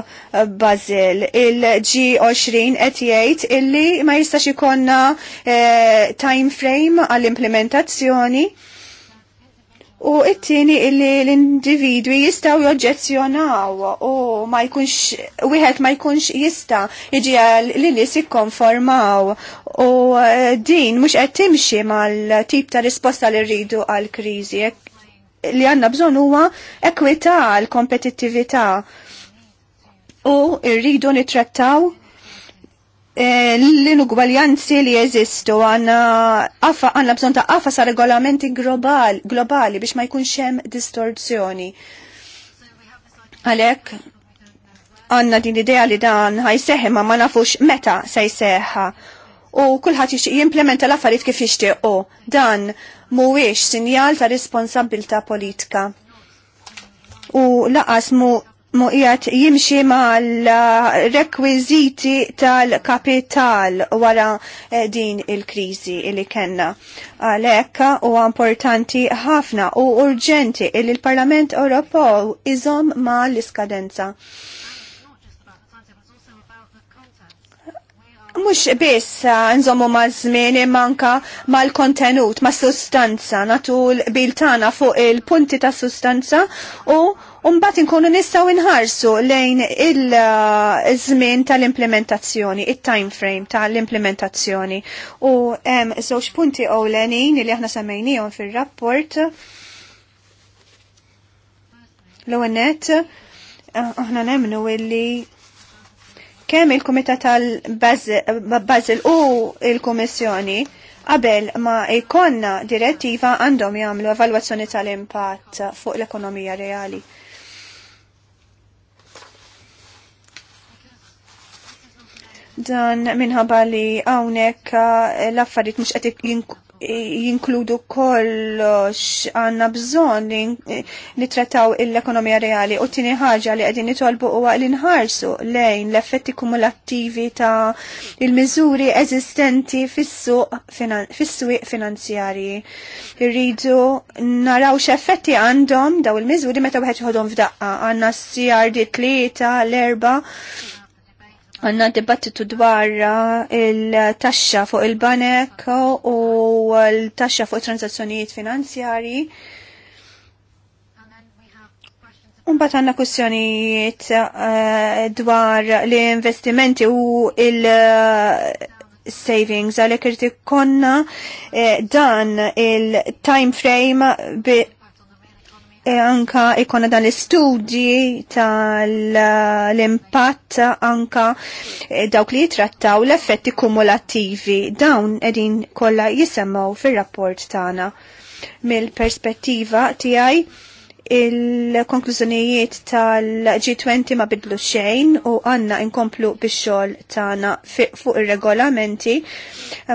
Bazil il-G20 qed jgħid illi ma jistax ikonna eh, time frame għall-implementazzjoni u it-tieni illi l-individwi jistaw joġġezzjonaw u ma jkunx wieħed ma jkunx jista' jiġi li nies jikkonformaw u eh, din mhux qed timxi mal-tip ta' risposta li rridu għall-kriżi li għanna bżon huwa ekwita l-kompetittività u rridu nitrattaw eh, l-inugwaljanzi li jeżistu għanna bżon ta' għafa sa' regolamenti globali biex ma' jkunx hemm distorzjoni. Għalek, għanna din idea li dan ħajseħe ma' ma nafux meta se jseħħa u kullħat jixtieq jimplementa l-affarijiet kif jixtiequ. Dan mhuwiex sinjal ta' responsabilta politika. U laqas mu qiegħed jimxi mal-rekwiziti tal-kapital wara eh, din il kriżi li kenna. Għalhekk u importanti ħafna u urġenti il-Parlament Ewropew iżomm mal-iskadenza. mux biss eh, nżommu ma' zmini manka mal kontenut ma' sustanza, natu l-biltana fuq il-punti ta' sustanza u Umbat inkunu nistaw inħarsu lejn il-żmien tal-implementazzjoni, il-time frame tal-implementazzjoni. U hemm żewġ punti ewlenin li aħna semmejnihom fir-rapport. L-ewwel eh, aħna nemmnu illi kemm il-Kumitat tal-Bażil u il-Kummissjoni qabel ma ikonna direttiva għandhom jagħmlu evalwazzjoni tal-impatt fuq l-ekonomija reali. Dan minħabba li hawnhekk eh, l-affarijiet mhux qed jinkludu kollox għanna bżon trattaw l-ekonomija reali u tini ħaġa li għedin nitolbu u li nħarsu lejn l-effetti kumulattivi ta' il-miżuri eżistenti fis-suq finanzjarji. Irridu naraw x'effetti għandhom daw il mizuri meta wieħed jħodhom f'daqqa għandna CRD tlieta l-erba' għanna dibattitu dwar uh, il-taxxa fuq il-banek u l-taxxa fuq transazzjonijiet finanzjari. Unbat għanna kussjonijiet uh, dwar l-investimenti u il- uh, savings għalek irti konna dan il-time frame e anka ikona dan l-istudji tal-impatt anka e, dawk li jitrattaw l-effetti kumulattivi dawn edin kolla jisemmaw fil-rapport tana mill-perspettiva tijaj il-konklużjonijiet tal-G20 ma bidlu xejn u għanna inkomplu bix-xogħol tagħna fuq ir-regolamenti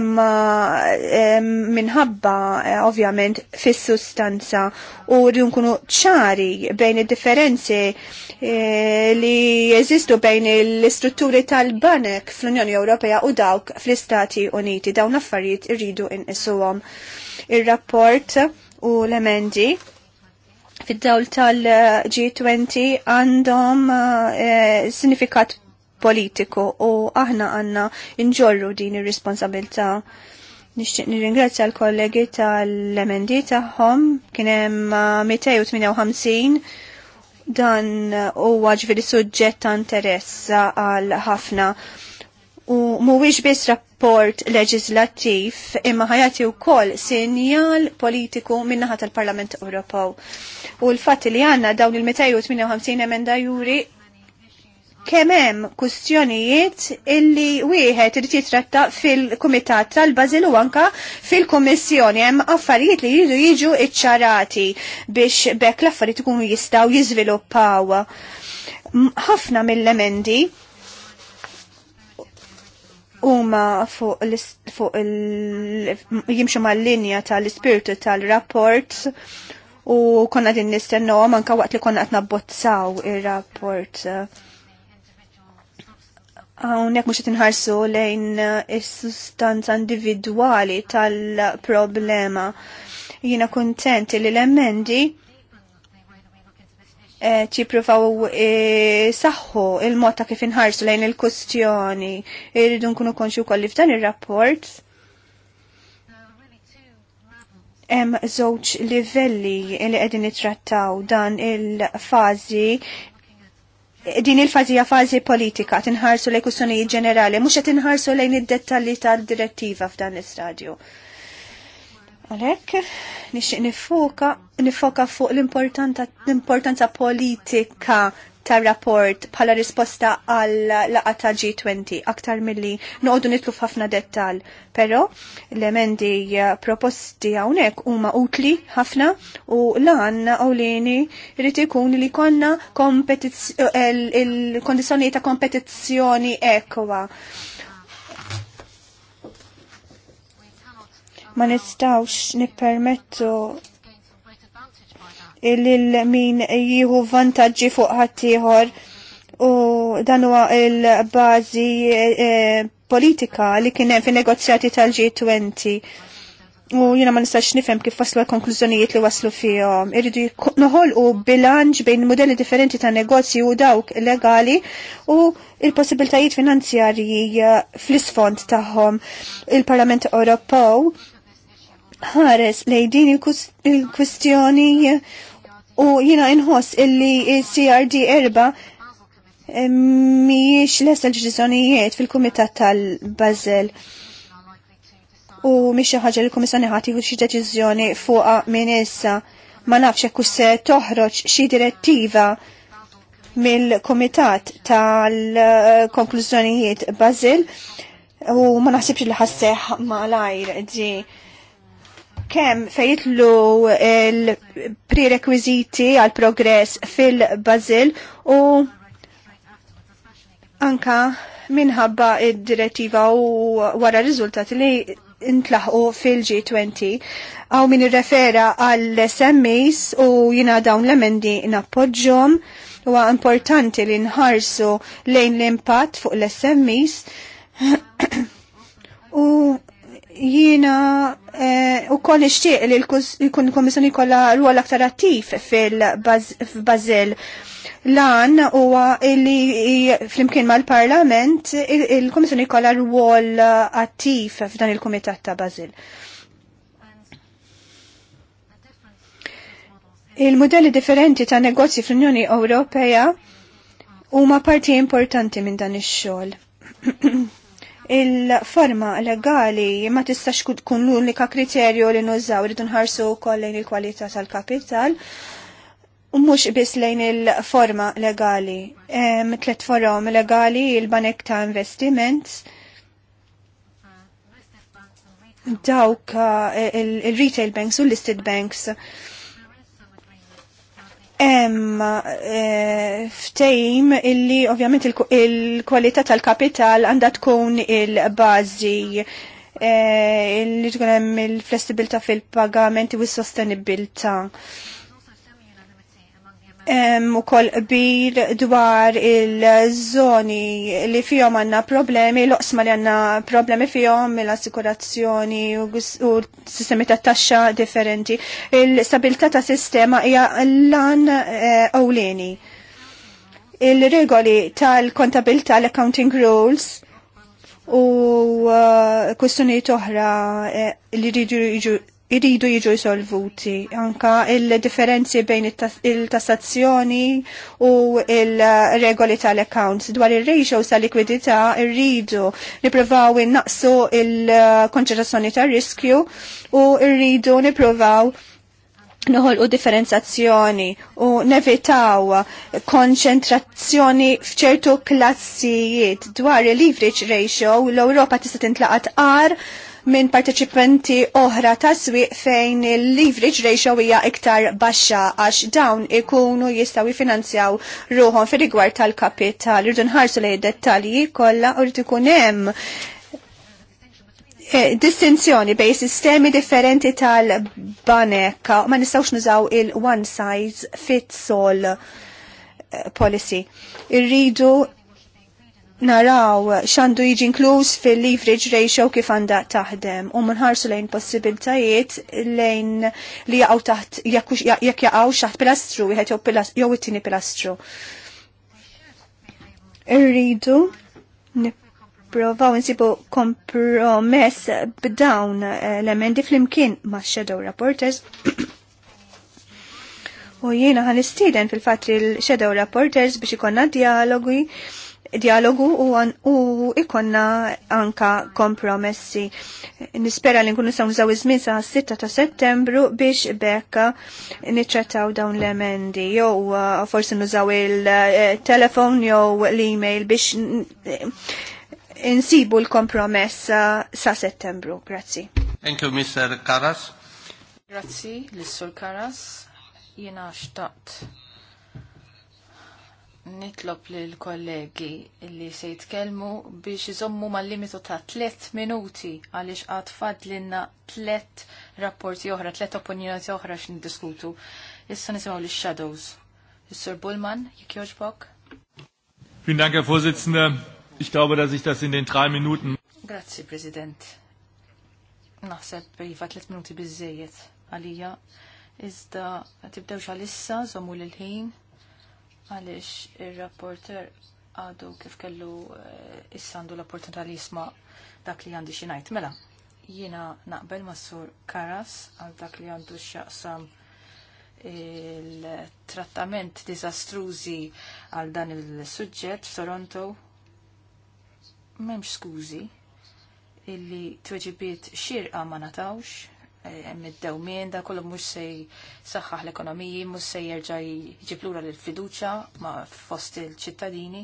ma minħabba eh, ovvjament fis-sustanza u rridu nkunu ċari bejn id-differenzi eh, li jeżistu bejn l-istrutturi tal-banek fl-Unjoni Ewropea u dawk fl-Istati Uniti dawn affarijiet irridu inqisuhom. Ir-rapport u l-emendi fid-dawl tal-G20 għandhom eh, sinifikat politiku u aħna għanna inġorru din ir-responsabilta. Nixtieq nirringrazzja l-kollegi tal mnd tagħhom kien hemm 258 eh, dan huwa ġifieri suġġett ta' interess għal ħafna u mhuwiex biss rapp rapport leġislattiv imma ħajati wkoll sinjal politiku minnaħa tal-Parlament Ewropew. U l fat li għandna dawn il-258 emenda juri kemem kustjonijiet illi wieħed irid jitratta fil-Kumitat tal-Bażil u anka fil-Kummissjoni hemm affarijiet li jridu jiġu iċċarati biex bekk l-affarijiet ikunu jistgħu jiżviluppaw. Ħafna mill-emendi huma fuq jimxu mal-linja tal-ispirtu tal-rapport u konna din nistennu manka waqt li konna qed nabbozzaw ir-rapport. Hawnhekk mhux qed inħarsu lejn is-sustanza individwali tal-problema. Jiena kuntent li l-emendi ċiprufaw e, saħħu il-mod ta' kif inħarsu lejn il-kustjoni. Irridu nkunu konxu kolli f'dan ir-rapport. Hemm żewġ livelli li qegħdin nittrattaw dan il-fażi din il-fazi hija fażi politika tinħarsu lejn kustjonijiet ġenerali, mhux qed inħarsu lejn id-dettalji tad-direttiva f'dan l-istadju. Għalek, nixtieq nifoka, nifoka fuq l-importanza politika tar rapport bħala risposta għal laqa ta' G20 aktar milli noqogħdu nitlu f'ħafna dettal. Però l-emendi eh, proposti hawnhekk huma utli ħafna u lan awlini irid ikun li konna eh, il kondizjoni ta' kompetizzjoni ekwa ma nistawx nippermettu il-min jieħu vantaġġi fuq ħattijħor u dan huwa il-bażi eh, eh, politika li kien hemm fin-negozjati tal-G20. U jiena ma nistax nifhem kif waslu l-konklużjonijiet li waslu fihom. Irridu noħolqu bilanċ bejn modelli differenti ta' negozji u dawk legali u il-possibiltajiet finanzjarji eh, fl-isfond tagħhom. Il-Parlament Ewropew ħares lej din il-kwistjoni u jina inħoss illi CRD erba eh, miex lesta l-ġizonijiet fil-Kumitat tal-Bazel u miex ħaġa l-Komissjoni ħati u xi deċiżjoni fuqa minn issa ma nafx hekk se toħroġ xi direttiva mill-Kumitat tal-Konklużjonijiet Bazil u ma naħsibx li ħasseħ ma lajr di kemm fejitlu il-prerequisiti għal progress fil-Bazil u anka minħabba id-direttiva u wara rizultat li intlaħu fil-G20 għaw min irrefera għal SMEs u jina dawn l-emendi nappoġġom u importanti li nħarsu lejn l-impatt fuq l-SMEs u Jiena eh, u koll ixtieq li jkun il-Kommissjoni kollha rwol aktar attiv fil-Bażel. Lan huwa li flimkien mal-Parlament il-Kommissjoni kollha rwol attiv f'dan il-Kumitat ta' Bażil. Il-modelli differenti ta' negozji fl-Unjoni Ewropea huma parti importanti minn dan ix-xogħol. il-forma legali ma tistax tkun l-unika kriterju li nużaw rridu nħarsu wkoll lejn il-kwalità tal-kapital u mhux biss lejn il-forma legali. Mitlet Tlet legali il-banek ta' investiments dawk eh, il-retail banks u listed banks. Emma, eh, ftejm illi ovvjament il-kwalità il kwalità tal kapital għandha tkun il-bażi eh, li tkun hemm il-flessibilità fil-pagamenti u s-sostenibilità. Hemm ukoll kbir dwar il-żoni li fihom għandna problemi, l-oqsma li għandna problemi fihom mill-assikurazzjoni u sistemi ta' taxxa differenti. Il-stabilità ta' sistema hija lan eh, ewlieni. Il-regoli tal-kontabilità l-accounting rules u eh, kwistjonijiet oħra eh, li jridu iridu jiġu jisolvuti. Anka il-differenzi bejn il-tassazzjoni u il-regoli tal-accounts. Dwar il-ratios tal-likwidità irridu niprovaw innaqsu il-konċentrazzjoni tal-riskju u irridu niprovaw nħol u differenzazzjoni u nevitaw konċentrazzjoni fċertu klassijiet dwar il-leverage ratio l-Europa tista' tintlaqat qar minn parteċipanti oħra ta' swieq fejn il-leverage ratio hija iktar baxxa għax dawn ikunu jistgħu jifinanzjaw ruhom fi rigward tal-kapital. Irdu nħarsu lejn dettalji kollha u rrid ikun hemm eh, distinzjoni bej sistemi differenti tal-banek ma nistawx nużaw il-one size fits all eh, policy. Irridu naraw xandu jiġi inkluż fil-leverage ratio kif għanda taħdem u minħarsu lejn possibiltajiet lejn li jaqgħu taħt jekk jaqgħu xaħt pilastru wieħed jew it-tieni pilastru. Irridu nipprovaw insibu kompromess b'dawn eh, l-emendi flimkien ma' shadow rapporters. u jiena ħan fil-fatt il-shadow rapporters biex ikonna dialogi dialogu u, an, u ikonna anka kompromessi. Nispera li nkunu sa' nżaw iż sa' 6 ta' settembru biex bekka niċċettaw dawn l-emendi. Jew uh, forsi nużaw il-telefon jew l-email biex insibu l-kompromess uh, sa' settembru. Grazzi. Thank you, Mr. Karas. Grazzi, l sol Karas. Jena xtaqt nitlob l kollegi li se jitkellmu biex iżommu mal-limitu ta' 3 minuti għaliex għad fadlinna 3 rapporti oħra, 3 opinjoni oħra xin diskutu. Issa nisimaw li shadows Is-Sur Bullman, jik joġbok? Vielen Dank, Herr Vorsitzender. Ich glaube, dass ich das in den drei Minuten... Grazie, President. Naħseb jifa 3 minuti bizzejiet għalija. Iżda tibdewx għalissa, zomu l-ħin għaliex ir-rapporter għadu kif kellu eh, issandu l-opportunità li jisma dak li għandi xinajt. Mela, jiena naqbel mas-sur Karas għal dak li għandu xaqsam il-trattament dizastruzi għal dan il-sujġet f'Toronto. Memx skużi illi tweġibiet xirqa ma natawx hemm id-dewmien da kollu mhux se jsaħħaħ l-ekonomiji, mhux se jerġa' jġib lura l-fiduċja ma' fost il-ċittadini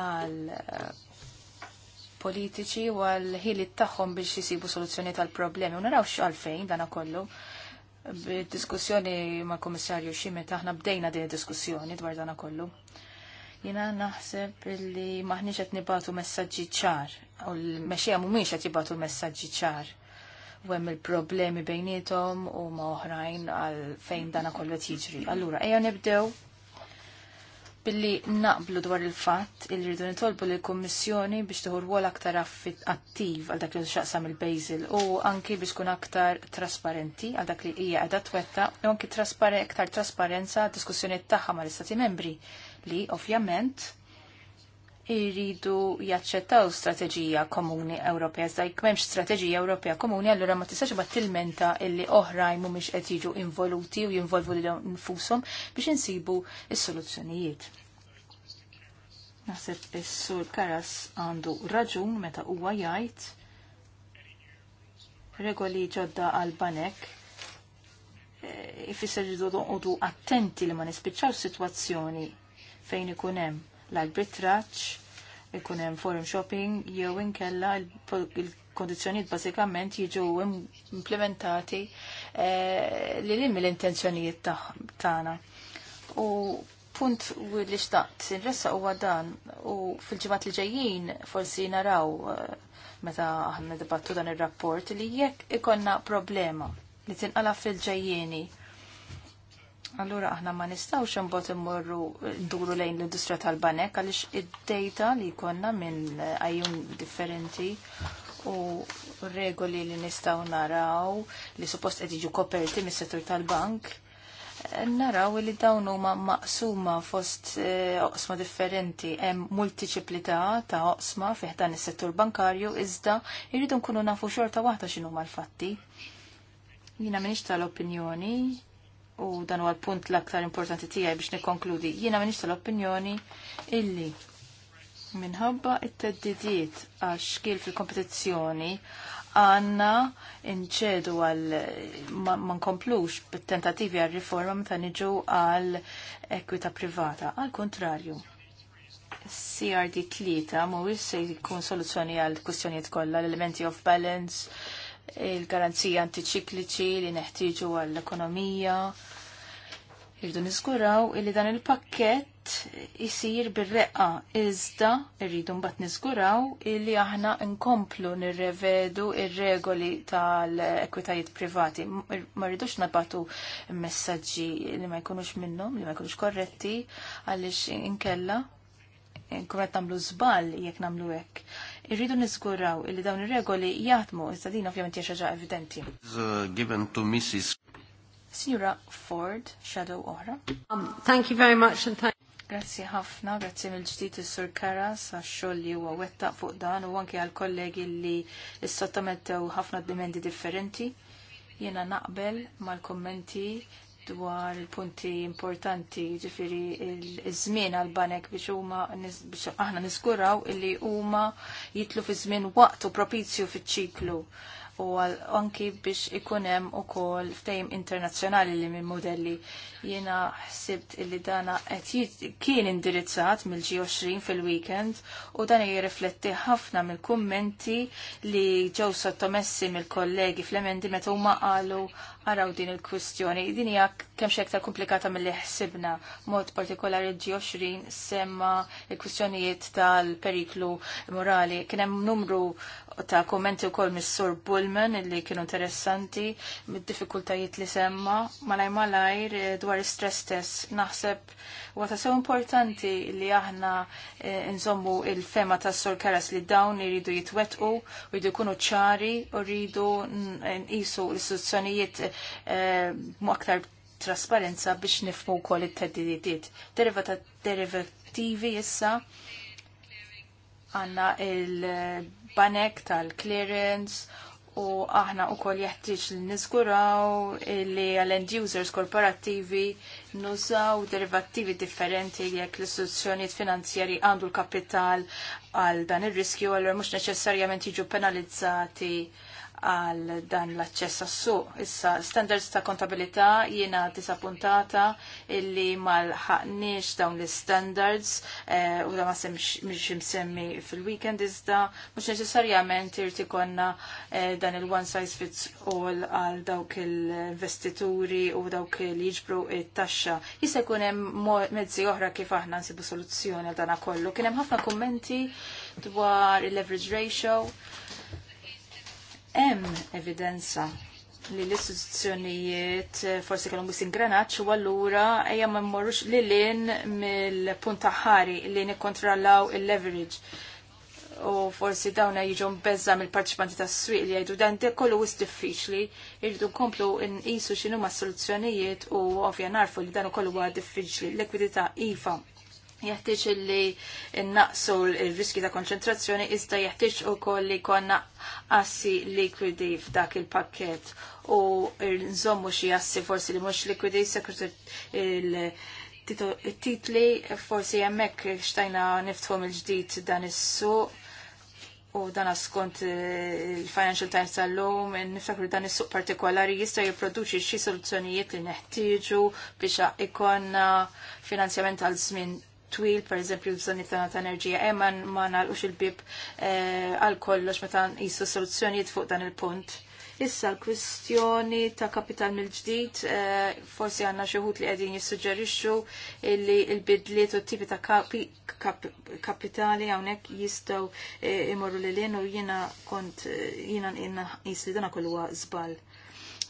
għal eh, politiċi u għal ħiliet tagħhom biex jisibu soluzzjoni tal-problemi. U narawx għalfejn dana kollu. Bid-diskussjoni ma' komissarju Ximet aħna bdejna din id-diskussjoni dwar dana kollu. Jina naħseb li m'aħniex qed nibatu messaġġi ċar, u l-mexija mhumiex qed jibatu messaġġi ċar u hemm il-problemi bejnietom u ma' oħrajn għal fejn dana kollu jiġri. Allura, ejja nibdew billi naqblu dwar il-fatt il rridu nitolbu lill kummissjoni biex tħur rwol aktar attiv għal dak li xaqsam il-Basil u anki biex tkun aktar trasparenti għal dak li hija qiegħda twetta u anki aktar trasparenza diskussjonijiet tagħha mal-Istati Membri li ovvjament irridu jaċċettaw strateġija komuni Ewropea. Iżda jekk m'hemmx strateġija Ewropea komuni, allura ma tistax ma tilmenta illi oħrajn mhumiex qed jiġu involuti u jinvolvu lilhom nfushom biex insibu is-soluzzjonijiet. Naħseb is-sur Karas għandu raġun meta huwa jgħid regoli ġodda għal banek e, ifisser li attenti li ma nispiċċaw sitwazzjoni fejn ikun hemm l-arbitraċ, ikun hemm forum shopping jew inkella il-kondizzjonijiet bażikament jiġu implementati eh, li lim l-intenzjonijiet tagħna. U punt li xtaqt inressaq huwa dan u fil-ġimgħat li ġejjin forsi naraw eh, meta aħna dibattu dan ir-rapport li jekk ikonna problema li tinqala fil-ġejjieni Allura aħna ma nistawx imbagħad immorru nduru lejn l-industrija tal-banek għaliex id-data li konna minn għajun differenti u regoli li nistaw naraw li suppost qed jiġu koperti mis-settur tal-bank naraw li dawn huma maqsuma fost e, oqsma differenti hemm multiċiplità ta' oqsma fih dan is-settur bankarju iżda jridu nkunu nafu xorta waħda x'inhuma l-fatti. Jina minix tal-opinjoni u dan huwa l-punt l-aktar importanti tiegħi biex nikkonkludi. Jiena m'iniex tal-opinjoni illi minħabba it-teddidiet għax kiel fil-kompetizzjoni għanna inċedu għal ma nkomplux bit-tentativi għal riforma meta niġu għal ekwita privata. Għal kontrarju, CRD 3 mhuwiex se jkun soluzzjoni għal kwistjonijiet kollha l-elementi of balance, il-garanzija antiċikliċi li neħtieġu għall-ekonomija. Irdu niżguraw illi dan il-pakkett isir bir-reqqa iżda irridu mbagħad niżguraw illi aħna nkomplu nirrevedu ir-regoli tal-ekwitajiet privati. Ma rridux nabatu messaġġi li ma jkunux minnhom, li ma jkunux korretti għaliex inkella Kumet qed nagħmlu żball jekk nagħmlu hekk irridu niskuraw illi dawn ir-regoli jaħdmu iżda din ovvjament hija xaġa evidenti. Uh, Signora Ford, shadow oħra. Um, thank you very much and thank Grazzi ħafna, grazzi mill-ġdid is-Sur Karas għax-xogħol li huwa wettaq fuq dan u anke għall-kollegi li s-sottomettew ħafna dimendi differenti. Jiena naqbel mal-kommenti dwar il-punti importanti ġifiri il-żmien għal-banek biex huma biex aħna niskuraw illi huma jitlu fi żmien waqtu propizju fiċ-ċiklu u anki biex ikun hemm ukoll ftejm internazzjonali li minn modelli. Jiena ħsibt illi dana qed kien indirizzat mill 20 fil-weekend u dan jirrifletti ħafna mill-kummenti li ġew sottomessi mill-kollegi fl-emendi meta huma qalu araw din il-kwistjoni. Din hija kemm xi aktar komplikata mill-li ħsibna. Mod partikolari ġi 20 semma il-kwistjonijiet tal-periklu morali. Kien hemm numru ta' kommenti wkoll mis-Sur Bullman illi kienu interessanti mid-diffikultajiet li semma malaj malajr dwar is-stress test naħseb huwa ta' sew importanti li aħna nżommu il-fema ta' Sur Karas li dawn iridu jitwetqu u jridu jkunu ċari u rridu nqisu l-istituzzjonijiet Eh, aktar trasparenza biex nifmu wkoll it-teddidiet. Derivata derivativi issa għanna il-banek tal-clearance u aħna u koll jeħtieġ li nizguraw li għal-end users korporattivi nużaw derivattivi differenti jekk l-istituzzjonijiet finanzjari għandu l-kapital għal dan ir-riskju għal mhux neċessarjament jiġu penalizzati għal dan l-aċċess għas-suq. Issa, standards ta' kontabilità jiena disappuntata illi mal-ħaqniex dawn l-standards eh, u da ma semx msemmi fil-weekend iżda mhux neċessarjament irti konna eh, dan il-one size fits all għal dawk il-investituri u dawk li jiġbru il taxxa Jista' jkun hemm mezzi oħra kif aħna nsibu soluzzjoni għal dan kollu. Kien hemm ħafna kommenti dwar il-leverage ratio Hemm evidenza li l-istituzzjonijiet eh, forsi kellhom biss ingranaġġ u allura ejja ma mmorrux li lin mill-punt ħari li nikkontrollaw il-leverage. U forsi dawn jiġu mbeżza mill ta' tas-swieq li jgħidu dan kollu wis diffiċli, irridu nkomplu nqisu x'inhuma ma' soluzzjonijiet u ovvja narfu li dan ukoll huwa diffiċli. l likwidità iva jeħtieġ li naqsu l-riski ta' konċentrazzjoni iżda jeħtieġ ukoll li konna assi likwidi f'dak il-pakket u nżommu xi assi forsi li mhux likwidi sekretar il-titli forsi hemmhekk xtajna niftħom il-ġdid dan is-suq u dan skont eh, il-Financial Times tal-lum, niftakru dan is-suq partikolari jista' jipproduċi xi soluzzjonijiet li neħtieġu biex ikonna finanzjament għal żmien twil, per eżempju, bżonni tagħna ta' enerġija, eman ma nalqux il-bib e, għal kollox meta nqisu soluzzjonijiet fuq dan il-punt. Issa l-kwistjoni ta' kapital mill-ġdid, e, forsi għanna xeħut li għedin jissuġġerixxu li l-bidliet u t tipi ta' kapitali għawnek jistaw e, imorru li l-lien u jina kont jina jina jisli dana kollu zbal.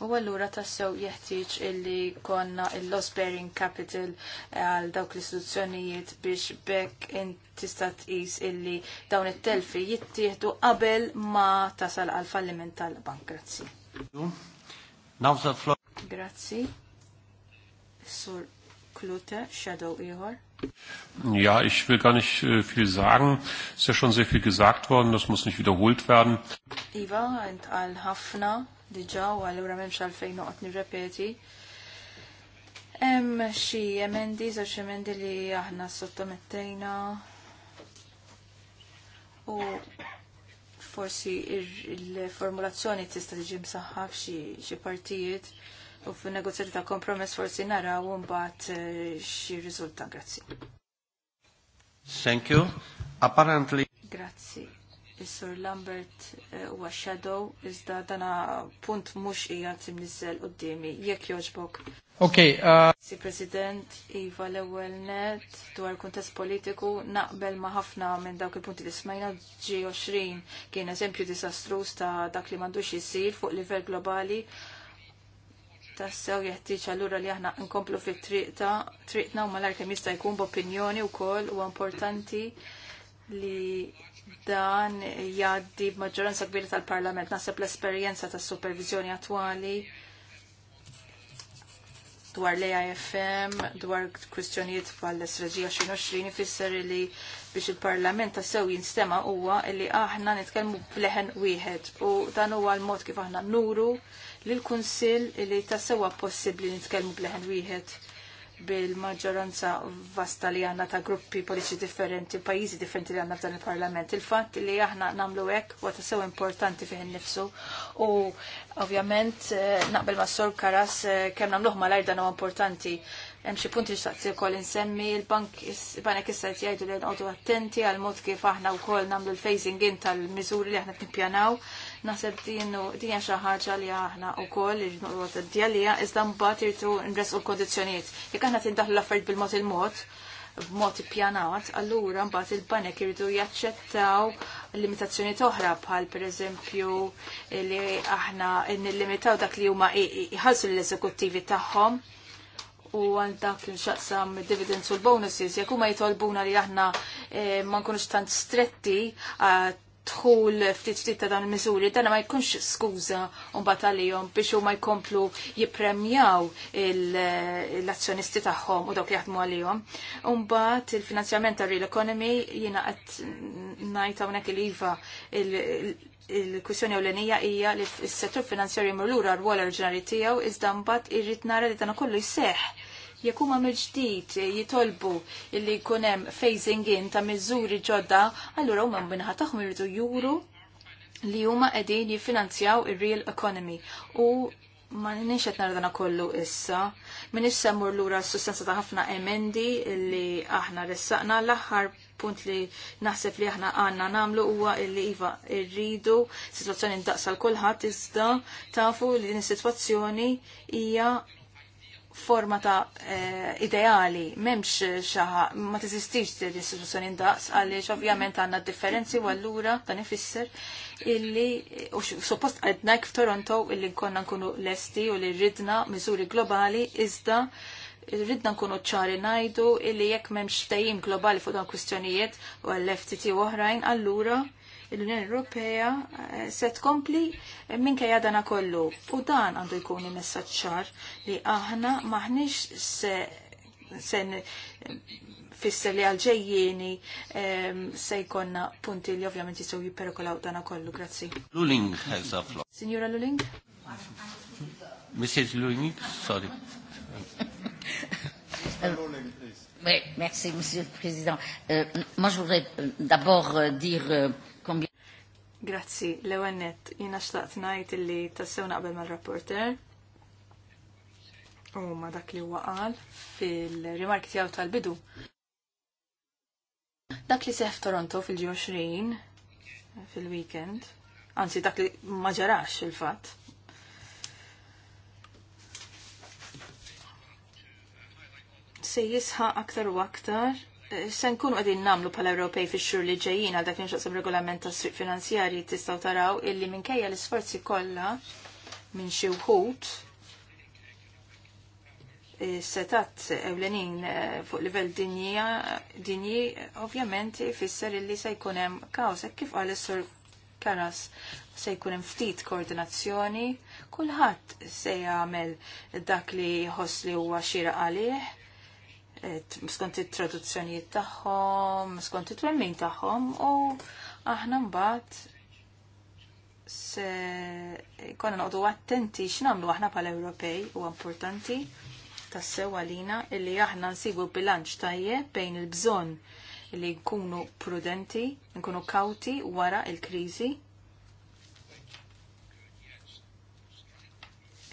U għallura tassew jeħtieġ illi konna il-loss bearing capital eh, għal dawk l-istituzzjonijiet biex bekk tista' tqis illi dawn it-telfi jittieħdu qabel ma tasal għal falliment tal-bank. Grazzi. Grazzi. Sur Klute, Shadow Ihor. Ja, ich will gar nicht äh, viel sagen. Es ist ja schon sehr viel gesagt worden, das muss nicht wiederholt werden. Iva, al-Hafna diġa u għallura memx għalfejn noqgħod nirrepeti. Hemm xi emendi zaċ emendi li aħna sottomettejna u forsi il-formulazzjoni tista' tiġi msaħħa f'xi partijiet u fun-negozjati ta' kompromess forsi naraw mbagħad eh, xi riżultat. Grazzi. Thank you. Apparently. Grazzi. Is-Sur Lambert eh, huwa shadow iżda dana punt mhux hija timniżel qudiemi jekk jogħġbok. Ok. Uh... Si President, Iva l-ewel net, dwar kontest politiku, naqbel ma ħafna minn dawk il-punti li smajna G20 kien eżempju disastrus ta' dak li mandux jisir fuq livell globali. Tassew jeħtieġ allura li aħna nkomplu fit triqta triqna u malar kemm jista' jkun b'opinjoni wkoll u importanti li dan jaddi b'maġġoranza kbira tal-Parlament. naħseb l-esperjenza tas supervizjoni attwali dwar l-AIFM, dwar kwistjonijiet bħal strategija 2020 ifisser li biex il-Parlament ta' sew jinstema huwa li aħna nitkellmu bleħen wieħed u dan huwa l-mod kif aħna nuru lil kunsill li ta' sewa possibbli nitkellmu bleħen wieħed bil-maġġoranza vasta li għanna ta' gruppi politiċi differenti, pajizi differenti li għanna f'dan il-parlament. Il-fatt li aħna namlu hekk huwa sew importanti fih nifsu u ovvjament eh, naqbel ma' Sor Karas eh, kemm nagħmluh malajr dan huwa importanti. Hemm xi punti xtaqsi wkoll insemmi il-bank il-banek issa qed jgħidu li nqogħdu attenti għal mod kif aħna wkoll nagħmlu l-phasing in tal-miżuri li aħna nippjanaw Naħseb dinu dinja xi ħaġa li aħna wkoll li noqgħod id-djalija iżda mbagħad irtu nresqu l-kondizzjonijiet. Jekk aħna tindaħlu l-affarijiet bil-mod il-mod, b'mod ippjanat, allura mbagħad il-banek irridu jaċċettaw limitazzjoni oħra bħal pereżempju li aħna nillimitaw dak li huma jħassu l-eżekuttivi tagħhom u għal dak li nxaqsam dividends u l-bonuses, jekk huma jitolbuna li aħna eh, ma nkunux tant stretti eh, dħul ftit ftit ta' dan il-miżuri, dan ma jkunx skuża mbagħad għalihom biex huma jkomplu jippremjaw l-azzjonisti tagħhom u dawk li jaħdmu għalihom. Mbagħad il-finanzjament tar real economy jiena qed ngħid hawnhekk il-iva il-kwissjoni ewlenija hija li s-settur finanzjarju jmur lura rwol wol oriġinali tiegħu iżda mbagħad irrid nara li dan ukollu jseħħ jekk huma mill-ġdid jitolbu li jkun hemm phasing in ta' miżuri ġodda, allura huma minħa tagħhom irridu juru li huma qegħdin jiffinanzjaw ir-real economy u Ma nix qed nardana kollu issa. Min issa mur lura s-sustanza ta' ħafna emendi li aħna ressaqna l-aħħar punt li naħseb li aħna għanna namlu huwa li iva irridu situazzjoni ndaqsa l kulħadd iżda tafu li din is-sitwazzjoni hija forma ta' eh, ideali, memx xaħa, ma teżistix l-istituzzjoni indaqs, għaliex ovvjament għanna differenzi u għallura dan ifisser illi, u suppost għedna f'Toronto illi konna nkunu lesti u li ridna miżuri globali, iżda ridna nkunu ċari najdu illi jekk memx tajim globali fuq dan kwistjonijiet u għall-FTT u oħrajn, allura l-Unjoni Ewropea eh, se tkompli eh, kejja dana kollu. U dan għandu jkun messaġġ ċar li aħna maħniex se sen fisser li għalġejjeni ehm, se jkonna punti li ovvjament jistgħu jipperikolaw dana kollu, grazzi. Luling has a floor. Signora Luling? Mrs. Luling, sorry. Euh, oui, merci, Monsieur le Président. Euh, moi, je voudrais euh, d'abord euh, dire euh, Grazzi, l jina xtaqt najt illi tassew naqbel mal-rapporter u ma dak li waqal fil-rimarki tijaw tal-bidu. Dak li seħf Toronto fil-20 fil-weekend, anzi dak li maġarax il-fat, se jisħa aktar u aktar se nkunu għadin namlu pal Ewropej fi xur li ġejjin għal dak li nxaqsam regolament ta' s-sriq finanzjari tistaw taraw illi minkejja l-isforzi kollha minn xi wħud setat ewlenin eh, fuq livell dinja dinji ovvjament ifisser illi se jkun hemm kaos kif qal is-sur Karas se jkun hemm ftit koordinazzjoni, kulħadd se jagħmel dak li jħoss li huwa xira għalih skont it-traduzzjonijiet tagħhom, skont it-twemmin tagħhom u aħna mbagħad se konna noqdu attenti x'namlu aħna bħala Ewropej u importanti tassewwa għalina illi aħna nsibu bilanċ tajjeb bejn il-bżonn li nkunu prudenti, nkunu kawti wara il-kriżi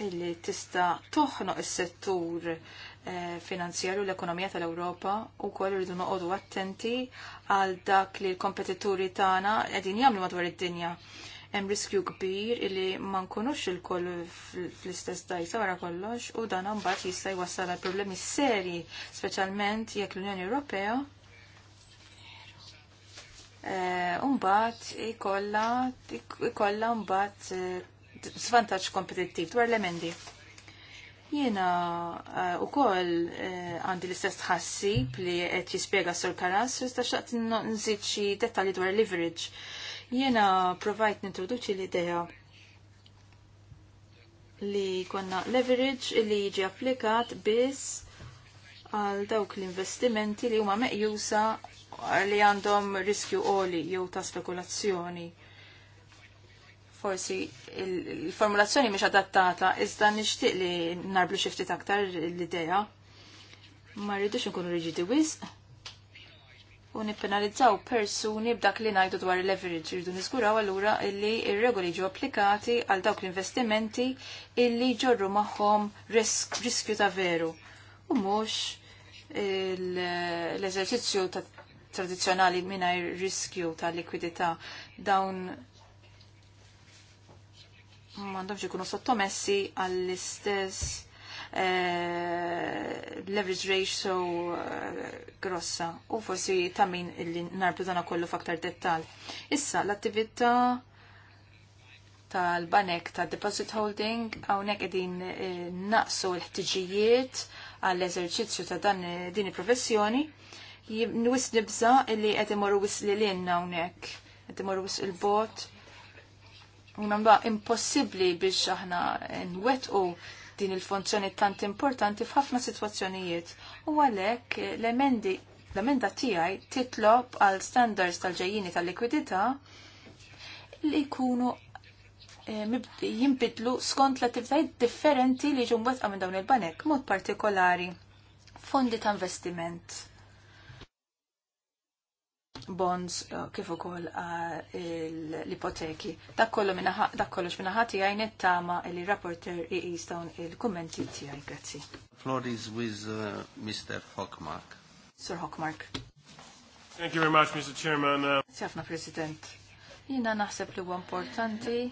illi tista toħnoq is-settur Eh, finanzjarju l-ekonomija tal-Ewropa u koll rridu noqogħdu attenti għal dak li l-kompetituri tagħna qegħdin jagħmlu madwar id-dinja. Hemm riskju kbir illi ma nkunux il-koll fl-istess dajsa wara kollox u dan mbagħad jista' jwassal għal problemi seri, speċjalment jekk l-Unjoni Ewropea Umbat eh, ikolla ikolla mbagħad eh, svantaġġ kompetittiv dwar l-emendi. Jena eh, u koll eh, għandi l-istess tħassib li qed jispjega sur karas, jista xaqt nżid xi dettalji dwar leverage. Jena provajt nintroduċi l-idea li konna leverage li jiġi applikat biss għal dawk l-investimenti li huma meqjusa li għandhom riskju għoli jew ta' spekulazzjoni forsi il-formulazzjoni mhix adattata, iżda nixtieq li narblu xi ftit aktar l-idea. Ma rridux nkunu riġidi wisq u nippenalizzaw persuni b'dak li ngħidu dwar il-leverage irridu niżguraw allura illi ir-regoli ġew applikati għal dawk l-investimenti illi ġorru magħhom riskju ta' veru u mhux l-eżerċizzju ta' tradizjonali mingħajr riskju ta' likwidità dawn mandomx ikunu sottomessi għall-istess eh, leverage ratio eh, grossa u forsi ta' min illi narbu dana kollu faktar dettal. Issa, l-attività tal-banek ta' deposit holding għawnek edin eh, naqsu l-ħtiġijiet għall-eżerċizzju ta' dan eh, din il-professjoni nwis nibza illi qed imorru wis li l-in hawnhekk qed imorru wis il-bot Unamba impossibli biex aħna u din il-funzjoni tant importanti f'ħafna situazzjonijiet. U għalek l-emendi l-emenda tiegħi titlob għal standards tal-ġejjini tal-likwidità li jkunu eh, jimbidlu skont l-attivitajiet differenti li ġumbat minn dawn il-banek, mod partikolari fondi ta' investiment bonds eh, kif ukoll eh, l-ipoteki. Dak kollox minn ħati għajn it-tama li rapporter iqis dawn il-kummenti tiegħi. Grazzi. Floor is with uh, Mr. Hockmark. Sir Hockmark. Thank you very much, Mr. Chairman. Sjafna, uh, President. Jina naħseb li huwa importanti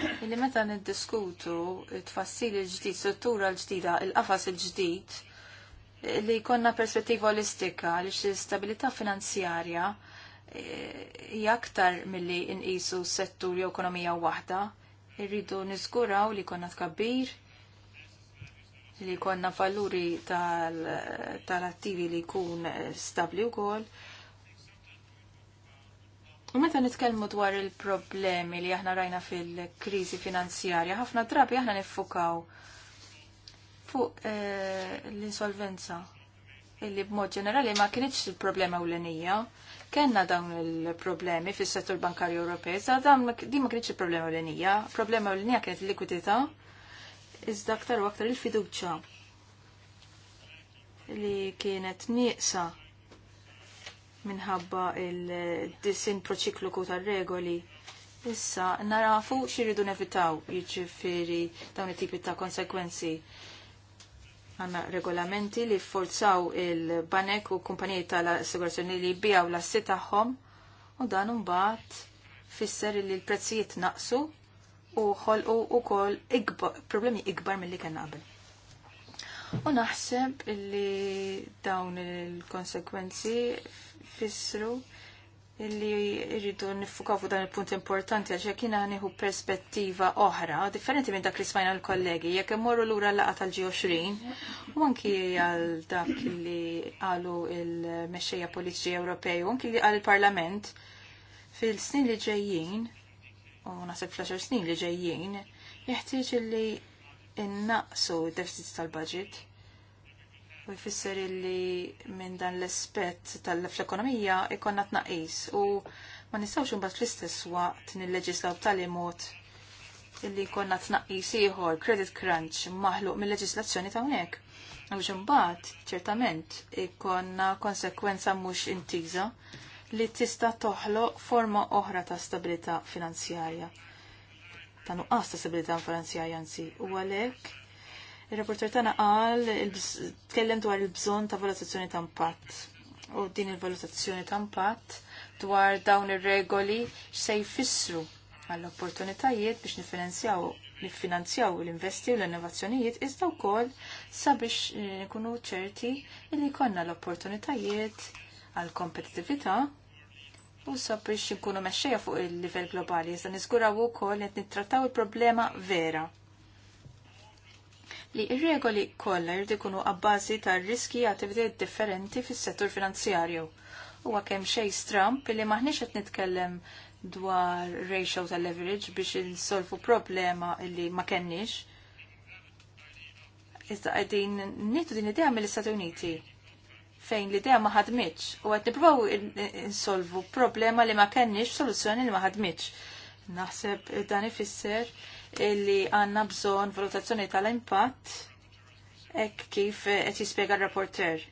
li meta niddiskutu t-fassil il-ġdid, struttura l-ġdida, il-qafas il-ġdid, li konna perspettiva olistika li stabilità finanzjarja Jaktar aktar milli nqisu settur jew ekonomija waħda. Irridu niżguraw li konna tkabbir, li konna valuri tal-attivi li kun stabli wkoll. U meta nitkellmu dwar il-problemi li aħna rajna fil-kriżi finanzjarja, ħafna drabi aħna niffukaw fuq eh, l-insolvenza illi b'mod ġenerali ma kinitx il-problema ewlenija kena dawn il-problemi fis settur bankarju Ewropej, sa dawn di ma kienx il-problema l-inija, problema l-inija kienet il-likwidità, iżda aktar u aktar il-fiduċa li kienet nieqsa minħabba il-disin proċikluku tal-regoli. Issa, narafu xiridu nevitaw, jiġifieri dawn it-tipi ta' konsekwenzi Għanna regolamenti li forzaw il-banek u kumpaniji tal-assigurazzjoni li bijaw l-assi tagħhom u dan mbagħad fisser li l-prezzijiet naqsu u ħolqu wkoll problemi ikbar mill-li kien qabel. U naħseb li dawn il-konsekwenzi fissru illi irridu nifukaw fuq dan il-punt importanti għax jekk nieħu perspettiva oħra, differenti minn dak li smajna l-kollegi, jekk immorru lura laqgħa tal-G20, u anki għal dak li qalu il-mexxejja politiċi Ewropej u anki li qal il-Parlament fil-snin li ġejjin, u naħseb fl-10 snin li ġejjin, jeħtieġ illi innaqsu d-deficit tal-budget u jfisser illi minn dan l espet tal-ekonomija ikonna t-naqis u ma nistawx imbagħad fl-istess waqt nil-leġislaw b'tali mod illi konna t-naqis ieħor credit crunch maħluq mill-leġislazzjoni ta' hawnhekk. Għax imbagħad ċertament ikonna konsekwenza mhux intiża li tista' toħloq forma oħra ta' stabilità finanzjarja ta' nuqqas ta' stabilita' finanzjarja anzi u għalhekk il reporter tana għal tkellem dwar il-bżon ta' valutazzjoni ta' impatt u din il-valutazzjoni ta' impatt dwar dawn ir-regoli se jfissru għall-opportunitajiet biex nifinanzjaw nifinanzjaw l-investi u l-innovazzjonijiet iżda wkoll sabiex eh, nikunu ċerti li jkollna l-opportunitajiet għal kompetitività u sabiex nkunu mexxejja fuq il-livell globali iżda u ukoll qed nittrattaw il-problema vera li ir-regoli kollha jrid ikunu abbażi tar-riski attivitajiet differenti fis-settur finanzjarju. Huwa kemm xejn stramp li maħniex qed nitkellem dwar ratio ta' leverage biex insolvu problema li ma kenniex. Iżda qegħdin nitu din idea mill-Istati Uniti fejn l-idea ma ħadmitx u qed nippruvaw insolvu problema li ma kenniex soluzzjoni li ma ħadmitx. Naħseb dan ifisser Illi għanna bżon valutazzjoni tal-impatt ek kif eh, qed jispjega r-rapporter.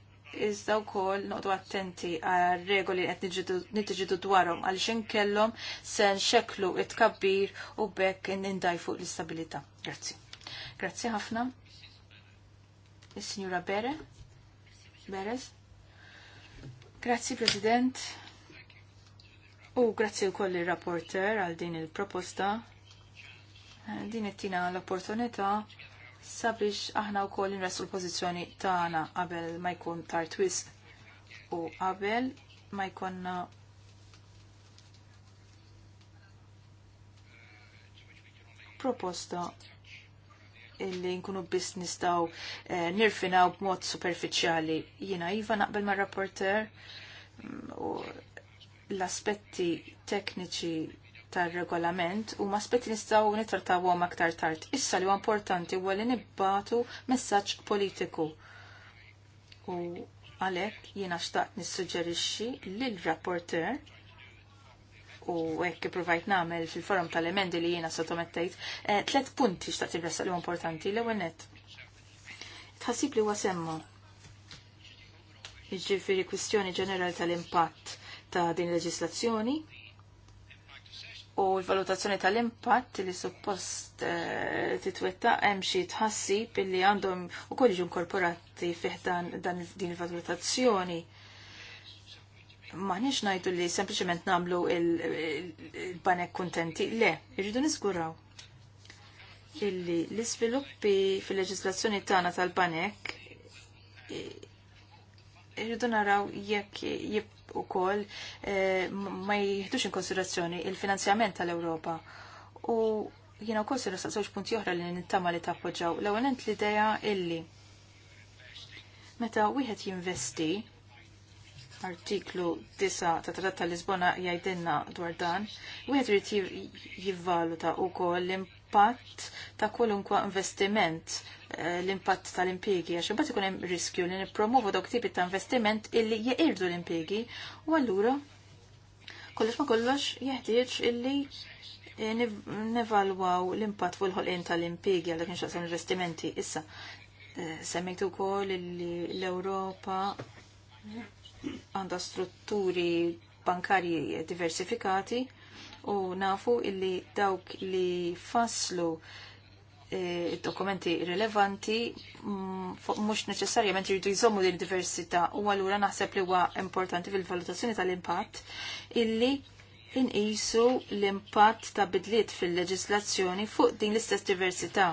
Iżda wkoll noqdu attenti għal regoli qed nitiġidu dwarhom għaliex inkellhom se nxekklu it-kabbir u bekk fuq l-istabilità. Grazzi. Grazzi ħafna. Is-Sinjura Bere. Beres. Grazzi President. U grazzi wkoll il rapporter għal din il-proposta din it-tina l-opportunità sabiex aħna wkoll nresu l-pożizzjoni tagħna qabel ma jkun tartwis u qabel ma jkonna proposta illi nkunu biss nistgħu eh, nirfinaw b'mod superfiċjali. Jiena iva naqbel ma' rapporter mm, u l-aspetti tekniċi tar-regolament u spett nistaw nistgħu għom aktar tard. Issa li huwa importanti u li nibbatu messaġġ politiku. U għalhekk jiena xtaqt nissuġġerixxi l rapporter u hekk provajt nagħmel fil-forum tal-emendi li jiena sottomettejt, eh, tliet punti xtaqt il li importanti l-ewwel nett. Tħassib li huwa semma. Jiġifieri kwistjoni ġenerali tal-impatt ta' din leġislazzjoni u l-valutazzjoni tal-impatt li suppost eh, titwetta hemm xi tħassib billi għandhom ukoll jiġu inkorporati fih dan din il-valutazzjoni. Maħniex ngħidu li sempliċement nagħmlu il-banek kuntenti, le, irridu niżguraw illi l-iżviluppi fil-leġislazzjoni tagħna tal-banek irridu naraw jekk u kol eh, ma jieħdux in konsiderazzjoni il-finanzjament tal-Ewropa. U jiena wkoll se nistaq żewġ punti oħra li nintama li tappoġġaw. L-ewwel l-idea illi meta wieħed jinvesti artiklu 9 ta' tratta ta' Lisbona jgħidilna dwar dan, wieħed irid jivvaluta wkoll l-impatt ta' kolunkwa investiment eh, l-impatt tal-impiegi, għax imbagħad ikun hemm riskju li nippromovu dawk tipi ta' investiment illi jeqirdu l-impiegi u allura kollox ma kollox jeħtieġ illi eh, nevalwaw l-impatt fuq il-ħolqien tal-impiegi għal dak inxaqsam investimenti. Issa, eh, semmejtu ukoll li l-Ewropa għandha strutturi bankarji diversifikati u nafu illi dawk li faslu e, dokumenti rilevanti mm, mhux neċessarjament jridu jżommu din diversità u allura naħseb li huwa importanti fil-valutazzjoni tal-impatt illi inqisu l-impatt ta' bidliet fil-leġislazzjoni fuq din l-istess diversità